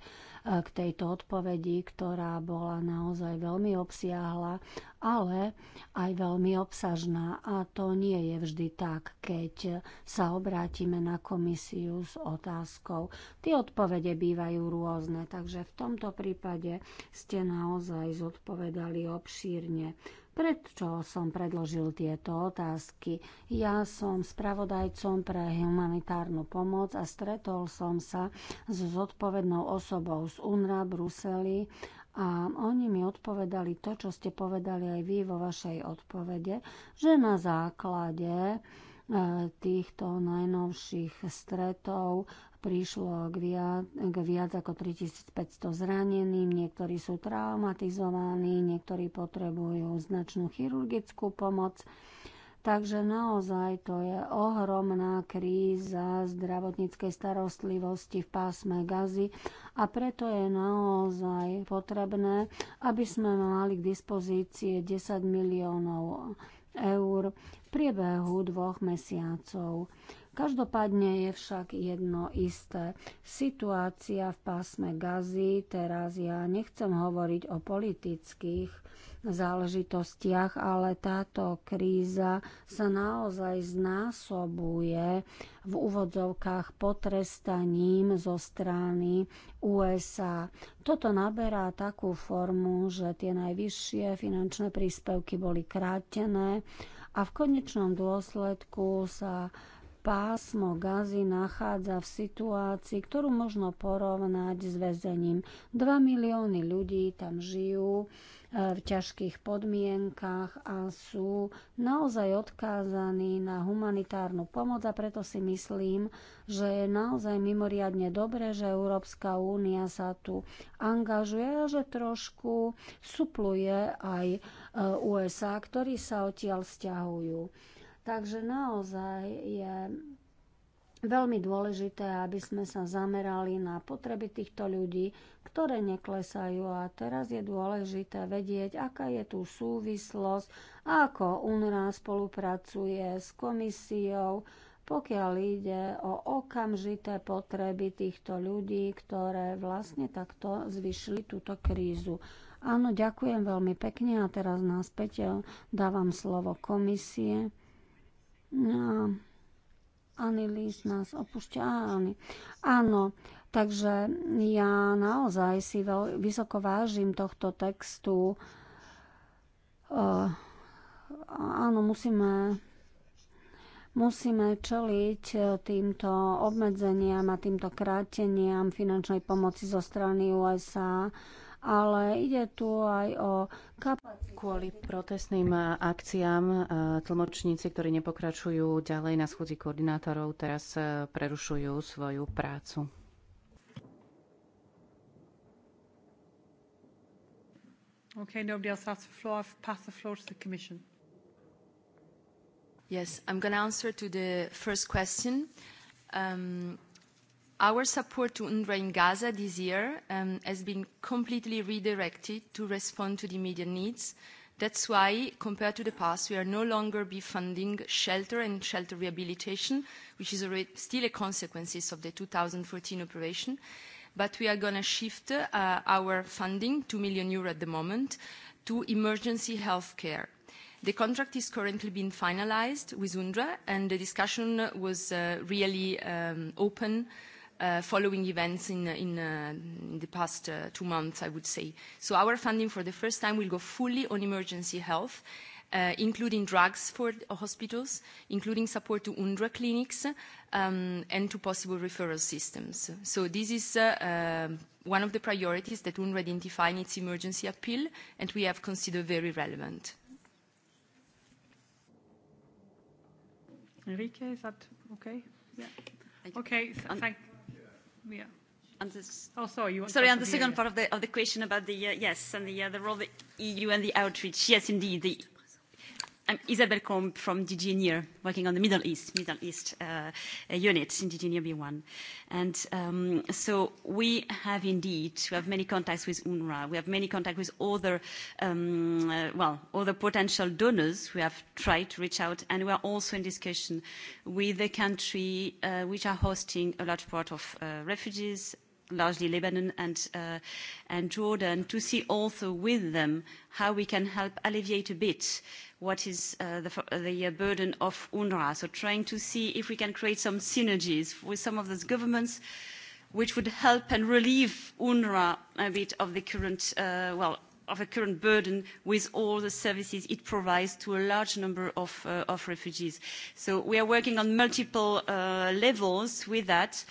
k tejto odpovedi, ktorá bola naozaj veľmi obsiahla, ale aj veľmi obsažná. A to nie je vždy tak, keď sa obrátime na komisiu s otázkou. Tie odpovede bývajú rôzne, takže v tomto prípade ste naozaj zodpovedali obšírne. Prečo som predložil tieto otázky? Ja som spravodajcom pre humanitárnu pomoc a stretol som sa s zodpovednou osobou z UNRA Bruseli a oni mi odpovedali to, čo ste povedali aj vy vo vašej odpovede, že na základe e, týchto najnovších stretov prišlo k viac, k viac ako 3500 zraneným, niektorí sú traumatizovaní, niektorí potrebujú značnú chirurgickú pomoc. Takže naozaj to je ohromná kríza zdravotníckej starostlivosti v pásme gazy a preto je naozaj potrebné, aby sme mali k dispozície 10 miliónov eur priebehu dvoch mesiacov. Každopádne je však jedno isté. Situácia v pásme Gazy, teraz ja nechcem hovoriť o politických záležitostiach, ale táto kríza sa naozaj znásobuje v úvodzovkách potrestaním zo strany USA. Toto naberá takú formu, že tie najvyššie finančné príspevky boli krátené a v konečnom dôsledku sa pásmo gazy nachádza v situácii, ktorú možno porovnať s väzením. 2 milióny ľudí tam žijú e, v ťažkých podmienkach a sú naozaj odkázaní na humanitárnu pomoc a preto si myslím, že je naozaj mimoriadne dobré, že Európska únia sa tu angažuje a že trošku supluje aj e, USA, ktorí sa odtiaľ stiahujú. Takže naozaj je veľmi dôležité, aby sme sa zamerali na potreby týchto ľudí, ktoré neklesajú. A teraz je dôležité vedieť, aká je tu súvislosť, ako unra spolupracuje s komisiou, pokiaľ ide o okamžité potreby týchto ľudí, ktoré vlastne takto zvyšili túto krízu. Áno, ďakujem veľmi pekne a teraz náspäť eh, dávam slovo komisie. No, Annelies nás opúšťa. Áno. Áno, takže ja naozaj si veľ, vysoko vážim tohto textu. Uh, áno, musíme musíme čeliť e, týmto obmedzeniam a týmto kráteniam finančnej pomoci zo strany USA ale ide tu aj o kapacitu. Kvôli protestným akciám e, tlmočníci, ktorí nepokračujú ďalej na schudzi koordinátorov, teraz e, prerušujú svoju prácu. Okay, nobody else has the floor. I've passed the floor to the Commission. Yes, I'm going to answer to the first question. Um, Our support to UNRWA in Gaza this year um, has been completely redirected to respond to the immediate needs. That's why, compared to the past, we are no longer be funding shelter and shelter rehabilitation, which is already still a consequence of the 2014 operation. But we are going to shift uh, our funding, 2 million euro at the moment, to emergency health care. The contract is currently being finalized with UNRWA, and the discussion was uh, really um, open uh, following events in, in, uh, in the past uh, two months, I would say. So our funding for the first time will go fully on emergency health, uh, including drugs for hospitals, including support to UNDRA clinics, um, and to possible referral systems. So this is uh, uh, one of the priorities that UNRWA identified in its emergency appeal, and we have considered very relevant. Enrique, is that okay? Yeah. Okay. Um, thank And this, oh, sorry, you want sorry, on the second area. part of the, of the question about the, uh, yes, and the, uh, the role of the EU and the outreach. Yes, indeed, the I'm Isabel Combe from DG Near, working on the Middle East, Middle East uh, unit in DG Near B1. And um, so we have indeed, we have many contacts with UNRWA. We have many contacts with other, um, uh, well, other potential donors. We have tried to reach out, and we are also in discussion with the country uh, which are hosting a large part of uh, refugees largely Lebanon and, uh, and Jordan, to see also with them how we can help alleviate a bit what is uh, the, the uh, burden of UNRWA. So trying to see if we can create some synergies with some of those governments which would help and relieve UNRWA a bit of the current, uh, well, of the current burden with all the services it provides to a large number of, uh, of refugees. So we are working on multiple uh, levels with that. Uh,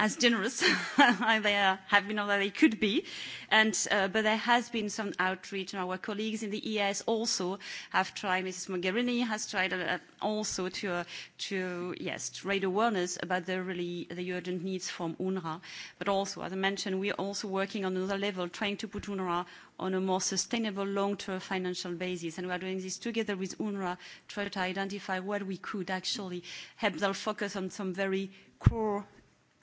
as generous as they uh, have been or they could be. And, uh, but there has been some outreach, and our colleagues in the ES also have tried, Mrs. Mogherini has tried uh, also to, uh, to, yes, to raise awareness about the really the urgent needs from UNRWA. But also, as I mentioned, we are also working on another level, trying to put UNRWA on a more sustainable long-term financial basis. And we are doing this together with UNRWA, try to identify what we could actually help them focus on some very core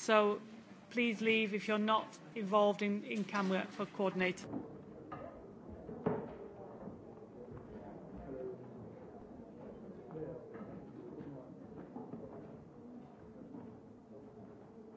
so please leave if you're not involved in, in camera for coordinating.